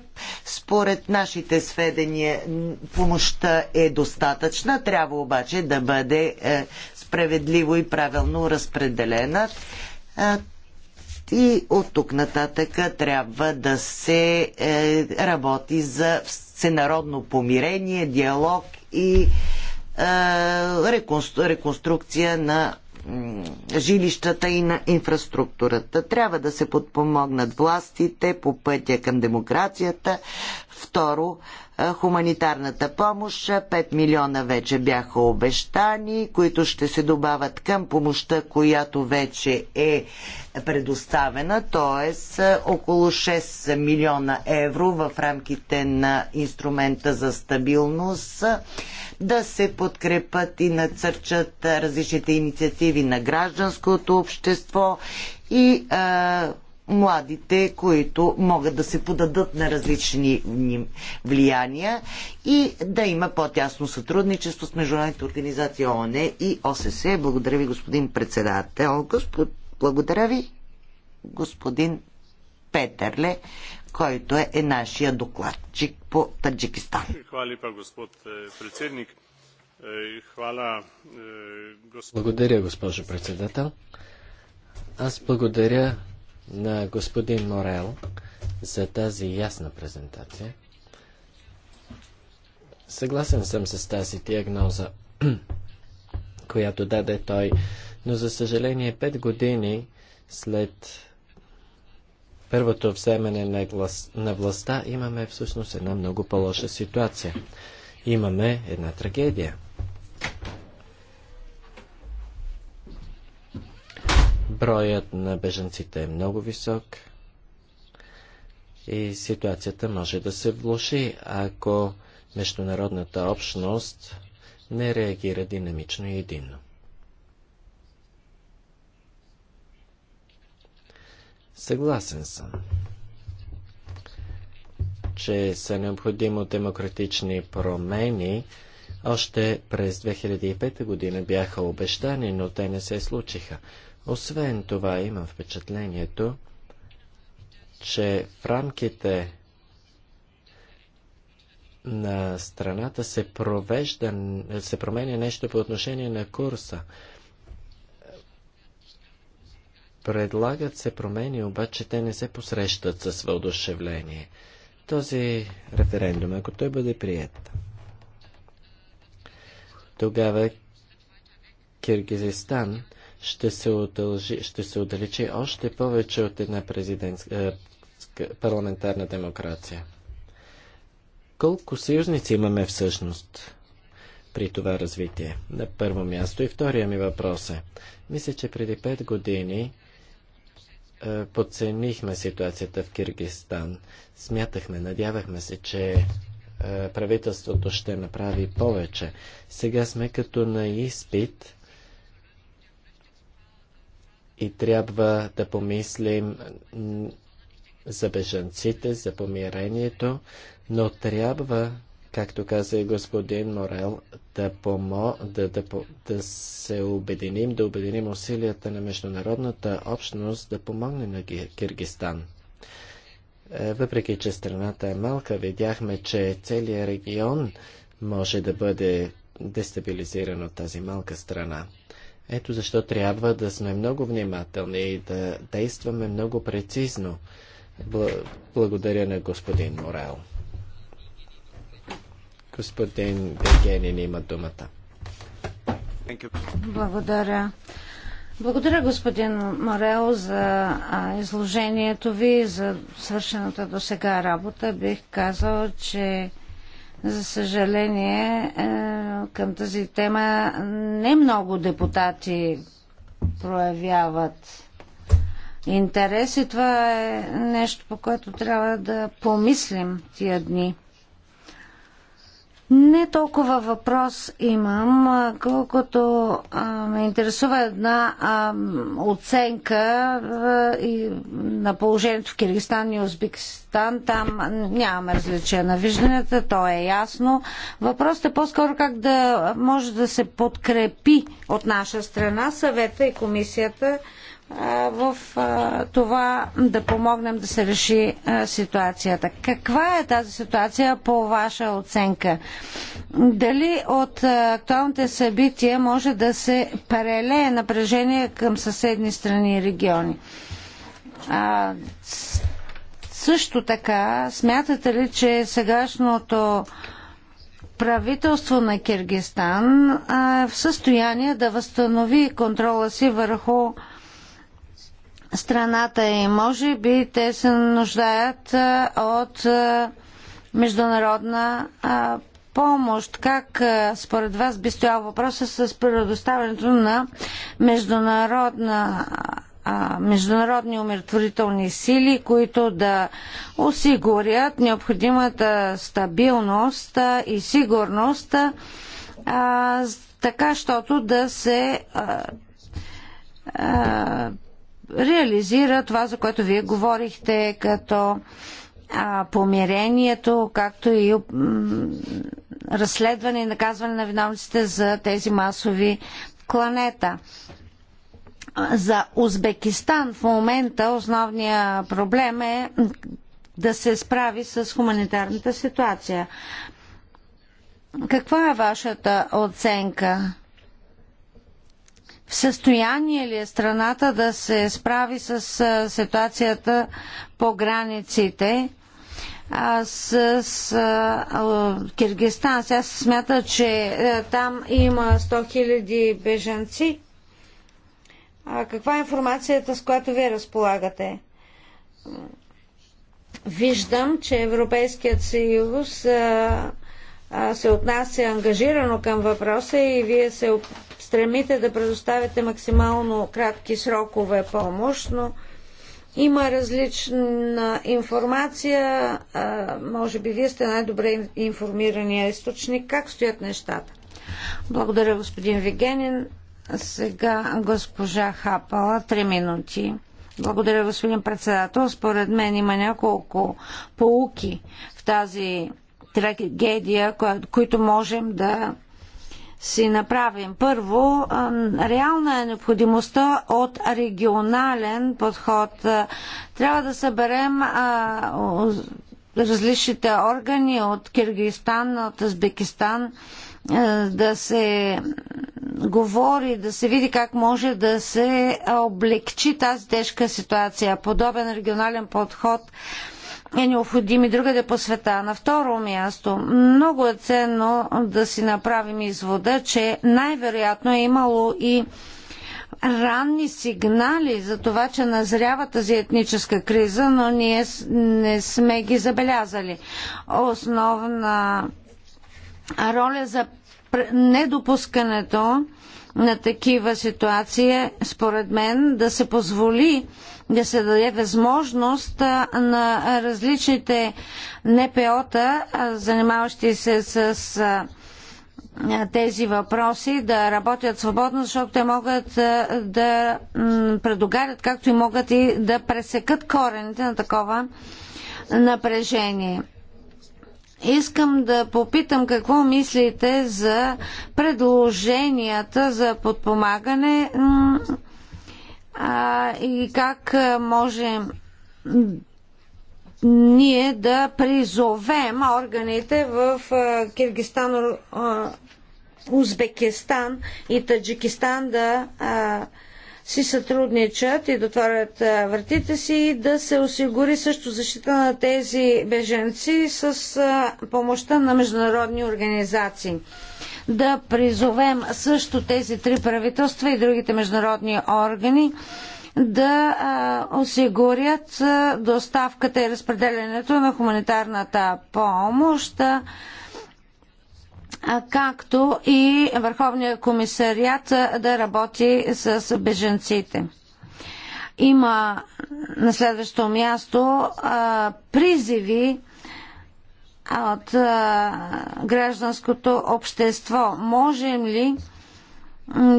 Според нашите сведения помощта е достатъчна, трябва обаче да бъде е, справедливо и правилно разпределена. И от тук нататък трябва да се е, работи за всенародно помирение, диалог и е, реконструкция на жилищата и на инфраструктурата. Трябва да се подпомогнат властите по пътя към демокрацията. Второ, хуманитарната помощ. 5 милиона вече бяха обещани, които ще се добавят към помощта, която вече е предоставена, т.е. около 6 милиона евро в рамките на инструмента за стабилност, да се подкрепат и нацърчат различните инициативи на гражданското общество и а, младите, които могат да се подадат на различни влияния и да има по-тясно сътрудничество с международните организации ООН и ОСС. Благодаря ви, господин председател. Господ... Благодаря ви, господин Петърле, който е, нашия докладчик по Таджикистан. Е, е, е, благодаря, госпожо председател. Аз благодаря на господин Морел за тази ясна презентация. Съгласен съм с тази диагноза, която даде той, но за съжаление пет години след първото вземане на, глас, на властта имаме всъщност една много по-лоша ситуация. Имаме една трагедия. Броят на беженците е много висок и ситуацията може да се влуши, ако международната общност не реагира динамично и единно. Съгласен съм, че са необходимо демократични промени. Още през 2005 година бяха обещани, но те не се случиха. Освен това, имам впечатлението, че в рамките на страната се провежда, се променя нещо по отношение на курса. Предлагат се промени, обаче те не се посрещат с въодушевление. Този референдум, ако той бъде прият, тогава Киргизистан ще се, отължи, ще се отдалечи още повече от една президентска, е, парламентарна демокрация. Колко съюзници имаме всъщност при това развитие? На първо място и втория ми въпрос е. Мисля, че преди пет години е, подценихме ситуацията в Киргистан. Смятахме, надявахме се, че е, правителството ще направи повече. Сега сме като на изпит и трябва да помислим за бежанците, за помирението, но трябва, както каза и господин Морел, да, помо, да, да, да се обединим, да обединим усилията на международната общност да помогне на Киргистан. Е, въпреки, че страната е малка, видяхме, че целият регион може да бъде дестабилизиран от тази малка страна. Ето защо трябва да сме много внимателни и да действаме много прецизно. Благодаря на господин Морел. Господин Дегенин има думата. Благодаря. Благодаря, господин Морел, за изложението ви, за свършената до сега работа. Бих казал, че за съжаление, е, към тази тема не много депутати проявяват интерес и това е нещо, по което трябва да помислим тия дни. Не толкова въпрос имам, колкото а, ме интересува една а, оценка а, и, на положението в Киргистан и Узбекистан. Там нямаме различие на вижданията, то е ясно. Въпросът е по-скоро как да може да се подкрепи от наша страна съвета и комисията в това да помогнем да се реши ситуацията. Каква е тази ситуация по ваша оценка? Дали от актуалните събития може да се прелее напрежение към съседни страни и региони? А, също така, смятате ли, че сегашното правителство на Киргистан е в състояние да възстанови контрола си върху страната и е. може би те се нуждаят от международна помощ. Как според вас би стоял въпроса с предоставянето на международна международни умиротворителни сили, които да осигурят необходимата стабилност и сигурност, така, щото да се реализира това, за което вие говорихте, като а, помирението, както и разследване и наказване на виновниците за тези масови кланета. За Узбекистан в момента основният проблем е да се справи с хуманитарната ситуация. Каква е вашата оценка? В състояние ли е страната да се справи с ситуацията по границите? с, с а, Киргистан. Сега се смята, че а, там има 100 000 беженци. А, каква е информацията, с която вие разполагате? Виждам, че Европейският съюз а, се отнася ангажирано към въпроса и вие се стремите да предоставите максимално кратки срокове помощ, но има различна информация. Може би вие сте най-добре информирания източник. Как стоят нещата? Благодаря, господин Вигенин. Сега госпожа Хапала, три минути. Благодаря, господин председател. Според мен има няколко поуки в тази трагедия, които можем да си направим. Първо, реална е необходимостта от регионален подход. Трябва да съберем различните органи от Киргизстан, от Узбекистан, да се говори, да се види как може да се облегчи тази тежка ситуация. Подобен регионален подход е необходим и друга да посвета. На второ място, много е ценно да си направим извода, че най-вероятно е имало и ранни сигнали за това, че назрява тази етническа криза, но ние не сме ги забелязали. Основна роля за недопускането на такива ситуации, според мен, да се позволи да се даде възможност на различните НПО-та, занимаващи се с тези въпроси, да работят свободно, защото те могат да предогарят, както и могат и да пресекат корените на такова напрежение. Искам да попитам какво мислите за предложенията за подпомагане а, и как можем ние да призовем органите в Киргистан, Узбекистан и Таджикистан да а, си сътрудничат и дотварят вратите си и да се осигури също защита на тези беженци с помощта на международни организации. Да призовем също тези три правителства и другите международни органи да а, осигурят доставката и разпределянето на хуманитарната помощ както и Върховния комисариат да работи с беженците. Има на следващо място призиви от гражданското общество. Можем ли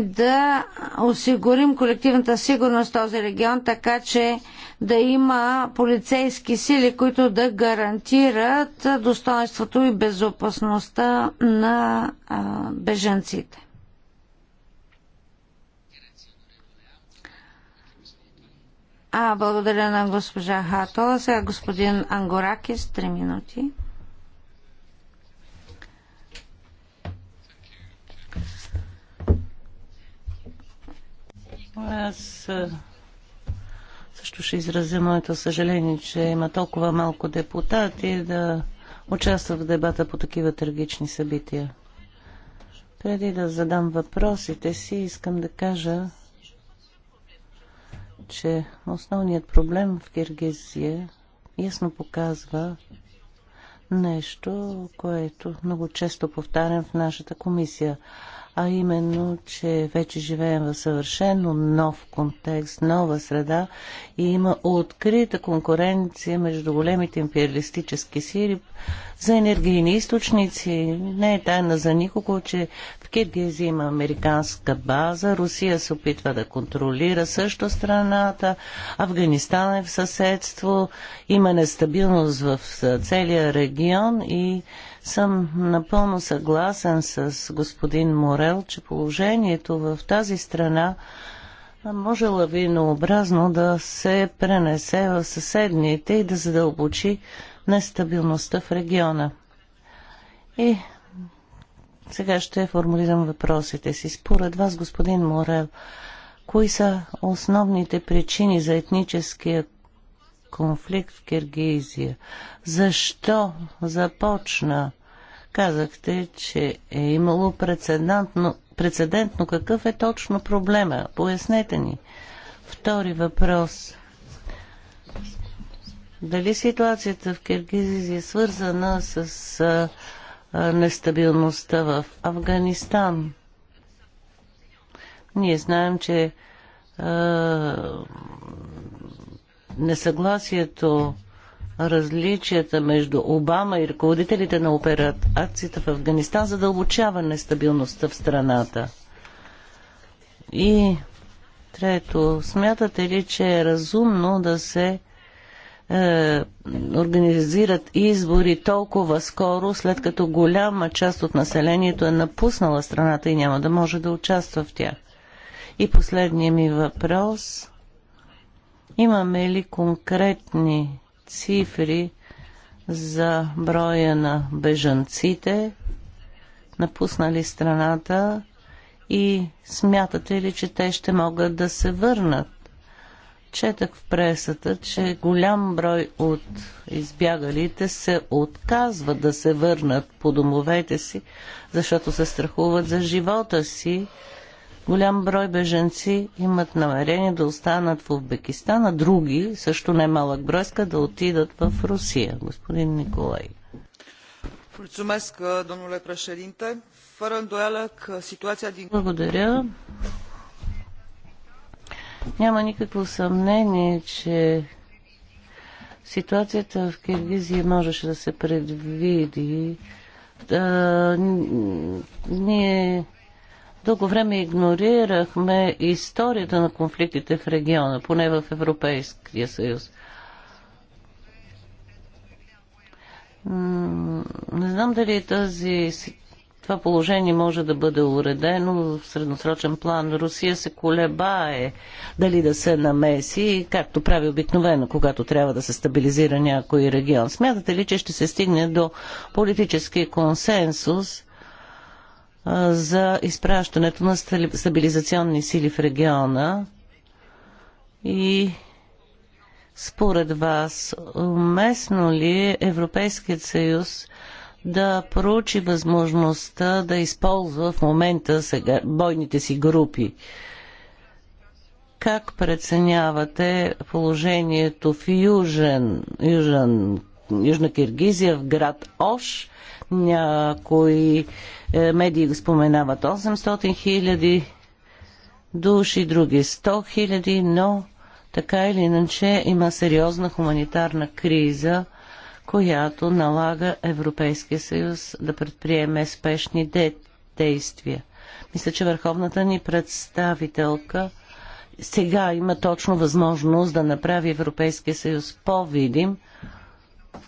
да осигурим колективната сигурност в този регион, така че да има полицейски сили, които да гарантират достоинството и безопасността на беженците. А, благодаря на госпожа Хатола. Сега господин Ангоракис, 3 минути. Аз също ще изразя моето съжаление, че има толкова малко депутати да участват в дебата по такива трагични събития. Преди да задам въпросите си, искам да кажа, че основният проблем в Киргизия ясно показва нещо, което много често повтарям в нашата комисия – а именно, че вече живеем в съвършено нов контекст, нова среда и има открита конкуренция между големите империалистически сили за енергийни източници. Не е тайна за никого, че в Киргизия има американска база, Русия се опитва да контролира също страната, Афганистан е в съседство, има нестабилност в целия регион и съм напълно съгласен с господин Морел, че положението в тази страна може лавинообразно да се пренесе в съседните и да задълбочи нестабилността в региона. И сега ще формулирам въпросите си. Според вас, господин Морел, кои са основните причини за етническия конфликт в Киргизия. Защо започна? Казахте, че е имало прецедентно, прецедентно. какъв е точно проблема? Пояснете ни. Втори въпрос. Дали ситуацията в Киргизия е свързана с а, а, нестабилността в Афганистан? Ние знаем, че Несъгласието, различията между Обама и ръководителите на операцията в Афганистан задълбочава нестабилността в страната. И трето, смятате ли, че е разумно да се е, организират избори толкова скоро, след като голяма част от населението е напуснала страната и няма да може да участва в тях? И последният ми въпрос – Имаме ли конкретни цифри за броя на бежанците, напуснали страната и смятате ли, че те ще могат да се върнат? Четах в пресата, че голям брой от избягалите се отказват да се върнат по домовете си, защото се страхуват за живота си Голям брой беженци имат намерение да останат в Узбекистан, а други, също не малък брой, искат да отидат в Русия. Господин Николай. Благодаря. Няма никакво съмнение, че ситуацията в Киргизия можеше да се предвиди. Да, ние Дълго време игнорирахме историята на конфликтите в региона, поне в Европейския съюз. Не знам дали тази, това положение може да бъде уредено в средносрочен план. Русия се колебае дали да се намеси, както прави обикновено, когато трябва да се стабилизира някой регион. Смятате ли, че ще се стигне до политически консенсус за изпращането на стабилизационни сили в региона и според вас уместно ли е Европейският съюз да проучи възможността да използва в момента сега бойните си групи? Как преценявате положението в Южен, Южен Южна Киргизия, в град Ош. Някои е, медии го споменават 800 хиляди души, други 100 хиляди, но така или иначе има сериозна хуманитарна криза, която налага Европейския съюз да предприеме спешни де- действия. Мисля, че върховната ни представителка сега има точно възможност да направи Европейския съюз по-видим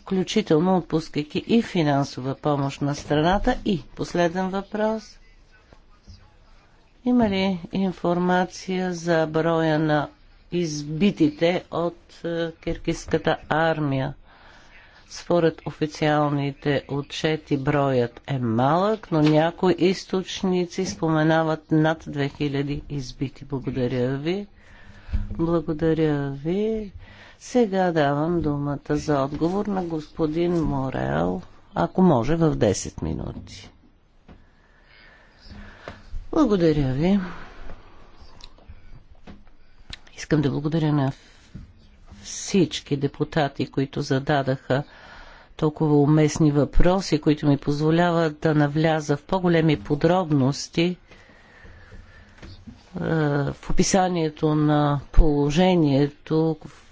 включително отпускайки и финансова помощ на страната. И последен въпрос. Има ли информация за броя на избитите от е, киргизската армия? Според официалните отчети броят е малък, но някои източници споменават над 2000 избити. Благодаря ви. Благодаря ви. Сега давам думата за отговор на господин Морел, ако може в 10 минути. Благодаря ви. Искам да благодаря на всички депутати, които зададаха толкова уместни въпроси, които ми позволяват да навляза в по-големи подробности е, в описанието на положението в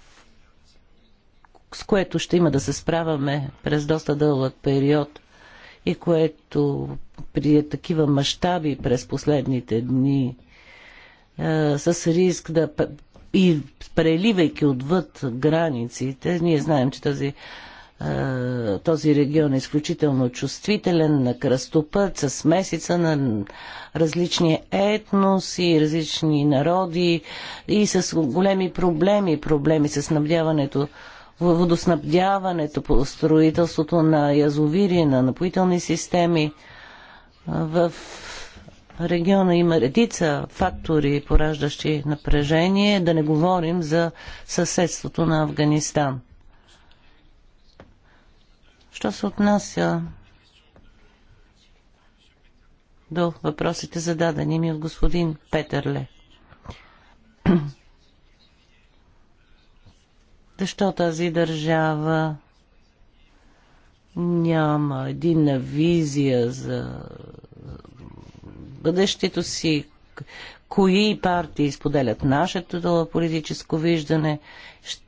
с което ще има да се справяме през доста дълъг период и което при такива мащаби през последните дни е, с риск да и преливайки отвъд границите, ние знаем, че тази е, този регион е изключително чувствителен на кръстопът с месеца на различни етноси, различни народи и с големи проблеми, проблеми с снабдяването водоснабдяването, по строителството на язовири, на напоителни системи. В региона има редица фактори, пораждащи напрежение, да не говорим за съседството на Афганистан. Що се отнася до въпросите зададени ми от господин Петърле. Защо тази държава няма единна визия за бъдещето си, кои партии споделят нашето политическо виждане.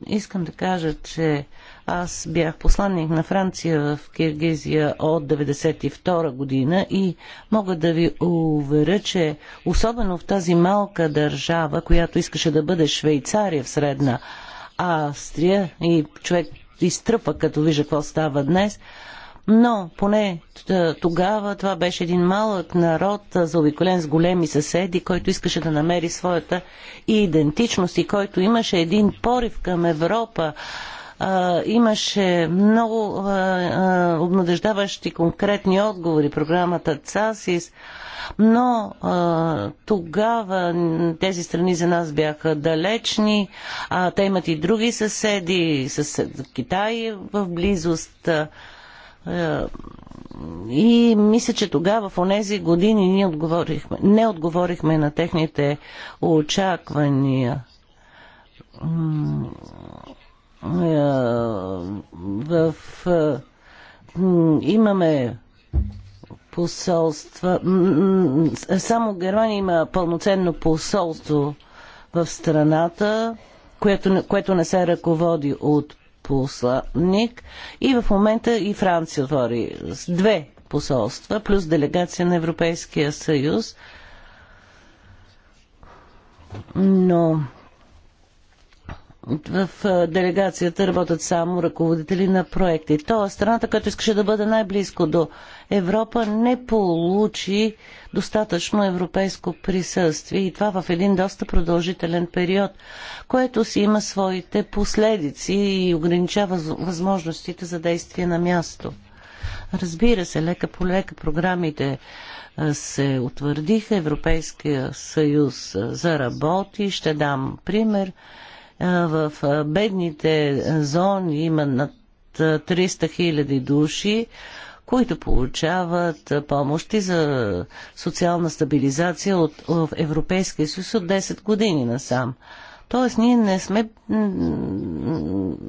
Искам да кажа, че аз бях посланник на Франция в Киргизия от 1992 година и мога да ви уверя, че особено в тази малка държава, която искаше да бъде Швейцария в Средна Австрия и човек изтръпва, като вижда какво става днес. Но поне е, тогава това беше един малък народ, е, заобиколен с големи съседи, който искаше да намери своята идентичност и който имаше един порив към Европа а, имаше много а, а, обнадеждаващи конкретни отговори. Програмата ЦАСИС, но а, тогава тези страни за нас бяха далечни. А, те имат и други съседи, съсед, Китай е в близост. А, и мисля, че тогава в онези години ние отговорихме, не отговорихме на техните очаквания. Е, в, е, имаме посолства. Само Германия има пълноценно посолство в страната, което, което не се ръководи от посланник. И в момента и Франция отвори с две посолства, плюс делегация на Европейския съюз. Но в делегацията работят само ръководители на проекти. Тоест, страната, която искаше да бъде най-близко до Европа, не получи достатъчно европейско присъствие и това в един доста продължителен период, което си има своите последици и ограничава възможностите за действие на място. Разбира се, лека по лека програмите се утвърдиха, Европейския съюз заработи, ще дам пример – в бедните зони има над 300 хиляди души, които получават помощи за социална стабилизация от Европейския съюз от 10 години насам. Тоест, ние не сме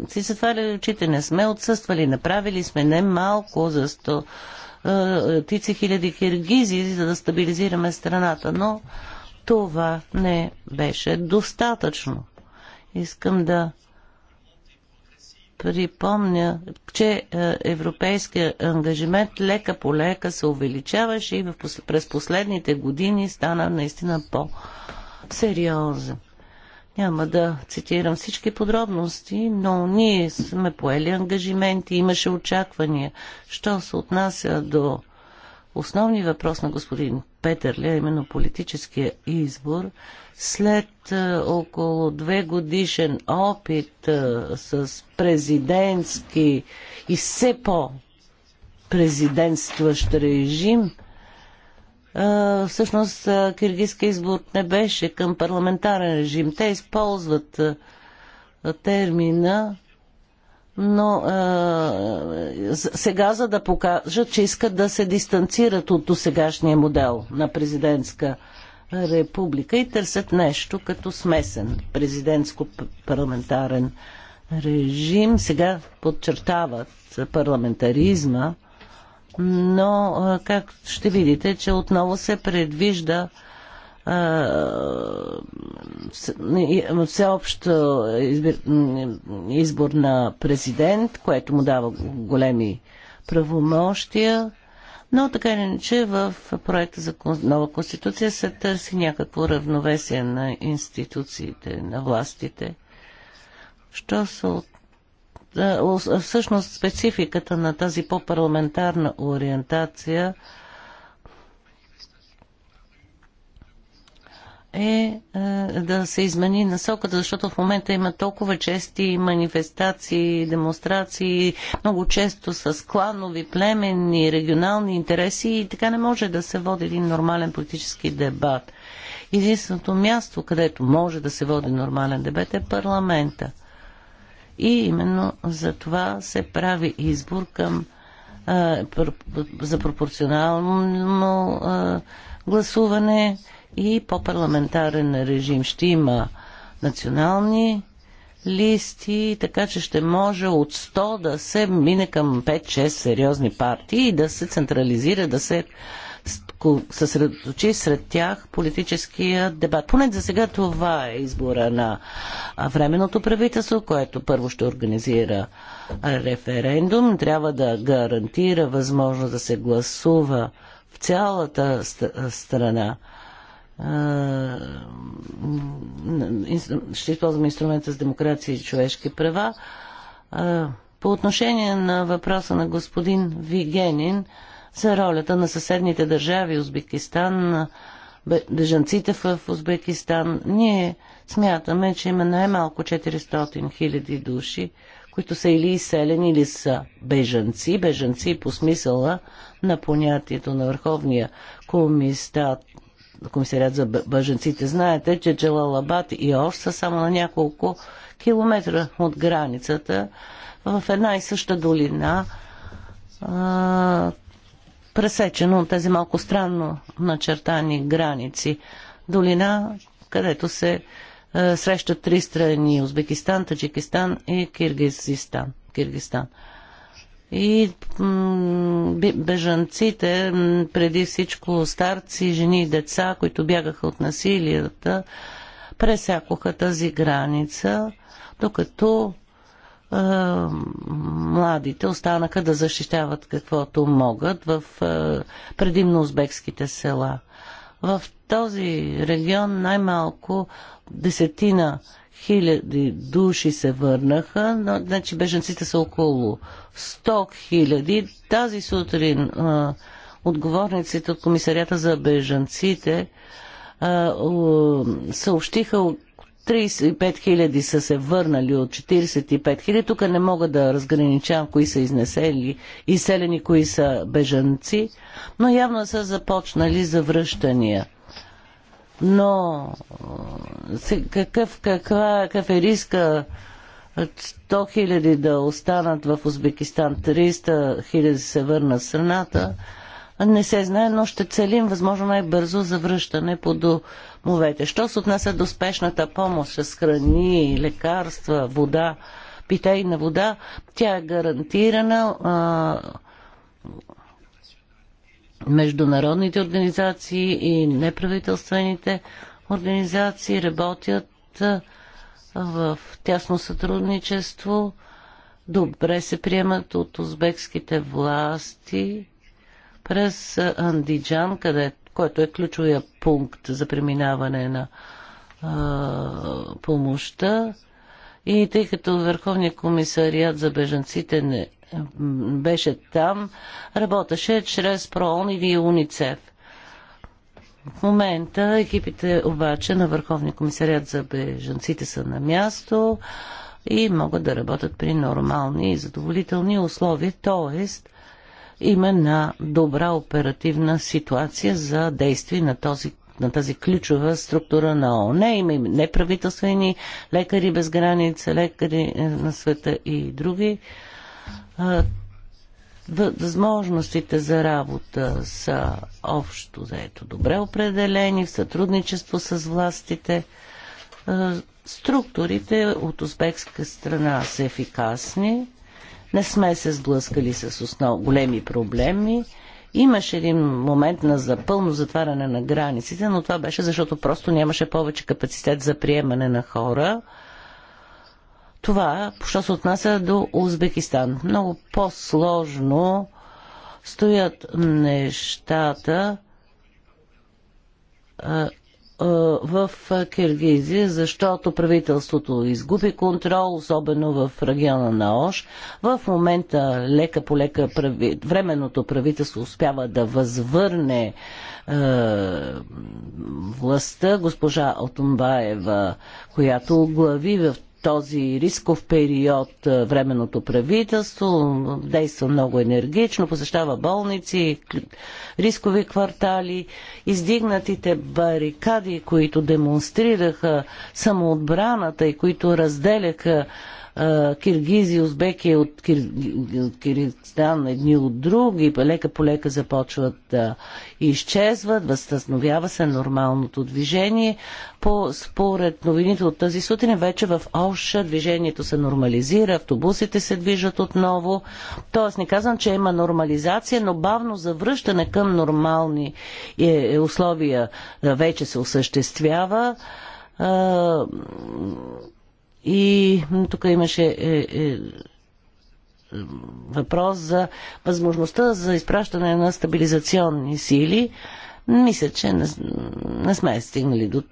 си затваряли очите, не сме отсъствали, направили сме не малко за 100 тици хиляди киргизи, за да стабилизираме страната, но това не беше достатъчно. Искам да припомня, че е, европейския ангажимент лека по лека се увеличаваше и през последните години стана наистина по-сериозен. Няма да цитирам всички подробности, но ние сме поели ангажименти, имаше очаквания. Що се отнася до основни въпрос на господин Петърля, именно политическия избор, след около две годишен опит с президентски и все по-президентстващ режим, всъщност киргизски избор не беше към парламентарен режим. Те използват термина но е, сега за да покажат, че искат да се дистанцират от досегашния модел на президентска република и търсят нещо като смесен президентско-парламентарен режим. Сега подчертават парламентаризма, но е, как ще видите, че отново се предвижда всеобщо избир, избор на президент, което му дава големи правомощия. Но така или иначе в проекта за нова конституция се търси някакво равновесие на институциите, на властите. Що се от... Всъщност спецификата на тази по-парламентарна ориентация – Е, е да се измени насоката, защото в момента има толкова чести манифестации, демонстрации, много често с кланови, племенни, регионални интереси и така не може да се води един нормален политически дебат. Единственото място, където може да се води нормален дебат е парламента. И именно за това се прави избор към а, е, за пропорционално а, е, гласуване, и по-парламентарен режим. Ще има национални листи, така че ще може от 100 да се мине към 5-6 сериозни партии и да се централизира, да се съсредоточи сред тях политическия дебат. Поне за сега това е избора на временното правителство, което първо ще организира референдум. Трябва да гарантира възможност да се гласува в цялата страна ще използваме инструмента с демокрация и човешки права. По отношение на въпроса на господин Вигенин за ролята на съседните държави Узбекистан, бежанците в Узбекистан, ние смятаме, че има най-малко 400 хиляди души, които са или изселени, или са бежанци. Бежанци по смисъла на понятието на Върховния комистат комисарят за бъженците. Знаете, че Джалалабад и Ош са само на няколко километра от границата в една и съща долина, а, пресечена от тези малко странно начертани граници. Долина, където се а, срещат три страни Узбекистан, Таджикистан и Киргизистан. Киргистан и бежанците, преди всичко старци, жени и деца, които бягаха от насилията, пресякоха тази граница, докато е, младите останаха да защищават каквото могат в е, предимно узбекските села. В този регион най-малко десетина хиляди души се върнаха, но значи беженците са около 100 хиляди. Тази сутрин а, отговорниците от комисарията за беженците а, а, съобщиха 35 хиляди са се върнали от 45 хиляди. Тук не мога да разграничавам кои са изнесели, изселени, кои са бежанци, но явно са започнали завръщания. Но какъв, каква, какъв е риска 100 хиляди да останат в Узбекистан, 300 хиляди се върнат в страната, не се знае, но ще целим възможно най-бързо завръщане по домовете. Що се отнася до спешната помощ с храни, лекарства, вода, питейна вода, тя е гарантирана. А, международните организации и неправителствените организации работят в тясно сътрудничество. Добре се приемат от узбекските власти през Андиджан, къде, който е ключовия пункт за преминаване на а, помощта. И тъй като Върховният комисариат за бежанците не беше там, работеше чрез ПРООН или УНИЦЕФ. В момента екипите обаче на Върховния комисариат за бежанците са на място и могат да работят при нормални и задоволителни условия, т.е. има на добра оперативна ситуация за действие на този на тази ключова структура на ООН. Има и неправителствени лекари без граница, лекари на света и други. Възможностите за работа са общо заето добре определени в сътрудничество с властите. Структурите от узбекска страна са ефикасни. Не сме се сблъскали с основ... големи проблеми. Имаше един момент на запълно затваряне на границите, но това беше защото просто нямаше повече капацитет за приемане на хора. Това, що се отнася до Узбекистан. Много по-сложно стоят нещата в Киргизия, защото правителството изгуби контрол, особено в региона на Ош. В момента лека по лека прави... временното правителство успява да възвърне е, властта. Госпожа Отумбаева, която глави в този рисков период временното правителство действа много енергично, посещава болници, рискови квартали, издигнатите барикади, които демонстрираха самоотбраната и които разделяха Киргизи, Узбеки от, Киргизстан, едни от други, лека по лека започват да изчезват, възстановява се нормалното движение. По, според новините от тази сутрин, вече в Оша движението се нормализира, автобусите се движат отново. Тоест не казвам, че има нормализация, но бавно завръщане към нормални е, е, условия вече се осъществява и тук имаше е, е, въпрос за възможността за изпращане на стабилизационни сили. Мисля, че не, не сме стигнали до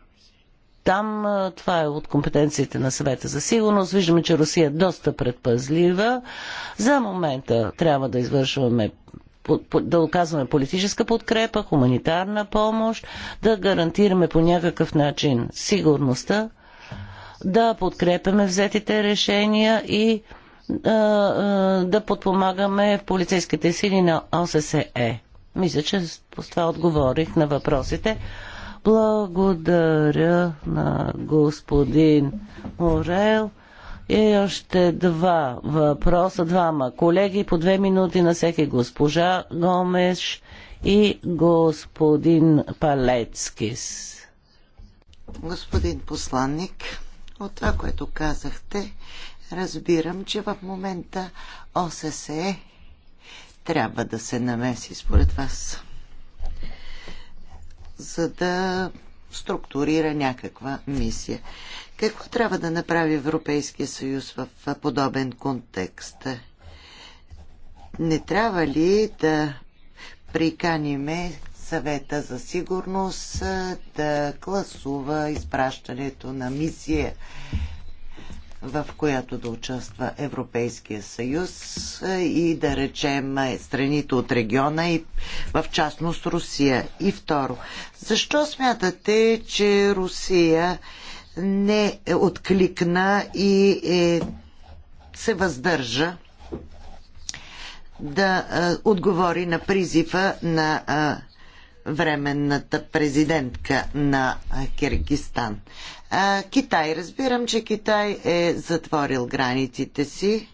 там. Това е от компетенциите на съвета за сигурност. Виждаме, че Русия е доста предпазлива. За момента трябва да извършваме да оказваме политическа подкрепа, хуманитарна помощ, да гарантираме по някакъв начин сигурността да подкрепяме взетите решения и да подпомагаме в полицейските сили на ОССЕ. Мисля, че с това отговорих на въпросите. Благодаря на господин Орел. И още два въпроса, двама колеги, по две минути на всеки госпожа Гомеш и господин Палецкис. Господин посланник, от това, което казахте, разбирам, че в момента ОССЕ трябва да се намеси според вас, за да структурира някаква мисия. Какво трябва да направи Европейския съюз в подобен контекст? Не трябва ли да приканиме съвета за сигурност да гласува изпращането на мисия, в която да участва Европейския съюз и да речем страните от региона и в частност Русия. И второ, защо смятате, че Русия не е откликна и е, се въздържа да а, отговори на призива на а, временната президентка на Киргистан. Китай. Разбирам, че Китай е затворил границите си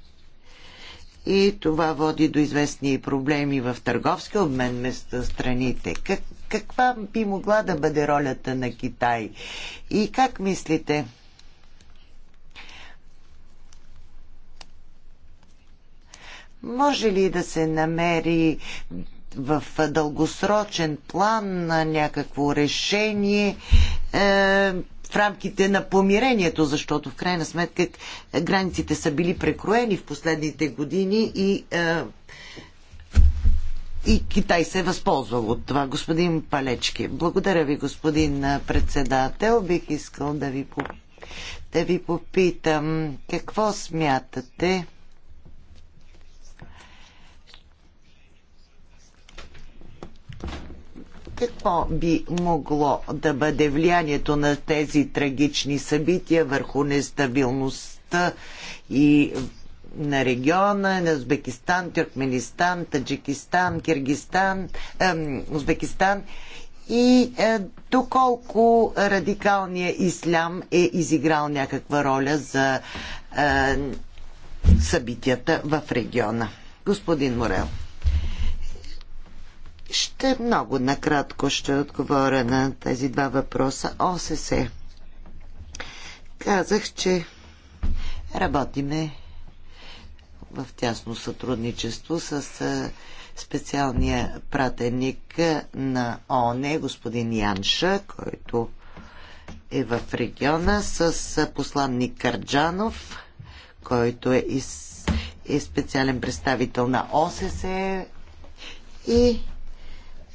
и това води до известни проблеми в търговски обмен между страните. Как, каква би могла да бъде ролята на Китай? И как мислите? Може ли да се намери в дългосрочен план на някакво решение е, в рамките на помирението, защото в крайна сметка границите са били прекроени в последните години и, е, и Китай се е възползвал от това. Господин Палечки, благодаря ви, господин председател. Бих искал да ви, да ви попитам какво смятате какво би могло да бъде влиянието на тези трагични събития върху нестабилността и на региона, на Узбекистан, Тюркменистан, Таджикистан, Киргистан, ем, Узбекистан и е, доколко радикалният ислям е изиграл някаква роля за е, събитията в региона. Господин Морел ще много накратко ще отговоря на тези два въпроса. ОСС. Казах, че работиме в тясно сътрудничество с специалния пратеник на ОНЕ, господин Янша, който е в региона, с посланник Карджанов, който е, е специален представител на ОССЕ и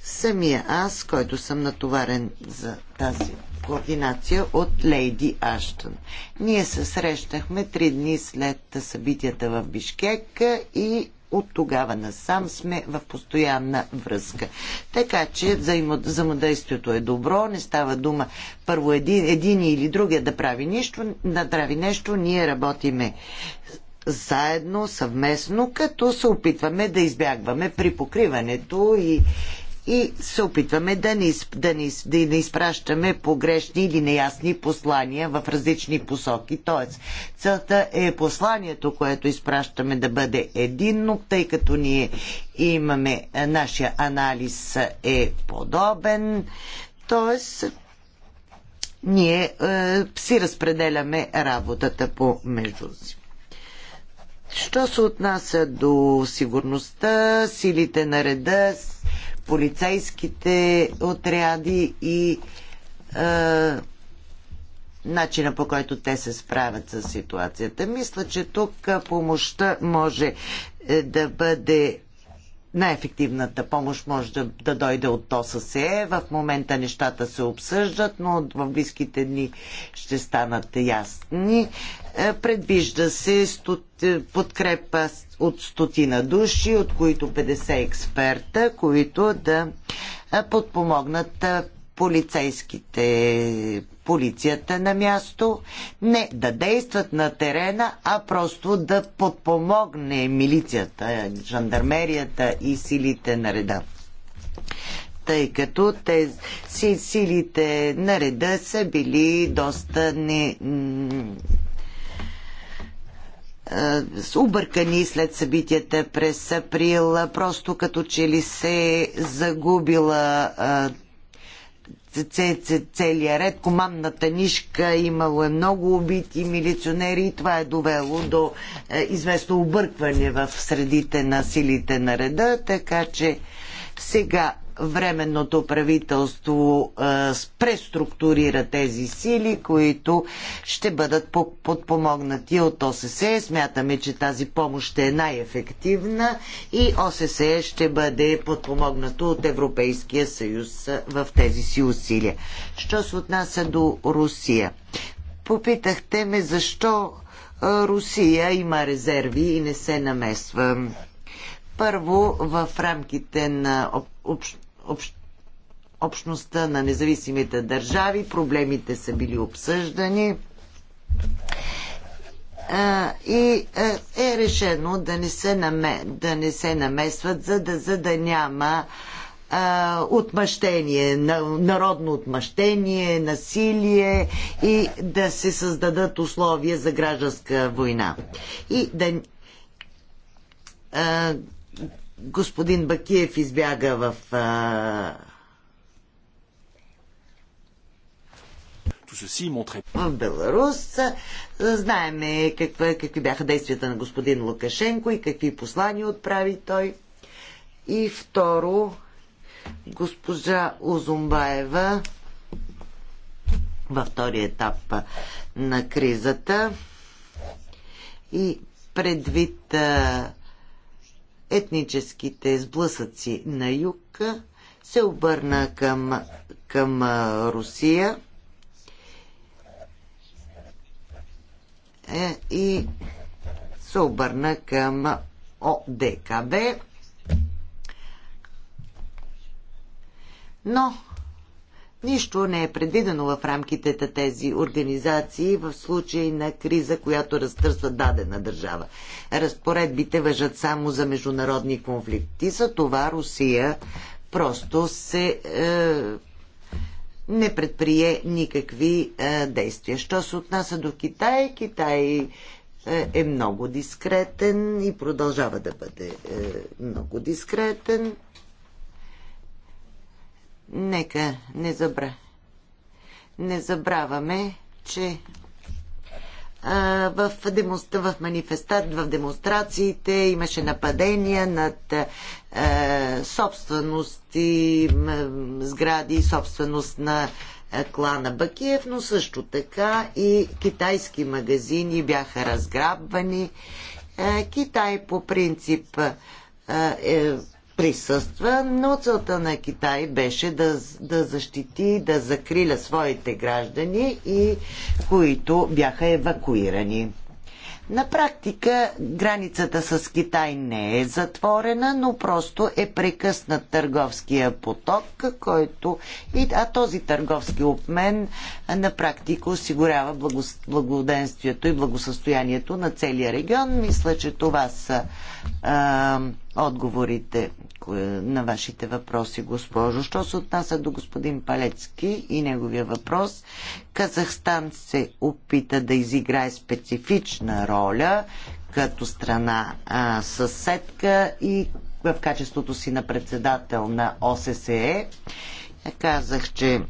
самия аз, който съм натоварен за тази координация от Лейди Аштън. Ние се срещнахме три дни след събитията в Бишкек и от тогава насам сме в постоянна връзка. Така че взаимодействието е добро, не става дума първо един, един или другия да прави нищо, да прави нещо, ние работиме заедно, съвместно, като се опитваме да избягваме при покриването и и се опитваме да не, да не, да не изпращаме погрешни или неясни послания в различни посоки. Тоест, целта е посланието, което изпращаме да бъде единно, тъй като ние имаме, е, нашия анализ е подобен. Тоест, ние е, си разпределяме работата по между си. Що се отнася до сигурността, силите на реда, полицейските отряди и е, начина по който те се справят с ситуацията. Мисля, че тук помощта може е, да бъде най-ефективната помощ може да, да дойде от ОССЕ. В момента нещата се обсъждат, но в близките дни ще станат ясни. Е, предвижда се е, подкрепа от стотина души, от които 50 експерта, които да е, подпомогнат полицейските полицията на място, не да действат на терена, а просто да подпомогне милицията, жандармерията и силите на реда. Тъй като силите на реда са били доста не, е, объркани след събитията през април, просто като че ли се загубила е, целият ред, командната нишка, имало е много убити милиционери и това е довело до е, известно объркване в средите на силите на реда, така че сега временното правителство преструктурира тези сили, които ще бъдат подпомогнати от ОССЕ. Смятаме, че тази помощ ще е най-ефективна и ОССЕ ще бъде подпомогнато от Европейския съюз в тези си усилия. Що се отнася до Русия? Попитахте ме защо Русия има резерви и не се намесва. Първо, в рамките на общ общ, общността на независимите държави. Проблемите са били обсъждани и е решено да не се, наме, да не се намесват, за да, за да няма а, отмъщение, народно отмъщение, насилие и да се създадат условия за гражданска война. И да. А, господин Бакиев избяга в в Беларус. Знаеме каква, какви бяха действията на господин Лукашенко и какви послания отправи той. И второ, госпожа Озумбаева във втория етап на кризата и предвид а, етническите сблъсъци на юг, се обърна към, към Русия е, и се обърна към ОДКБ. Но Нищо не е предвидено в рамките на тези организации в случай на криза, която разтърсва дадена държава. Разпоредбите въжат само за международни конфликти. За това Русия просто се е, не предприе никакви е, действия. Що се отнася до Китай, Китай е, е много дискретен и продължава да бъде е, много дискретен. Нека не забра. Не забравяме, че в, демост... в манифестат, в демонстрациите имаше нападения над е, собствености, сгради, собственост на клана Бакиев, но също така и китайски магазини бяха разграбвани. Е, Китай по принцип е, присъства, но целта на Китай беше да, да защити, да закриля своите граждани и които бяха евакуирани. На практика границата с Китай не е затворена, но просто е прекъснат търговския поток, който и, а този търговски обмен на практика осигурява благос, благоденствието и благосъстоянието на целия регион. Мисля, че това са а, отговорите на вашите въпроси, госпожо. Що се отнася до господин Палецки и неговия въпрос, Казахстан се опита да изиграе специфична роля като страна а, съседка и в качеството си на председател на ОССЕ. Казах, че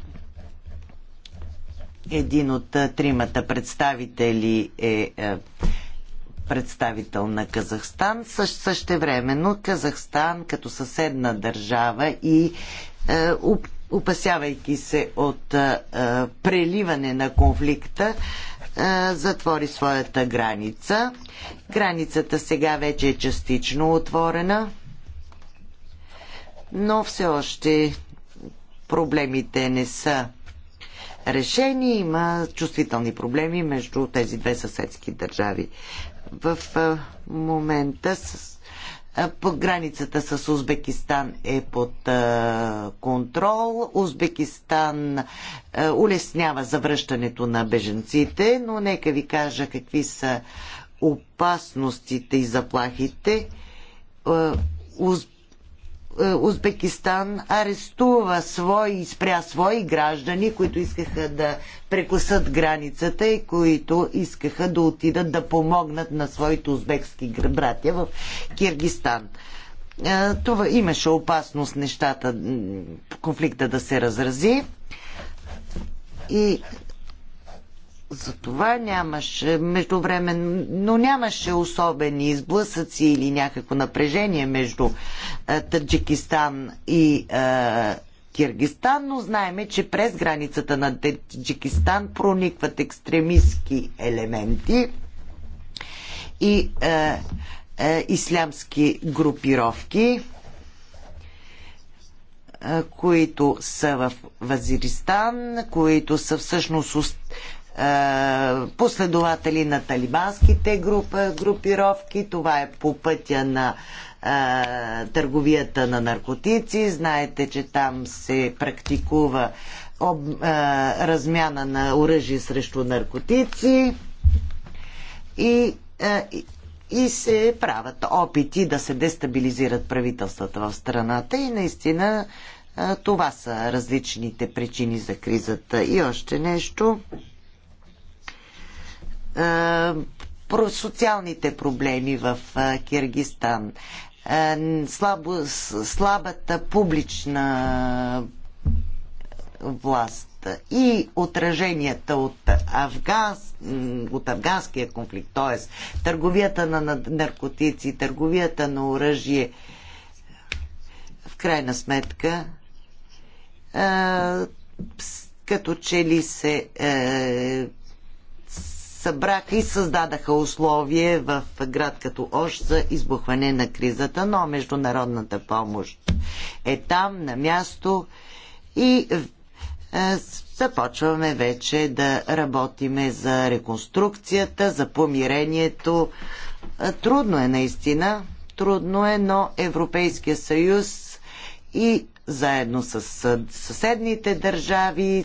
един от тримата представители е, е представител на Казахстан. също времено Казахстан като съседна държава и е, опасявайки се от е, е, преливане на конфликта, е, затвори своята граница. Границата сега вече е частично отворена, но все още проблемите не са решени. Има чувствителни проблеми между тези две съседски държави в момента с, по границата с Узбекистан е под контрол. Узбекистан улеснява завръщането на беженците, но нека ви кажа какви са опасностите и заплахите. Е, Узбекистан арестува свои, спря свои граждани, които искаха да прекусат границата и които искаха да отидат да помогнат на своите узбекски братя в Киргистан. Е, това имаше опасност нещата, конфликта да се разрази и за това нямаше, междувременно нямаше особени изблъсъци или някакво напрежение между е, Таджикистан и е, Киргистан, но знаеме, че през границата на Таджикистан проникват екстремистски елементи и е, е, ислямски групировки, е, които са в Вазиристан, които са всъщност е, последователи на талибанските групировки. Това е по пътя на е, търговията на наркотици. Знаете, че там се практикува об, а, е, размяна на оръжие срещу наркотици и, а, и, и се правят опити да се дестабилизират правителствата в страната и наистина а, това са различните причини за кризата. И още нещо социалните проблеми в Киргистан, слабо, слабата публична власт и отраженията от, от афганския конфликт, т.е. търговията на наркотици, търговията на оръжие, в крайна сметка като че ли се е, събраха и създадаха условие в град като Ош за избухване на кризата, но международната помощ е там, на място и е, започваме вече да работиме за реконструкцията, за помирението. Е, трудно е наистина, трудно е, но Европейския съюз и заедно с съседните държави,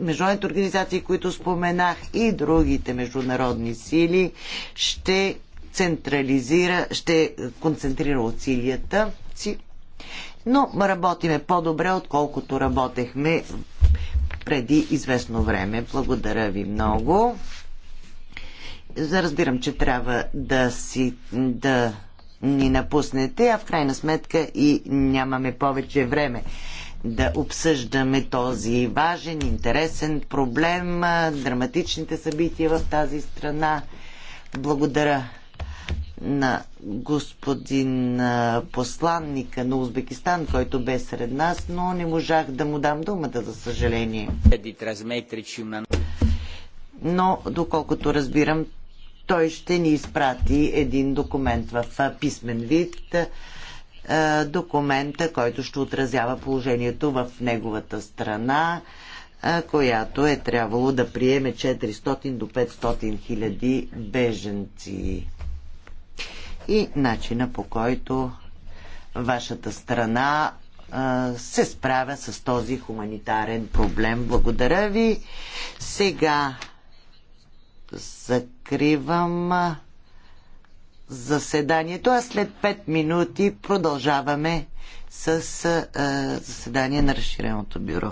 международните организации, които споменах и другите международни сили, ще централизира, ще концентрира усилията си, но работиме по-добре, отколкото работехме преди известно време. Благодаря ви много. Разбирам, че трябва да си да ни напуснете, а в крайна сметка и нямаме повече време да обсъждаме този важен, интересен проблем, драматичните събития в тази страна. Благодаря на господин посланника на Узбекистан, който бе сред нас, но не можах да му дам думата, за съжаление. Но, доколкото разбирам, той ще ни изпрати един документ в писмен вид, документа, който ще отразява положението в неговата страна, която е трябвало да приеме 400 до 500 хиляди беженци. И начина по който вашата страна се справя с този хуманитарен проблем. Благодаря ви. Сега Закривам заседанието, а след 5 минути продължаваме с заседание на разширеното бюро.